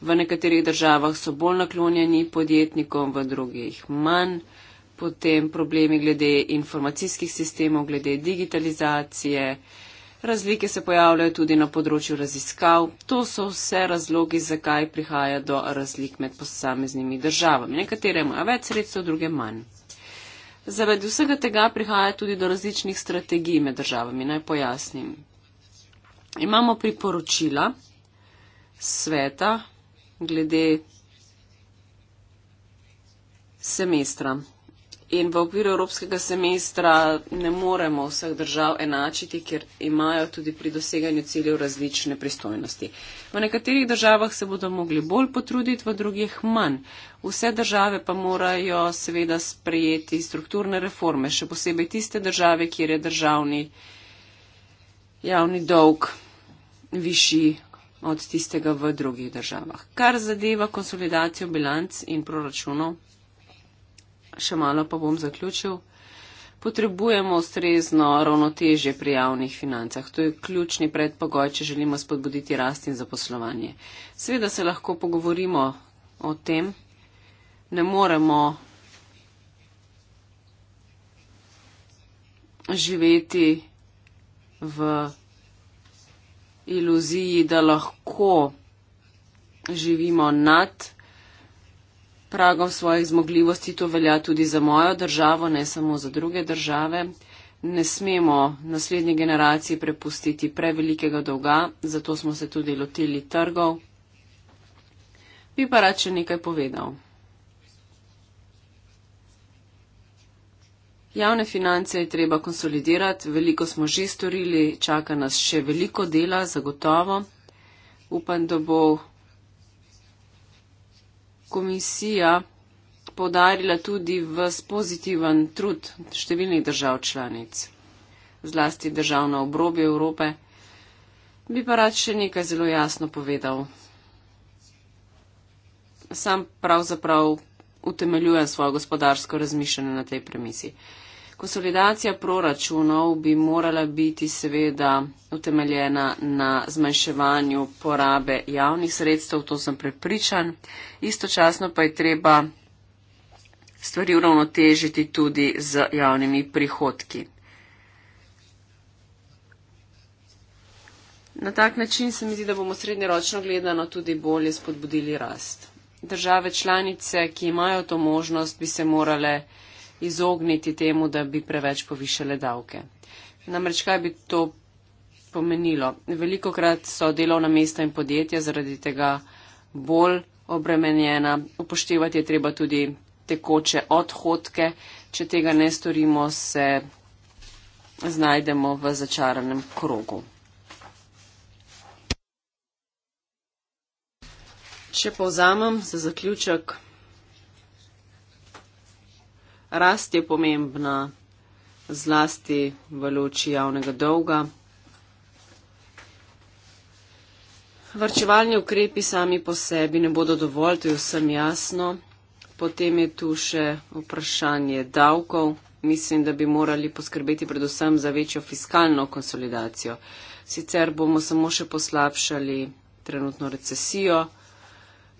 V nekaterih državah so bolj naklonjeni podjetnikom, v drugih manj potem problemi glede informacijskih sistemov, glede digitalizacije. Razlike se pojavljajo tudi na področju raziskav. To so vse razlogi, zakaj prihaja do razlik med posameznimi državami. Nekatere imajo več sredstev, druge manj. Zaved vsega tega prihaja tudi do različnih strategij med državami. Naj pojasnim. Imamo priporočila sveta glede semestra in v okviru evropskega semestra ne moremo vseh držav enačiti, ker imajo tudi pri doseganju ciljev različne pristojnosti. V nekaterih državah se bodo mogli bolj potruditi, v drugih manj. Vse države pa morajo seveda sprejeti strukturne reforme, še posebej tiste države, kjer je državni javni dolg višji od tistega v drugih državah. Kar zadeva konsolidacijo bilanc in proračunov, še malo pa bom zaključil. Potrebujemo ustrezno ravnotežje pri javnih financah. To je ključni predpogoj, če želimo spodbuditi rast in zaposlovanje. Seveda se lahko pogovorimo o tem. Ne moremo živeti v iluziji, da lahko živimo nad pragom svojih zmogljivosti, to velja tudi za mojo državo, ne samo za druge države. Ne smemo naslednji generaciji prepustiti prevelikega dolga, zato smo se tudi lotili trgov. Bi pa rad še nekaj povedal. Javne finance je treba konsolidirati, veliko smo že storili, čaka nas še veliko dela, zagotovo. Upam, da bo komisija podarila tudi v pozitiven trud številnih držav članic, zlasti držav na obrobju Evrope, bi pa rad še nekaj zelo jasno povedal. Sam pravzaprav utemeljujem svojo gospodarsko razmišljanje na tej premisi. Konsolidacija proračunov bi morala biti seveda utemeljena na zmanjševanju porabe javnih sredstev, to sem prepričan. Istočasno pa je treba stvari uravnotežiti tudi z javnimi prihodki. Na tak način se mi zdi, da bomo srednjeročno gledano tudi bolje spodbudili rast. Države članice, ki imajo to možnost, bi se morale izogniti temu, da bi preveč povišale davke. Namreč kaj bi to pomenilo? Veliko krat so delovna mesta in podjetja zaradi tega bolj obremenjena. Upoštevati je treba tudi tekoče odhodke. Če tega ne storimo, se znajdemo v začaranem krogu. Če povzamem za zaključek rast je pomembna, zlasti v luči javnega dolga. Varčevalni ukrepi sami po sebi ne bodo dovolj, to je vsem jasno. Potem je tu še vprašanje davkov. Mislim, da bi morali poskrbeti predvsem za večjo fiskalno konsolidacijo. Sicer bomo samo še poslabšali trenutno recesijo.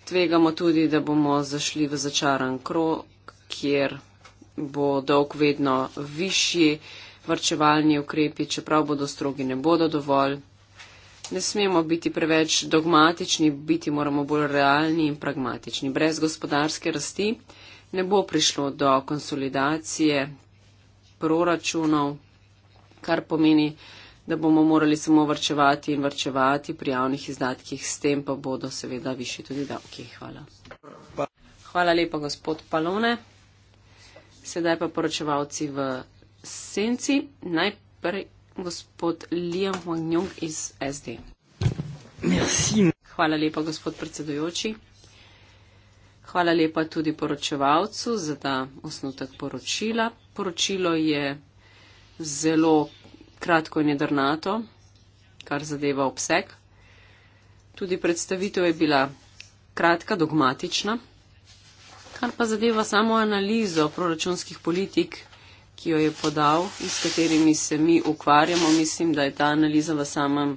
Tvegamo tudi, da bomo zašli v začaran krog, kjer bo dolg vedno višji, varčevalni ukrepi, čeprav bodo strogi, ne bodo dovolj. Ne smemo biti preveč dogmatični, biti moramo bolj realni in pragmatični. Brez gospodarske rasti ne bo prišlo do konsolidacije proračunov, kar pomeni, da bomo morali samo vrčevati in vrčevati pri javnih izdatkih, s tem pa bodo seveda višji tudi davki. Hvala. Hvala lepa, gospod Palone. Sedaj pa poročevalci v senci. Najprej gospod Liam Wangnjong iz SD. Merci. Hvala lepa, gospod predsedujoči. Hvala lepa tudi poročevalcu za ta osnutek poročila. Poročilo je zelo kratko in jedrnato, kar zadeva obseg. Tudi predstavitev je bila kratka, dogmatična. Kar pa zadeva samo analizo proračunskih politik, ki jo je podal in s katerimi se mi ukvarjamo, mislim, da je ta analiza v samem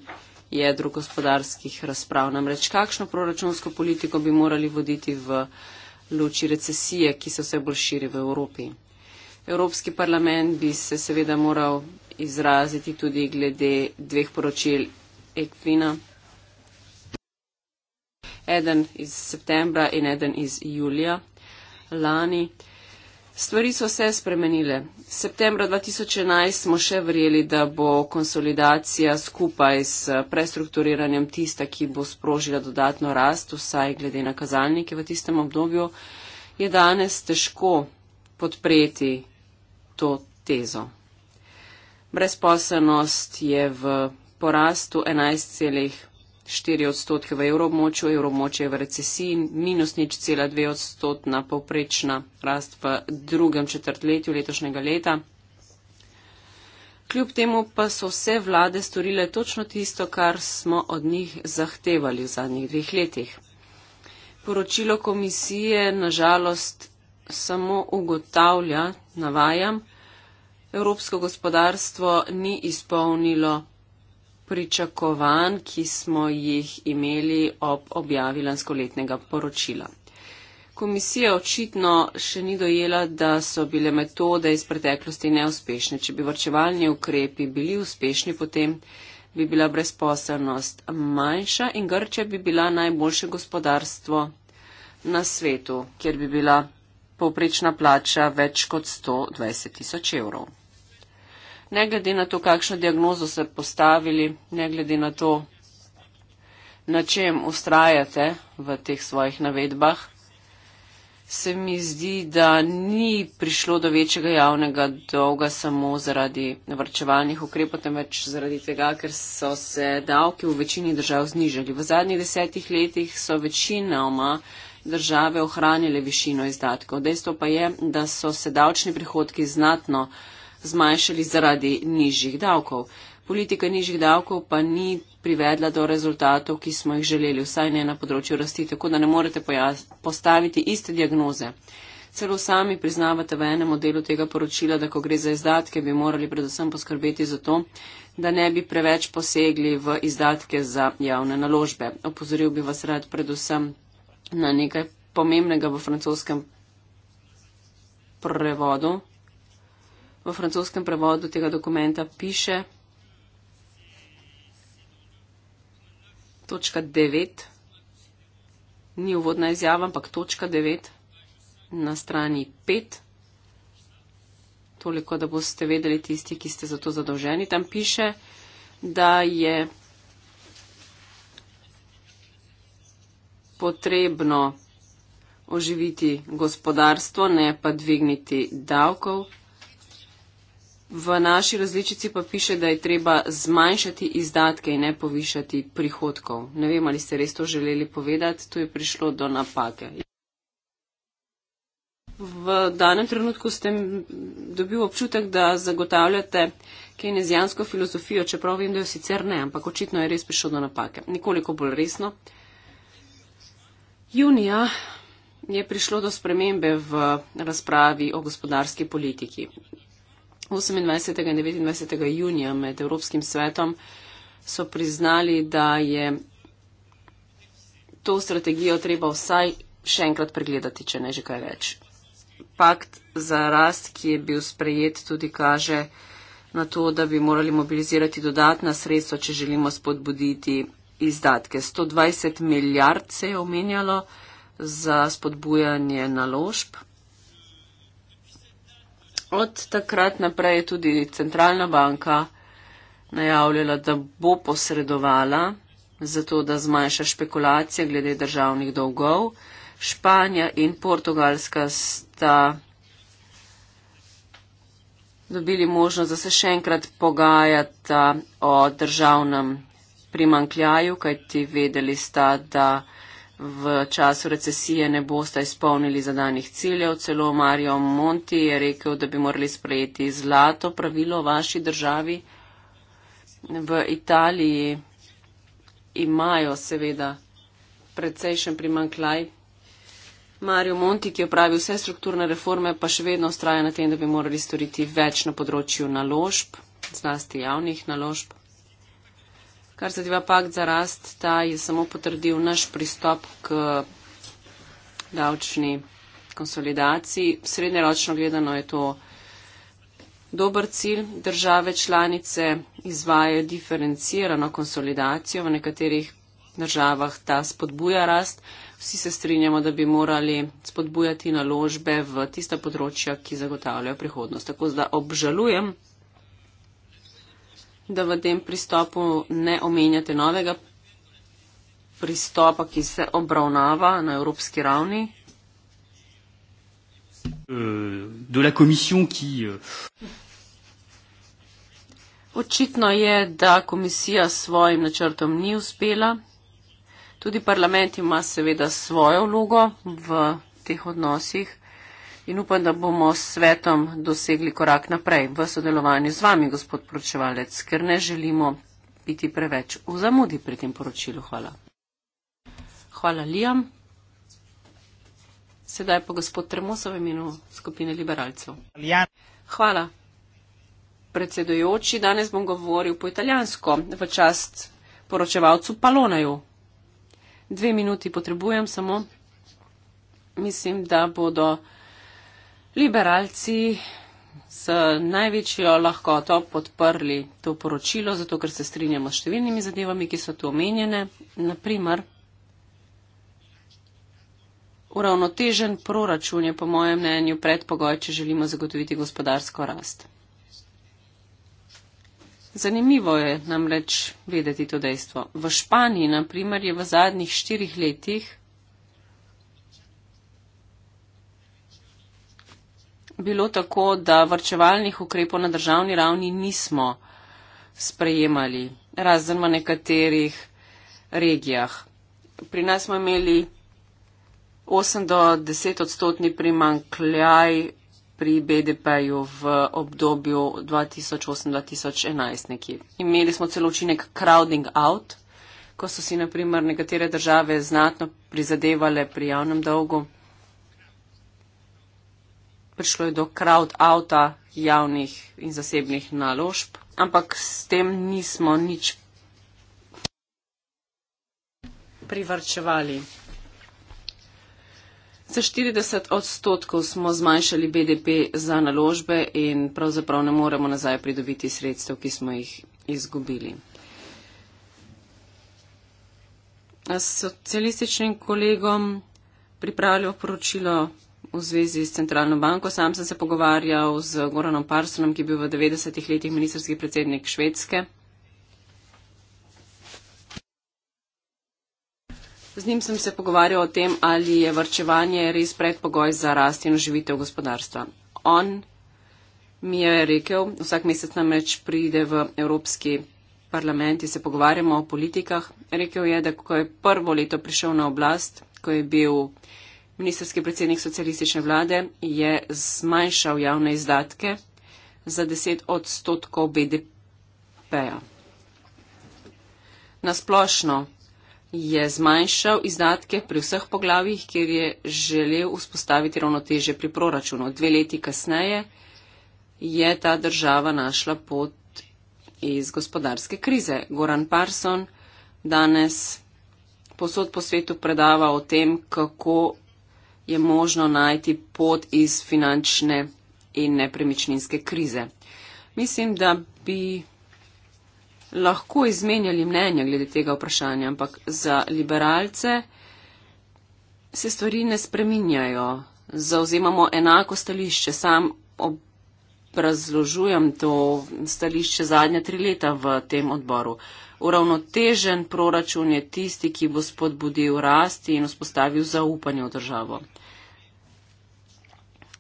jedru gospodarskih razprav. Namreč, kakšno proračunsko politiko bi morali voditi v luči recesije, ki se vse bolj širi v Evropi. Evropski parlament bi se seveda moral izraziti tudi glede dveh poročil Ekvina. Eden iz septembra in eden iz julija lani. Stvari so se spremenile. Septembra 2011 smo še verjeli, da bo konsolidacija skupaj s prestrukturiranjem tista, ki bo sprožila dodatno rast, vsaj glede na kazalnike v tistem obdobju, je danes težko podpreti to tezo. Brezposelnost je v porastu 4 odstotke v evromočju, evromočje je v recesiji in minus nič cela 2 odstotna povprečna rast v drugem četrtletju letošnjega leta. Kljub temu pa so vse vlade storile točno tisto, kar smo od njih zahtevali v zadnjih dveh letih. Poročilo komisije nažalost samo ugotavlja, navajam, evropsko gospodarstvo ni izpolnilo pričakovanj, ki smo jih imeli ob objavi lanskoletnega poročila. Komisija očitno še ni dojela, da so bile metode iz preteklosti neuspešne. Če bi vrčevalni ukrepi bili uspešni, potem bi bila brezposelnost manjša in Grče bi bila najboljše gospodarstvo na svetu, kjer bi bila povprečna plača več kot 120 tisoč evrov ne glede na to, kakšno diagnozo ste postavili, ne glede na to, na čem ustrajate v teh svojih navedbah, se mi zdi, da ni prišlo do večjega javnega dolga samo zaradi vrčevalnih ukrepov, temveč zaradi tega, ker so se davki v večini držav znižali. V zadnjih desetih letih so večinoma države ohranile višino izdatkov. Dejstvo pa je, da so se davčni prihodki znatno zmanjšali zaradi nižjih davkov. Politika nižjih davkov pa ni privedla do rezultatov, ki smo jih želeli, vsaj ne na področju rasti, tako da ne morete postaviti iste diagnoze. Celo sami priznavate v enem delu tega poročila, da ko gre za izdatke, bi morali predvsem poskrbeti za to, da ne bi preveč posegli v izdatke za javne naložbe. Opozoril bi vas rad predvsem na nekaj pomembnega v francoskem prevodu v francoskem prevodu tega dokumenta piše. Točka 9. Ni uvodna izjava, ampak točka 9 na strani 5. Toliko, da boste vedeli tisti, ki ste za to zadolženi. Tam piše, da je potrebno oživiti gospodarstvo, ne pa dvigniti davkov v naši različici pa piše, da je treba zmanjšati izdatke in ne povišati prihodkov. Ne vem, ali ste res to želeli povedati, tu je prišlo do napake. V danem trenutku ste dobil občutek, da zagotavljate kenezijansko filozofijo, čeprav vem, da jo sicer ne, ampak očitno je res prišlo do napake. Nekoliko bolj resno. Junija je prišlo do spremembe v razpravi o gospodarski politiki. 28. in 29. junija med Evropskim svetom so priznali, da je to strategijo treba vsaj še enkrat pregledati, če ne že kaj več. Pakt za rast, ki je bil sprejet, tudi kaže na to, da bi morali mobilizirati dodatna sredstva, če želimo spodbuditi izdatke. 120 milijard se je omenjalo za spodbujanje naložb od takrat naprej je tudi centralna banka najavljala, da bo posredovala za to, da zmanjša špekulacije glede državnih dolgov. Španija in Portugalska sta dobili možnost, da se še enkrat pogajata o državnem primankljaju, kajti vedeli sta, da v času recesije ne boste izpolnili zadanih ciljev. Celo Mario Monti je rekel, da bi morali sprejeti zlato pravilo v vaši državi. V Italiji imajo seveda precejšen primanklaj. Mario Monti, ki je pravil vse strukturne reforme, pa še vedno ustraja na tem, da bi morali storiti več na področju naložb, zlasti javnih naložb. Kar zadeva pakt za rast, ta je samo potrdil naš pristop k davčni konsolidaciji. Srednjeročno gledano je to dober cilj. Države članice izvajajo diferencirano konsolidacijo, v nekaterih državah ta spodbuja rast. Vsi se strinjamo, da bi morali spodbujati naložbe v tista področja, ki zagotavljajo prihodnost. Tako da obžalujem, da v tem pristopu ne omenjate novega pristopa, ki se obravnava na evropski ravni. Euh, euh, Očitno je, da komisija s svojim načrtom ni uspela. Tudi parlament ima seveda svojo vlogo v teh odnosih in upam, da bomo s svetom dosegli korak naprej v sodelovanju z vami, gospod poročevalec, ker ne želimo biti preveč v zamudi pri tem poročilu. Hvala. Hvala, Liam. Sedaj pa gospod Tremosov v imenu skupine liberalcev. Hvala. Predsedujoči, danes bom govoril po italijansko v čast poročevalcu Palonaju. Dve minuti potrebujem samo. Mislim, da bodo liberalci s največjo lahkoto podprli to poročilo, zato ker se strinjamo s številnimi zadevami, ki so tu omenjene. Naprimer, uravnotežen proračun je po mojem mnenju predpogoj, če želimo zagotoviti gospodarsko rast. Zanimivo je namreč vedeti to dejstvo. V Španiji, naprimer, je v zadnjih štirih letih bilo tako, da vrčevalnih ukrepov na državni ravni nismo sprejemali, razen v nekaterih regijah. Pri nas smo imeli 8 do 10 odstotni primankljaj pri BDP-ju v obdobju 2008-2011 neki. Imeli smo celo učinek crowding out, ko so si naprimer nekatere države znatno prizadevale pri javnem dolgu prišlo je do crowd-outa javnih in zasebnih naložb, ampak s tem nismo nič privrčevali. Za 40 odstotkov smo zmanjšali BDP za naložbe in pravzaprav ne moremo nazaj pridobiti sredstev, ki smo jih izgubili. S socialističnim kolegom pripravljajo poročilo v zvezi s centralno banko. Sam sem se pogovarjal z Goranom Parsonom, ki je bil v 90-ih letih ministerski predsednik Švedske. Z njim sem se pogovarjal o tem, ali je vrčevanje res predpogoj za rast in oživitev gospodarstva. On mi je rekel, vsak mesec namreč pride v Evropski parlament in se pogovarjamo o politikah. Rekel je, da ko je prvo leto prišel na oblast, ko je bil Ministrski predsednik socialistične vlade je zmanjšal javne izdatke za 10 odstotkov BDP-ja. Nasplošno je zmanjšal izdatke pri vseh poglavjih, kjer je želel vzpostaviti ravnoteže pri proračunu. Dve leti kasneje je ta država našla pot iz gospodarske krize. Goran Parson danes posod po svetu predava o tem, kako je možno najti pot iz finančne in nepremičninske krize. Mislim, da bi lahko izmenjali mnenja glede tega vprašanja, ampak za liberalce se stvari ne spreminjajo. Zauzemamo enako stališče. Sam ob razložujem to stališče zadnja tri leta v tem odboru. Uravnotežen proračun je tisti, ki bo spodbudil rast in vzpostavil zaupanje v državo.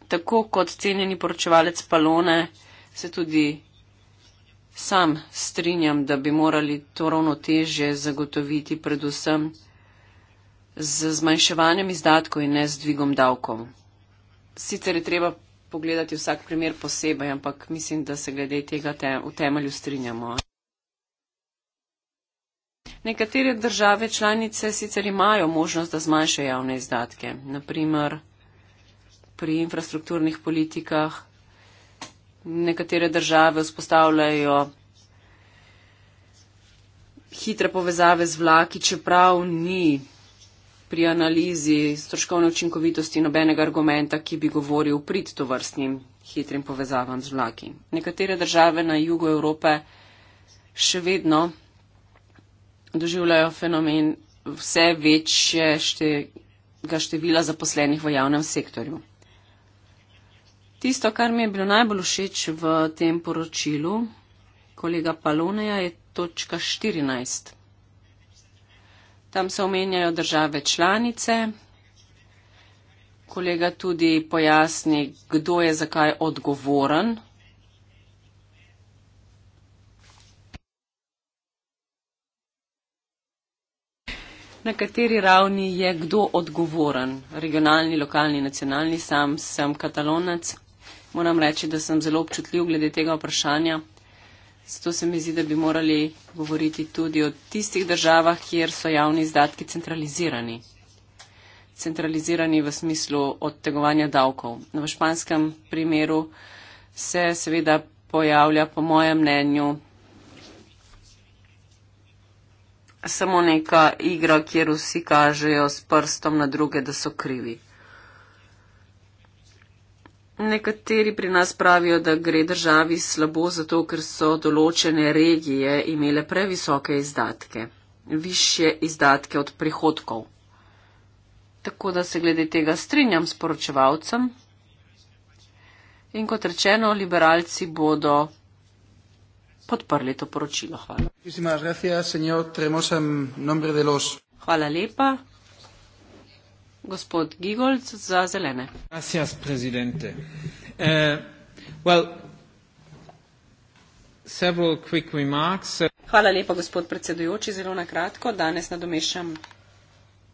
Tako kot cenjeni poročevalec Palone, se tudi sam strinjam, da bi morali to ravnotežje zagotoviti predvsem z zmanjševanjem izdatkov in ne z dvigom davkov. Sicer je treba pogledati vsak primer posebej, ampak mislim, da se glede tega te, v temelju strinjamo. Nekatere države članice sicer imajo možnost, da zmanjšajo javne izdatke, naprimer pri infrastrukturnih politikah. Nekatere države vzpostavljajo hitre povezave z vlaki, čeprav ni pri analizi stroškovne učinkovitosti nobenega argumenta, ki bi govoril prid to vrstnim hitrim povezavam z vlaki. Nekatere države na jugu Evrope še vedno doživljajo fenomen vse večjega števila zaposlenih v javnem sektorju. Tisto, kar mi je bilo najbolj všeč v tem poročilu kolega Paloneja, je točka 14. Tam se omenjajo države članice. Kolega tudi pojasni, kdo je zakaj odgovoren. Na kateri ravni je kdo odgovoren? Regionalni, lokalni, nacionalni, sam sem katalonec. Moram reči, da sem zelo občutljiv glede tega vprašanja. Zato se mi zdi, da bi morali govoriti tudi o tistih državah, kjer so javni izdatki centralizirani. Centralizirani v smislu odtegovanja davkov. V španskem primeru se seveda pojavlja, po mojem mnenju, samo neka igra, kjer vsi kažejo s prstom na druge, da so krivi. Nekateri pri nas pravijo, da gre državi slabo zato, ker so določene regije imele previsoke izdatke, više izdatke od prihodkov. Tako da se glede tega strinjam s poročevalcem. In kot rečeno, liberalci bodo podprli to poročilo. Hvala. Hvala lepa. Gospod Gigolc za zelene. Gracias, presidente. Uh, well, several quick remarks. Hvala lepa, gospod predsedujoči. Zelo na kratko. Danes nadomešam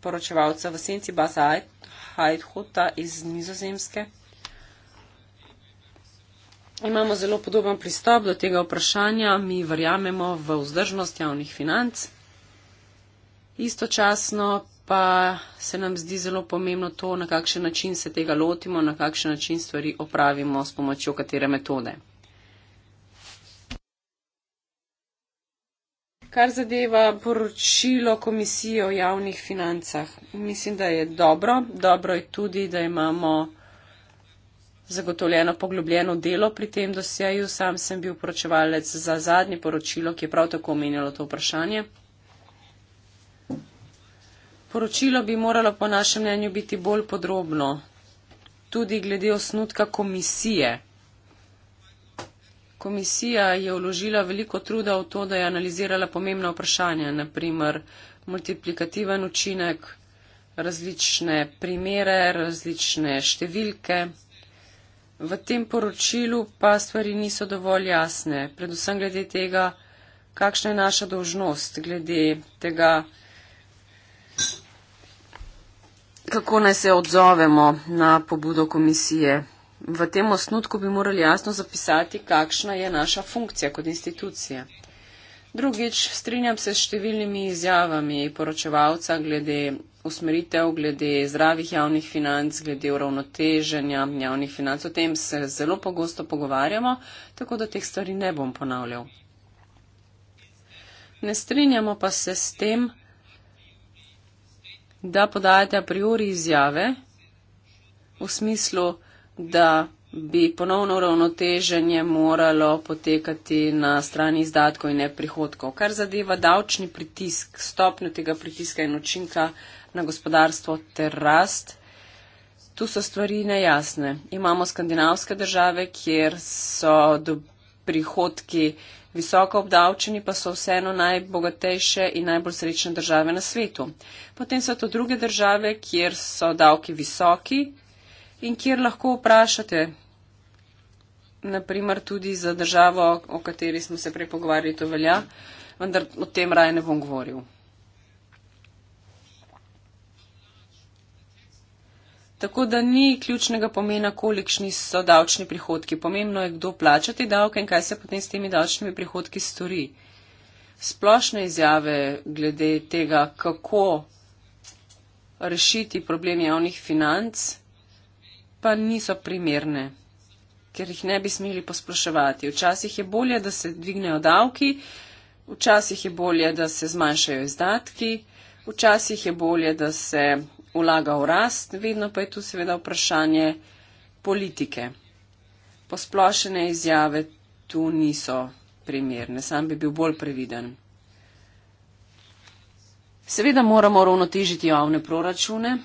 poročevalca v senci Basa Heidhuta iz Nizozemske. Imamo zelo podoben pristop do tega vprašanja. Mi verjamemo v vzdržnost javnih financ. Istočasno pa se nam zdi zelo pomembno to, na kakšen način se tega lotimo, na kakšen način stvari opravimo, s pomočjo katere metode. Kar zadeva poročilo komisije o javnih financah, mislim, da je dobro. Dobro je tudi, da imamo zagotovljeno poglobljeno delo pri tem dosjeju. Sam sem bil poročevalec za zadnje poročilo, ki je prav tako omenjalo to vprašanje poročilo bi moralo po našem mnenju biti bolj podrobno, tudi glede osnutka komisije. Komisija je vložila veliko truda v to, da je analizirala pomembna vprašanja, naprimer multiplikativen učinek, različne primere, različne številke. V tem poročilu pa stvari niso dovolj jasne, predvsem glede tega, kakšna je naša dožnost glede tega, kako naj se odzovemo na pobudo komisije. V tem osnutku bi morali jasno zapisati, kakšna je naša funkcija kot institucije. Drugič, strinjam se s številnimi izjavami poročevalca glede usmeritev, glede zdravih javnih financ, glede uravnoteženja javnih financ. O tem se zelo pogosto pogovarjamo, tako da teh stvari ne bom ponavljal. Ne strinjamo pa se s tem, da podajate a priori izjave v smislu, da bi ponovno uravnoteženje moralo potekati na strani izdatkov in ne prihodkov. Kar zadeva davčni pritisk, stopnjo tega pritiska in učinka na gospodarstvo ter rast, tu so stvari nejasne. Imamo skandinavske države, kjer so prihodki visoko obdavčeni pa so vseeno najbogatejše in najbolj srečne države na svetu. Potem so to druge države, kjer so davki visoki in kjer lahko vprašate, naprimer tudi za državo, o kateri smo se prej pogovarjali, to velja, vendar o tem raje ne bom govoril. Tako da ni ključnega pomena, kolikšni so davčni prihodki. Pomembno je, kdo plačati davke in kaj se potem s temi davčnimi prihodki stori. Splošne izjave glede tega, kako rešiti problem javnih financ, pa niso primerne, ker jih ne bi smeli posploševati. Včasih je bolje, da se dvignejo davki, včasih je bolje, da se zmanjšajo izdatki, včasih je bolje, da se vlaga v rast, vedno pa je tu seveda vprašanje politike. Posplošene izjave tu niso primerne, sam bi bil bolj previden. Seveda moramo ravnotežiti javne proračune,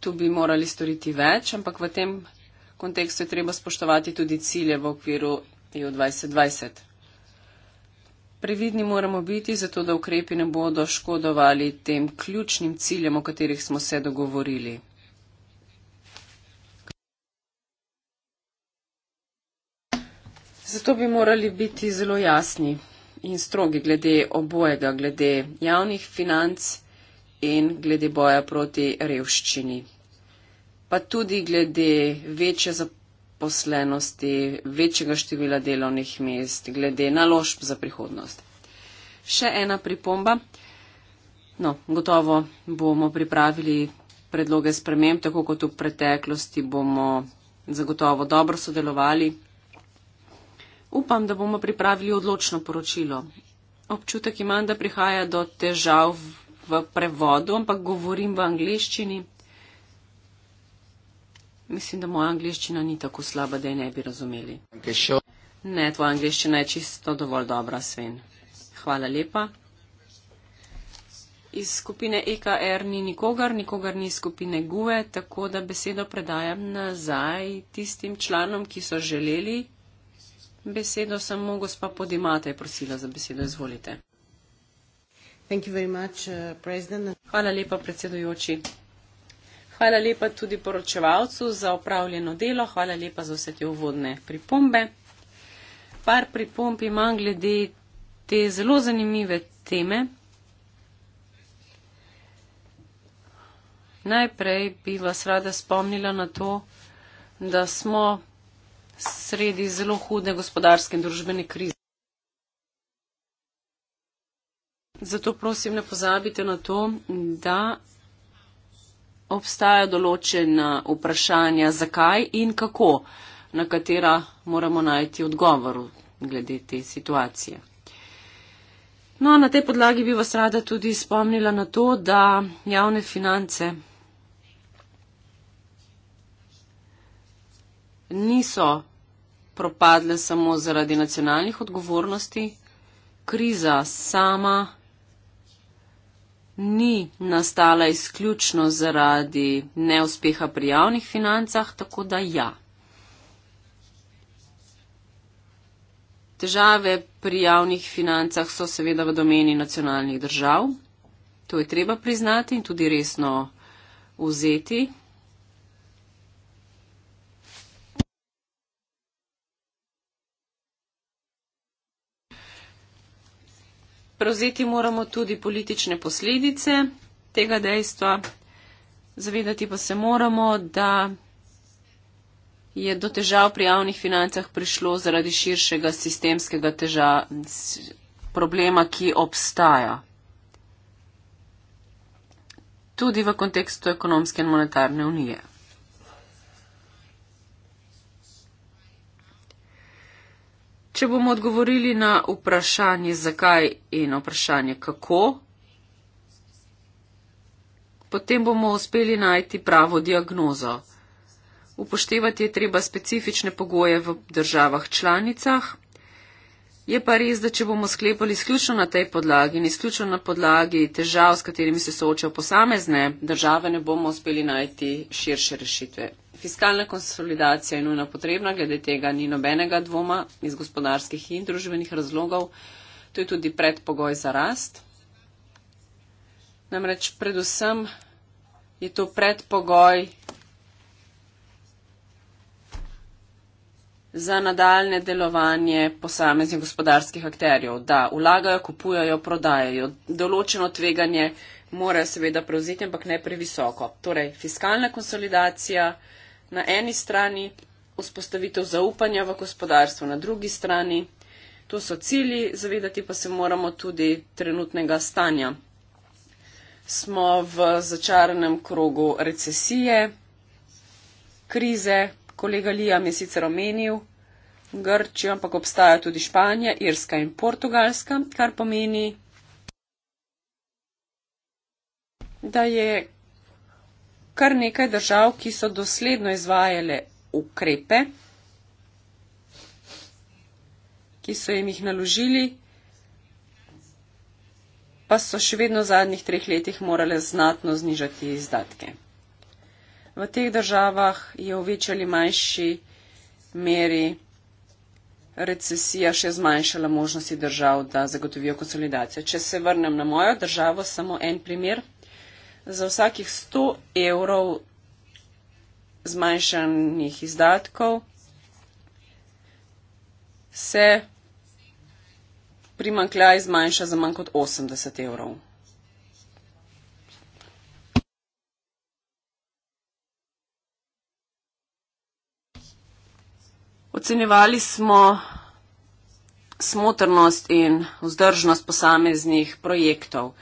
tu bi morali storiti več, ampak v tem kontekstu je treba spoštovati tudi cilje v okviru EU 2020. Previdni moramo biti, zato da ukrepi ne bodo škodovali tem ključnim ciljem, o katerih smo se dogovorili. Zato bi morali biti zelo jasni in strogi glede obojega, glede javnih financ in glede boja proti revščini, pa tudi glede večje zaposlenosti zaposlenosti, večjega števila delovnih mest, glede naložb za prihodnost. Še ena pripomba. No, gotovo bomo pripravili predloge sprememb, tako kot v preteklosti bomo zagotovo dobro sodelovali. Upam, da bomo pripravili odločno poročilo. Občutek imam, da prihaja do težav v prevodu, ampak govorim v angliščini. Mislim, da moja angliščina ni tako slaba, da je ne bi razumeli. Ne, tvoja angliščina je čisto dovolj dobra, Sven. Hvala lepa. Iz skupine EKR ni nikogar, nikogar ni iz skupine GUE, tako da besedo predajam nazaj tistim članom, ki so želeli besedo. Samo gospa Podimata je prosila za besedo. Izvolite. Much, uh, Hvala lepa, predsedujoči. Hvala lepa tudi poročevalcu za opravljeno delo, hvala lepa za vse te uvodne pripombe. Par pripomb imam glede te zelo zanimive teme. Najprej bi vas rada spomnila na to, da smo sredi zelo hude gospodarske in družbene krize. Zato prosim, ne pozabite na to, da obstaja določena vprašanja, zakaj in kako, na katera moramo najti odgovor glede te situacije. No, na tej podlagi bi vas rada tudi spomnila na to, da javne finance niso propadle samo zaradi nacionalnih odgovornosti. Kriza sama ni nastala izključno zaradi neuspeha pri javnih financah, tako da ja. Težave pri javnih financah so seveda v domeni nacionalnih držav, to je treba priznati in tudi resno vzeti. prevzeti moramo tudi politične posledice tega dejstva. Zavedati pa se moramo, da je do težav pri javnih financah prišlo zaradi širšega sistemskega teža, problema, ki obstaja. Tudi v kontekstu ekonomske in monetarne unije. Če bomo odgovorili na vprašanje zakaj in vprašanje kako, potem bomo uspeli najti pravo diagnozo. Upoštevati je treba specifične pogoje v državah članicah. Je pa res, da če bomo sklepali izključno na tej podlagi in izključno na podlagi težav, s katerimi se soočajo posamezne države, ne bomo uspeli najti širše rešitve. Fiskalna konsolidacija je nujna potrebna, glede tega ni nobenega dvoma iz gospodarskih in družbenih razlogov. To je tudi predpogoj za rast. Namreč predvsem je to predpogoj za nadaljne delovanje posameznih gospodarskih akterjev, da vlagajo, kupujajo, prodajajo. Določeno tveganje morajo seveda prevzeti, ampak ne previsoko. Torej, fiskalna konsolidacija na eni strani, vzpostavitev zaupanja v gospodarstvo na drugi strani. To so cilji, zavedati pa se moramo tudi trenutnega stanja. Smo v začaranem krogu recesije, krize, kolega Lija mi je sicer omenil Grčijo, ampak obstaja tudi Španija, Irska in Portugalska, kar pomeni, da je kar nekaj držav, ki so dosledno izvajale ukrepe, ki so jim jih naložili, pa so še vedno v zadnjih treh letih morale znatno znižati izdatke v teh državah je v večji ali manjši meri recesija še zmanjšala možnosti držav, da zagotovijo konsolidacijo. Če se vrnem na mojo državo, samo en primer. Za vsakih 100 evrov zmanjšanih izdatkov se primankljaj zmanjša za manj kot 80 evrov. Ocenjevali smo smotrnost in vzdržnost posameznih projektov,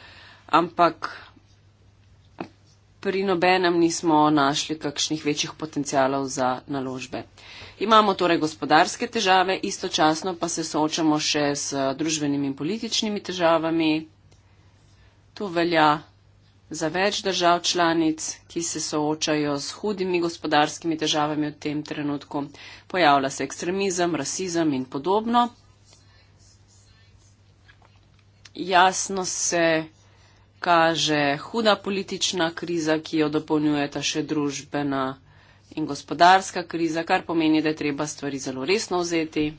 ampak pri nobenem nismo našli kakšnih večjih potencijalov za naložbe. Imamo torej gospodarske težave, istočasno pa se soočamo še s družbenimi in političnimi težavami. To velja za več držav članic, ki se soočajo z hudimi gospodarskimi težavami v tem trenutku. Pojavlja se ekstremizem, rasizem in podobno. Jasno se kaže huda politična kriza, ki jo dopolnjujeta še družbena in gospodarska kriza, kar pomeni, da je treba stvari zelo resno vzeti.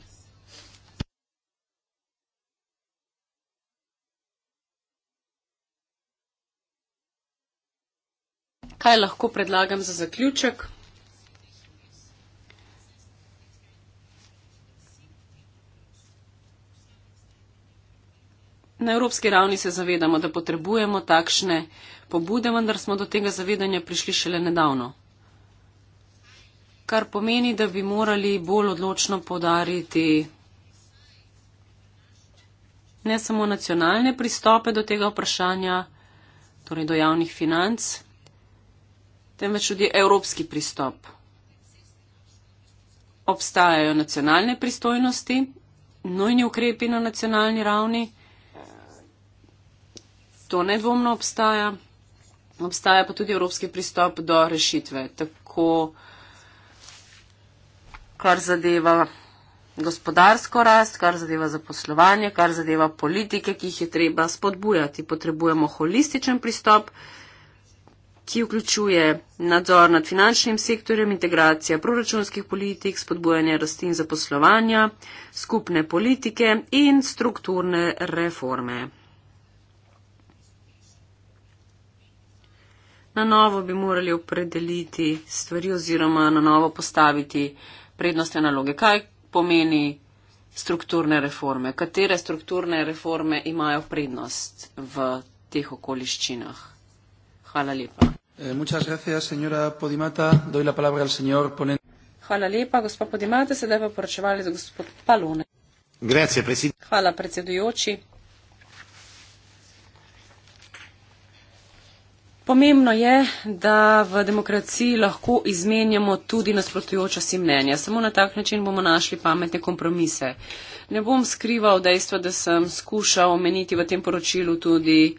Kaj lahko predlagam za zaključek? Na evropski ravni se zavedamo, da potrebujemo takšne pobude, vendar smo do tega zavedanja prišli šele nedavno. Kar pomeni, da bi morali bolj odločno podariti ne samo nacionalne pristope do tega vprašanja, torej do javnih financ, temveč tudi evropski pristop. Obstajajo nacionalne pristojnosti, nujni ukrepi na nacionalni ravni, to nedvomno obstaja, obstaja pa tudi evropski pristop do rešitve, tako kar zadeva gospodarsko rast, kar zadeva zaposlovanje, kar zadeva politike, ki jih je treba spodbujati. Potrebujemo holističen pristop, ki vključuje nadzor nad finančnim sektorjem, integracija proračunskih politik, spodbujanje rasti in zaposlovanja, skupne politike in strukturne reforme. Na novo bi morali opredeliti stvari oziroma na novo postaviti prednostne naloge. Kaj pomeni strukturne reforme? Katere strukturne reforme imajo prednost v teh okoliščinah? Hvala lepa. Eh, muchas gracias, señora Podimata. Doy la palabra al señor ponente. Hvala lepa, gospod Podimata. Sedaj pa poročevali za gospod Palone. Grazie, presid Hvala, predsedujoči. Pomembno je, da v demokraciji lahko izmenjamo tudi nasprotujoča si mnenja. Samo na tak način bomo našli pametne kompromise. Ne bom skrival dejstva, da sem skušal omeniti v tem poročilu tudi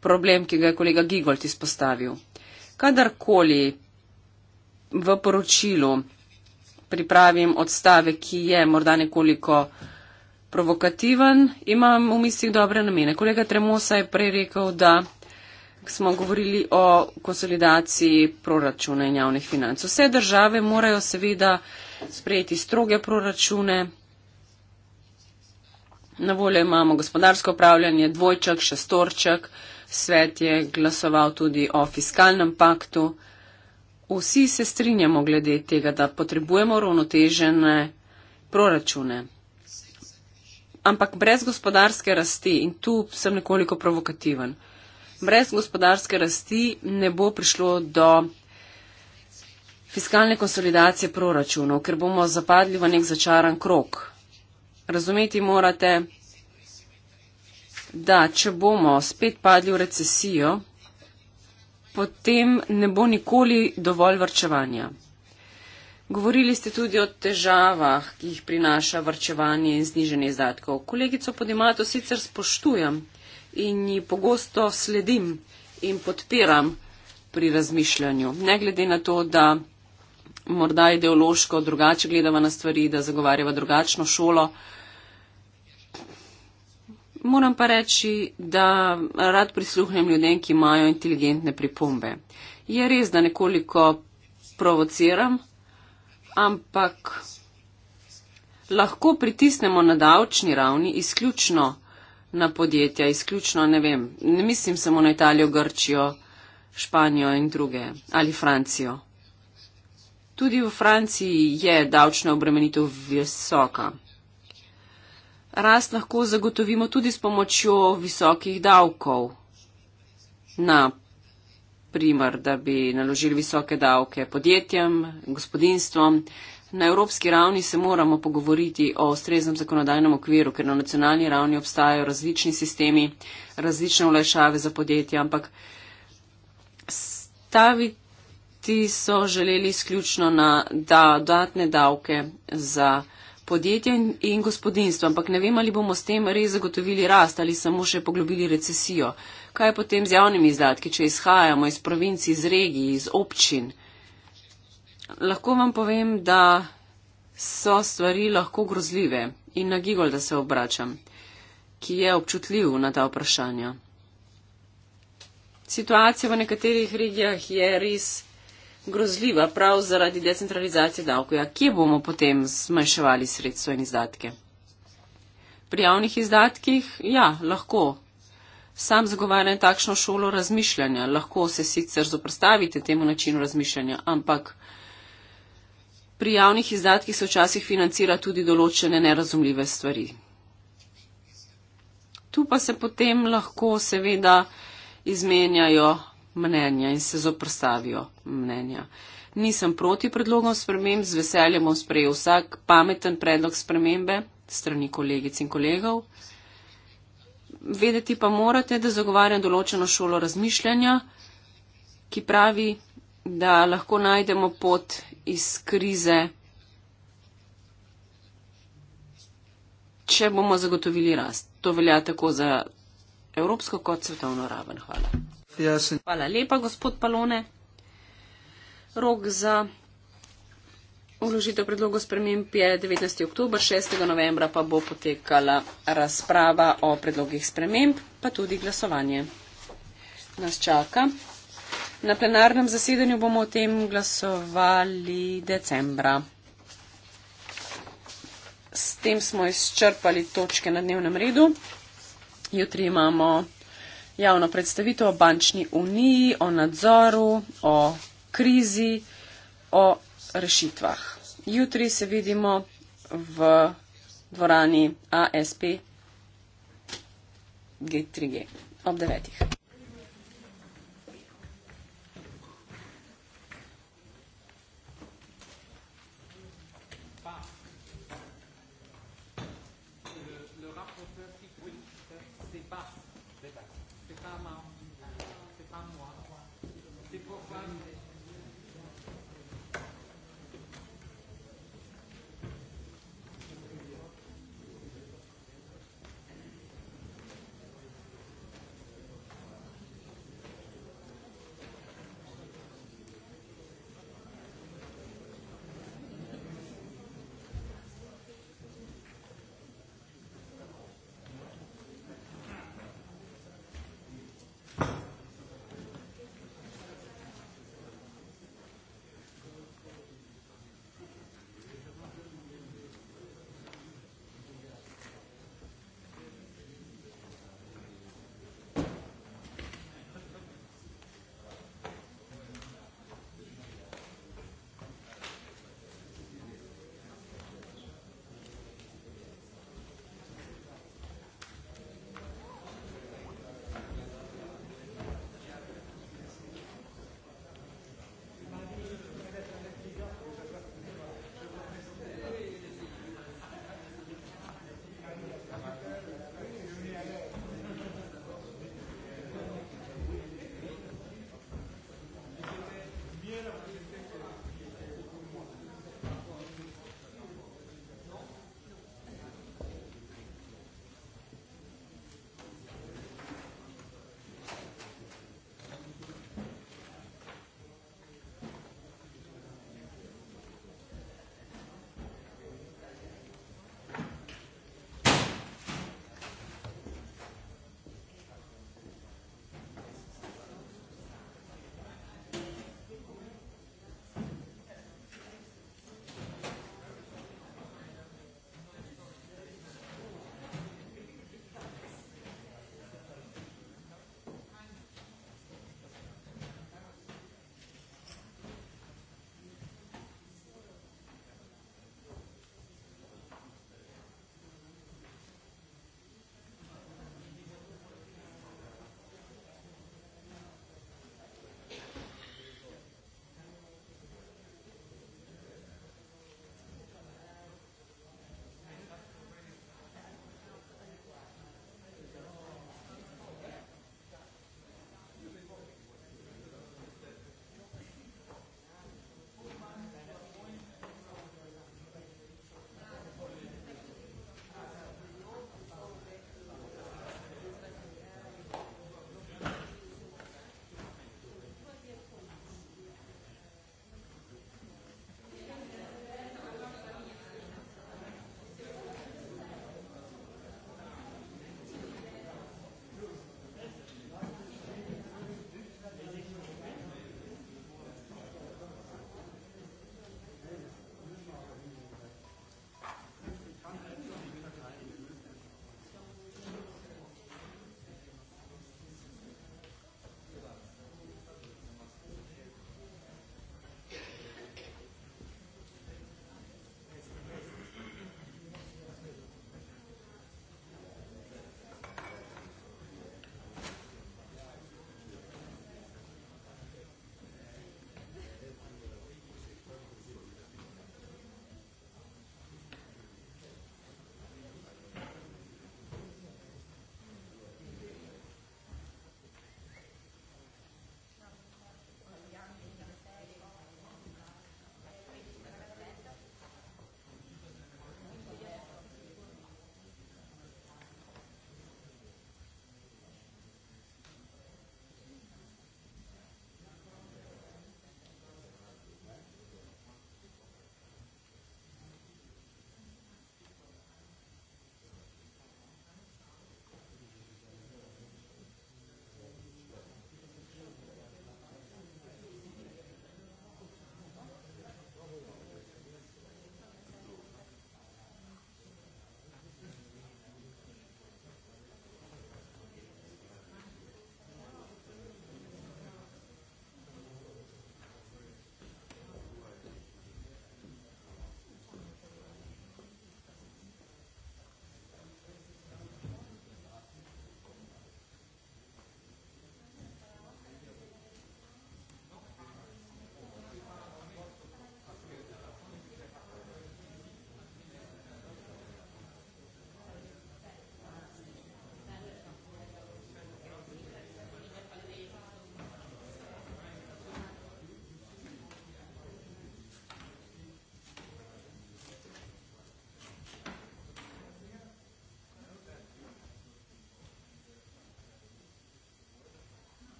problem, ki ga je kolega Gigolt izpostavil kadarkoli v poročilu pripravim odstave, ki je morda nekoliko provokativen, imam v mislih dobre namene. Kolega Tremosa je prej rekel, da smo govorili o konsolidaciji proračuna in javnih financ. Vse države morajo seveda sprejeti stroge proračune. Na voljo imamo gospodarsko upravljanje, dvojček, šestorček. Svet je glasoval tudi o fiskalnem paktu. Vsi se strinjamo glede tega, da potrebujemo ravnotežene proračune. Ampak brez gospodarske rasti, in tu sem nekoliko provokativen, brez gospodarske rasti ne bo prišlo do fiskalne konsolidacije proračunov, ker bomo zapadli v nek začaran krok. Razumeti morate, da če bomo spet padli v recesijo, potem ne bo nikoli dovolj vrčevanja. Govorili ste tudi o težavah, ki jih prinaša vrčevanje in znižanje izdatkov. Kolegico Podimato sicer spoštujem in ji pogosto sledim in podpiram pri razmišljanju. Ne glede na to, da morda ideološko drugače gledava na stvari, da zagovarjava drugačno šolo, uh, moram pa reči, da rad prisluhnem ljudem, ki imajo inteligentne pripombe. Je res, da nekoliko provociram, ampak lahko pritisnemo na davčni ravni izključno na podjetja, izključno, ne vem, ne mislim samo na Italijo, Grčijo, Španijo in druge ali Francijo. Tudi v Franciji je davčna obremenitev visoka rast lahko zagotovimo tudi s pomočjo visokih davkov. Na primer, da bi naložili visoke davke podjetjem, gospodinstvom. Na evropski ravni se moramo pogovoriti o ustreznem zakonodajnem okviru, ker na nacionalni ravni obstajajo različni sistemi, različne olajšave za podjetja, ampak staviti so želeli izključno na dodatne davke za podjetja podjetja in, in gospodinstva, ampak ne vem, ali bomo s tem res zagotovili rast ali samo še poglobili recesijo. Kaj je potem z javnimi izdatki, če izhajamo iz provinci, iz regij, iz občin? Lahko vam povem, da so stvari lahko grozljive in na Gigol, da se obračam, ki je občutljiv na ta vprašanja. Situacija v nekaterih regijah je res grozljiva prav zaradi decentralizacije davkov. Ja, kje bomo potem zmanjševali sredstvo in izdatke? Pri javnih izdatkih, ja, lahko. Sam zagovarjam takšno šolo razmišljanja. Lahko se sicer zoprstavite temu načinu razmišljanja, ampak pri javnih izdatkih se včasih financira tudi določene nerazumljive stvari. Tu pa se potem lahko seveda izmenjajo mnenja in se zoprstavijo mnenja. Nisem proti predlogom sprememb, z veseljem bom sprejel vsak pameten predlog spremembe strani kolegic in kolegov. Vedeti pa morate, da zagovarjam določeno šolo razmišljanja, ki pravi, da lahko najdemo pot iz krize, če bomo zagotovili rast. To velja tako za evropsko kot svetovno raven. Hvala. Yes. Hvala lepa, gospod Palone. Rok za uložitev predlogo spremem je 19. oktober, 6. novembra pa bo potekala razprava o predlogih sprememb, pa tudi glasovanje. Nas čaka. Na plenarnem zasedanju bomo o tem glasovali decembra. S tem smo izčrpali točke na dnevnem redu. Jutri imamo javno predstavitev o bančni uniji, o nadzoru, o krizi, o rešitvah. Jutri se vidimo v dvorani ASP G3G ob 9.